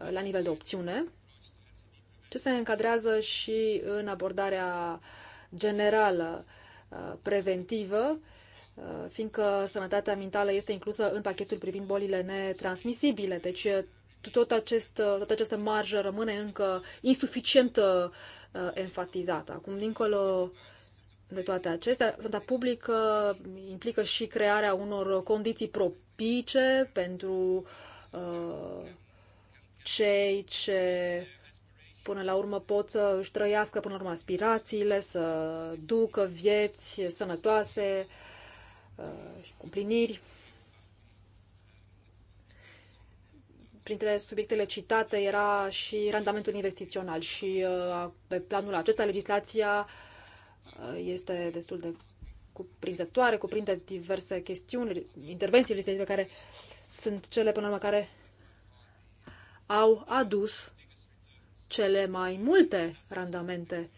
uh, la nivel de opțiune, ce se încadrează și în abordarea generală uh, preventivă, uh, fiindcă sănătatea mentală este inclusă în pachetul privind bolile netransmisibile. Deci tot acest, toată această marjă rămâne încă insuficient enfatizată. Acum, dincolo uh, de toate acestea. Sfânta publică uh, implică și crearea unor condiții propice pentru uh, cei ce până la urmă pot să își trăiască până la urmă aspirațiile, să ducă vieți sănătoase uh, și cumpliniri. printre subiectele citate era și randamentul investițional și uh, pe planul acesta legislația Uh, este destul de cuprinzătoare, cuprinde diverse chestiuni, intervenții legislative care sunt cele până la urmă care au adus cele mai multe randamente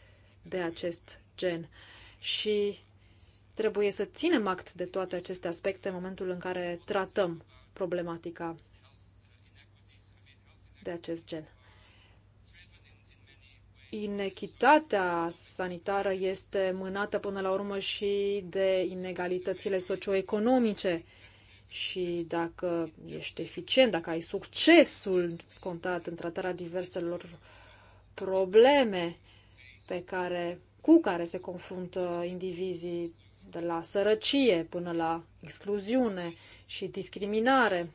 de acest gen. Și trebuie să ținem act de toate aceste aspecte în momentul în care tratăm problematica de acest gen inechitatea sanitară este mânată până la urmă și de inegalitățile socioeconomice. Și dacă ești eficient, dacă ai succesul scontat în tratarea diverselor probleme pe care, cu care se confruntă indivizii de la sărăcie până la excluziune și discriminare.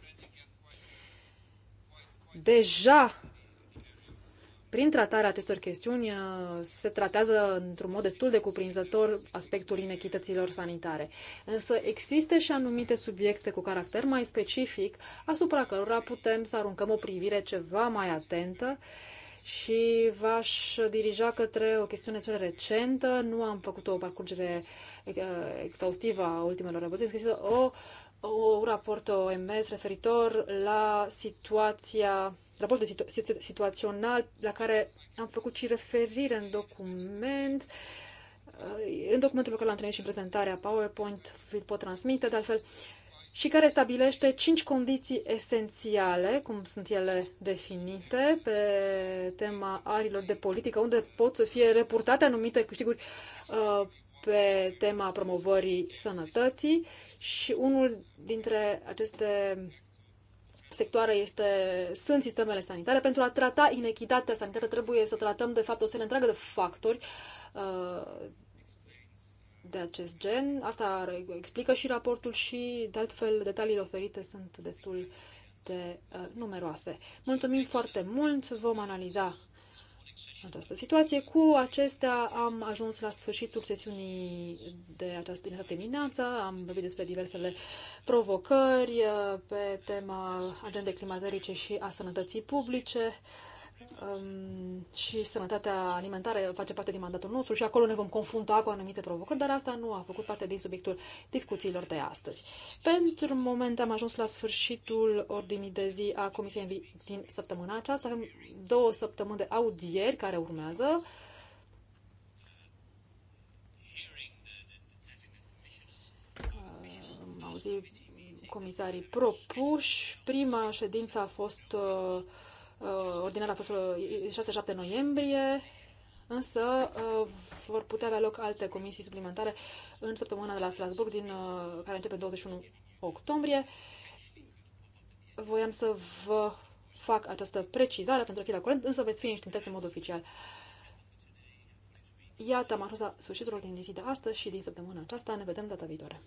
Deja prin tratarea acestor chestiuni uh, se tratează într-un mod destul de cuprinzător aspectul inechităților sanitare. Însă există și anumite subiecte cu caracter mai specific asupra cărora putem să aruncăm o privire ceva mai atentă și v-aș dirija către o chestiune cel recentă. Nu am făcut o parcurgere uh, exhaustivă a ultimelor revoluții, există o, o raport OMS referitor la situația raport situ- situ- situațional la care am făcut și referire în document, uh, în documentul pe care l-am trăit și în prezentarea PowerPoint, vi pot transmite, de altfel, și care stabilește cinci condiții esențiale, cum sunt ele definite, pe tema arilor de politică, unde pot să fie reportate anumite câștiguri uh, pe tema promovării sănătății și unul dintre aceste sectoare este, sunt sistemele sanitare. Pentru a trata inechitatea sanitară trebuie să tratăm, de fapt, o serie întreagă de factori uh, de acest gen. Asta explică și raportul și, de altfel, detaliile oferite sunt destul de uh, numeroase. Mulțumim foarte mult, vom analiza această situație. Cu acestea am ajuns la sfârșitul sesiunii de această, din această dimineață. Am vorbit despre diversele provocări uh, pe tema agendei climaterice și a sănătății publice um, și sănătatea alimentară face parte din mandatul nostru și acolo ne vom confrunta cu anumite provocări, dar asta nu a făcut parte din subiectul discuțiilor de astăzi. Pentru moment am ajuns la sfârșitul ordinii de zi a Comisiei din săptămâna aceasta. Avem două săptămâni de audieri care urmează. Am auzit comisarii propuși. Prima ședință a fost uh, Uh, ordinarea a fost 6-7 uh, noiembrie, însă uh, vor putea avea loc alte comisii suplimentare în săptămâna de la Strasburg, din, care începe 21 octombrie. Voiam să vă fac această precizare pentru a fi la curent, însă veți fi niște în mod oficial. Iată, am ajuns la sfârșitul din zi de astăzi și din săptămâna aceasta. Ne vedem data viitoare.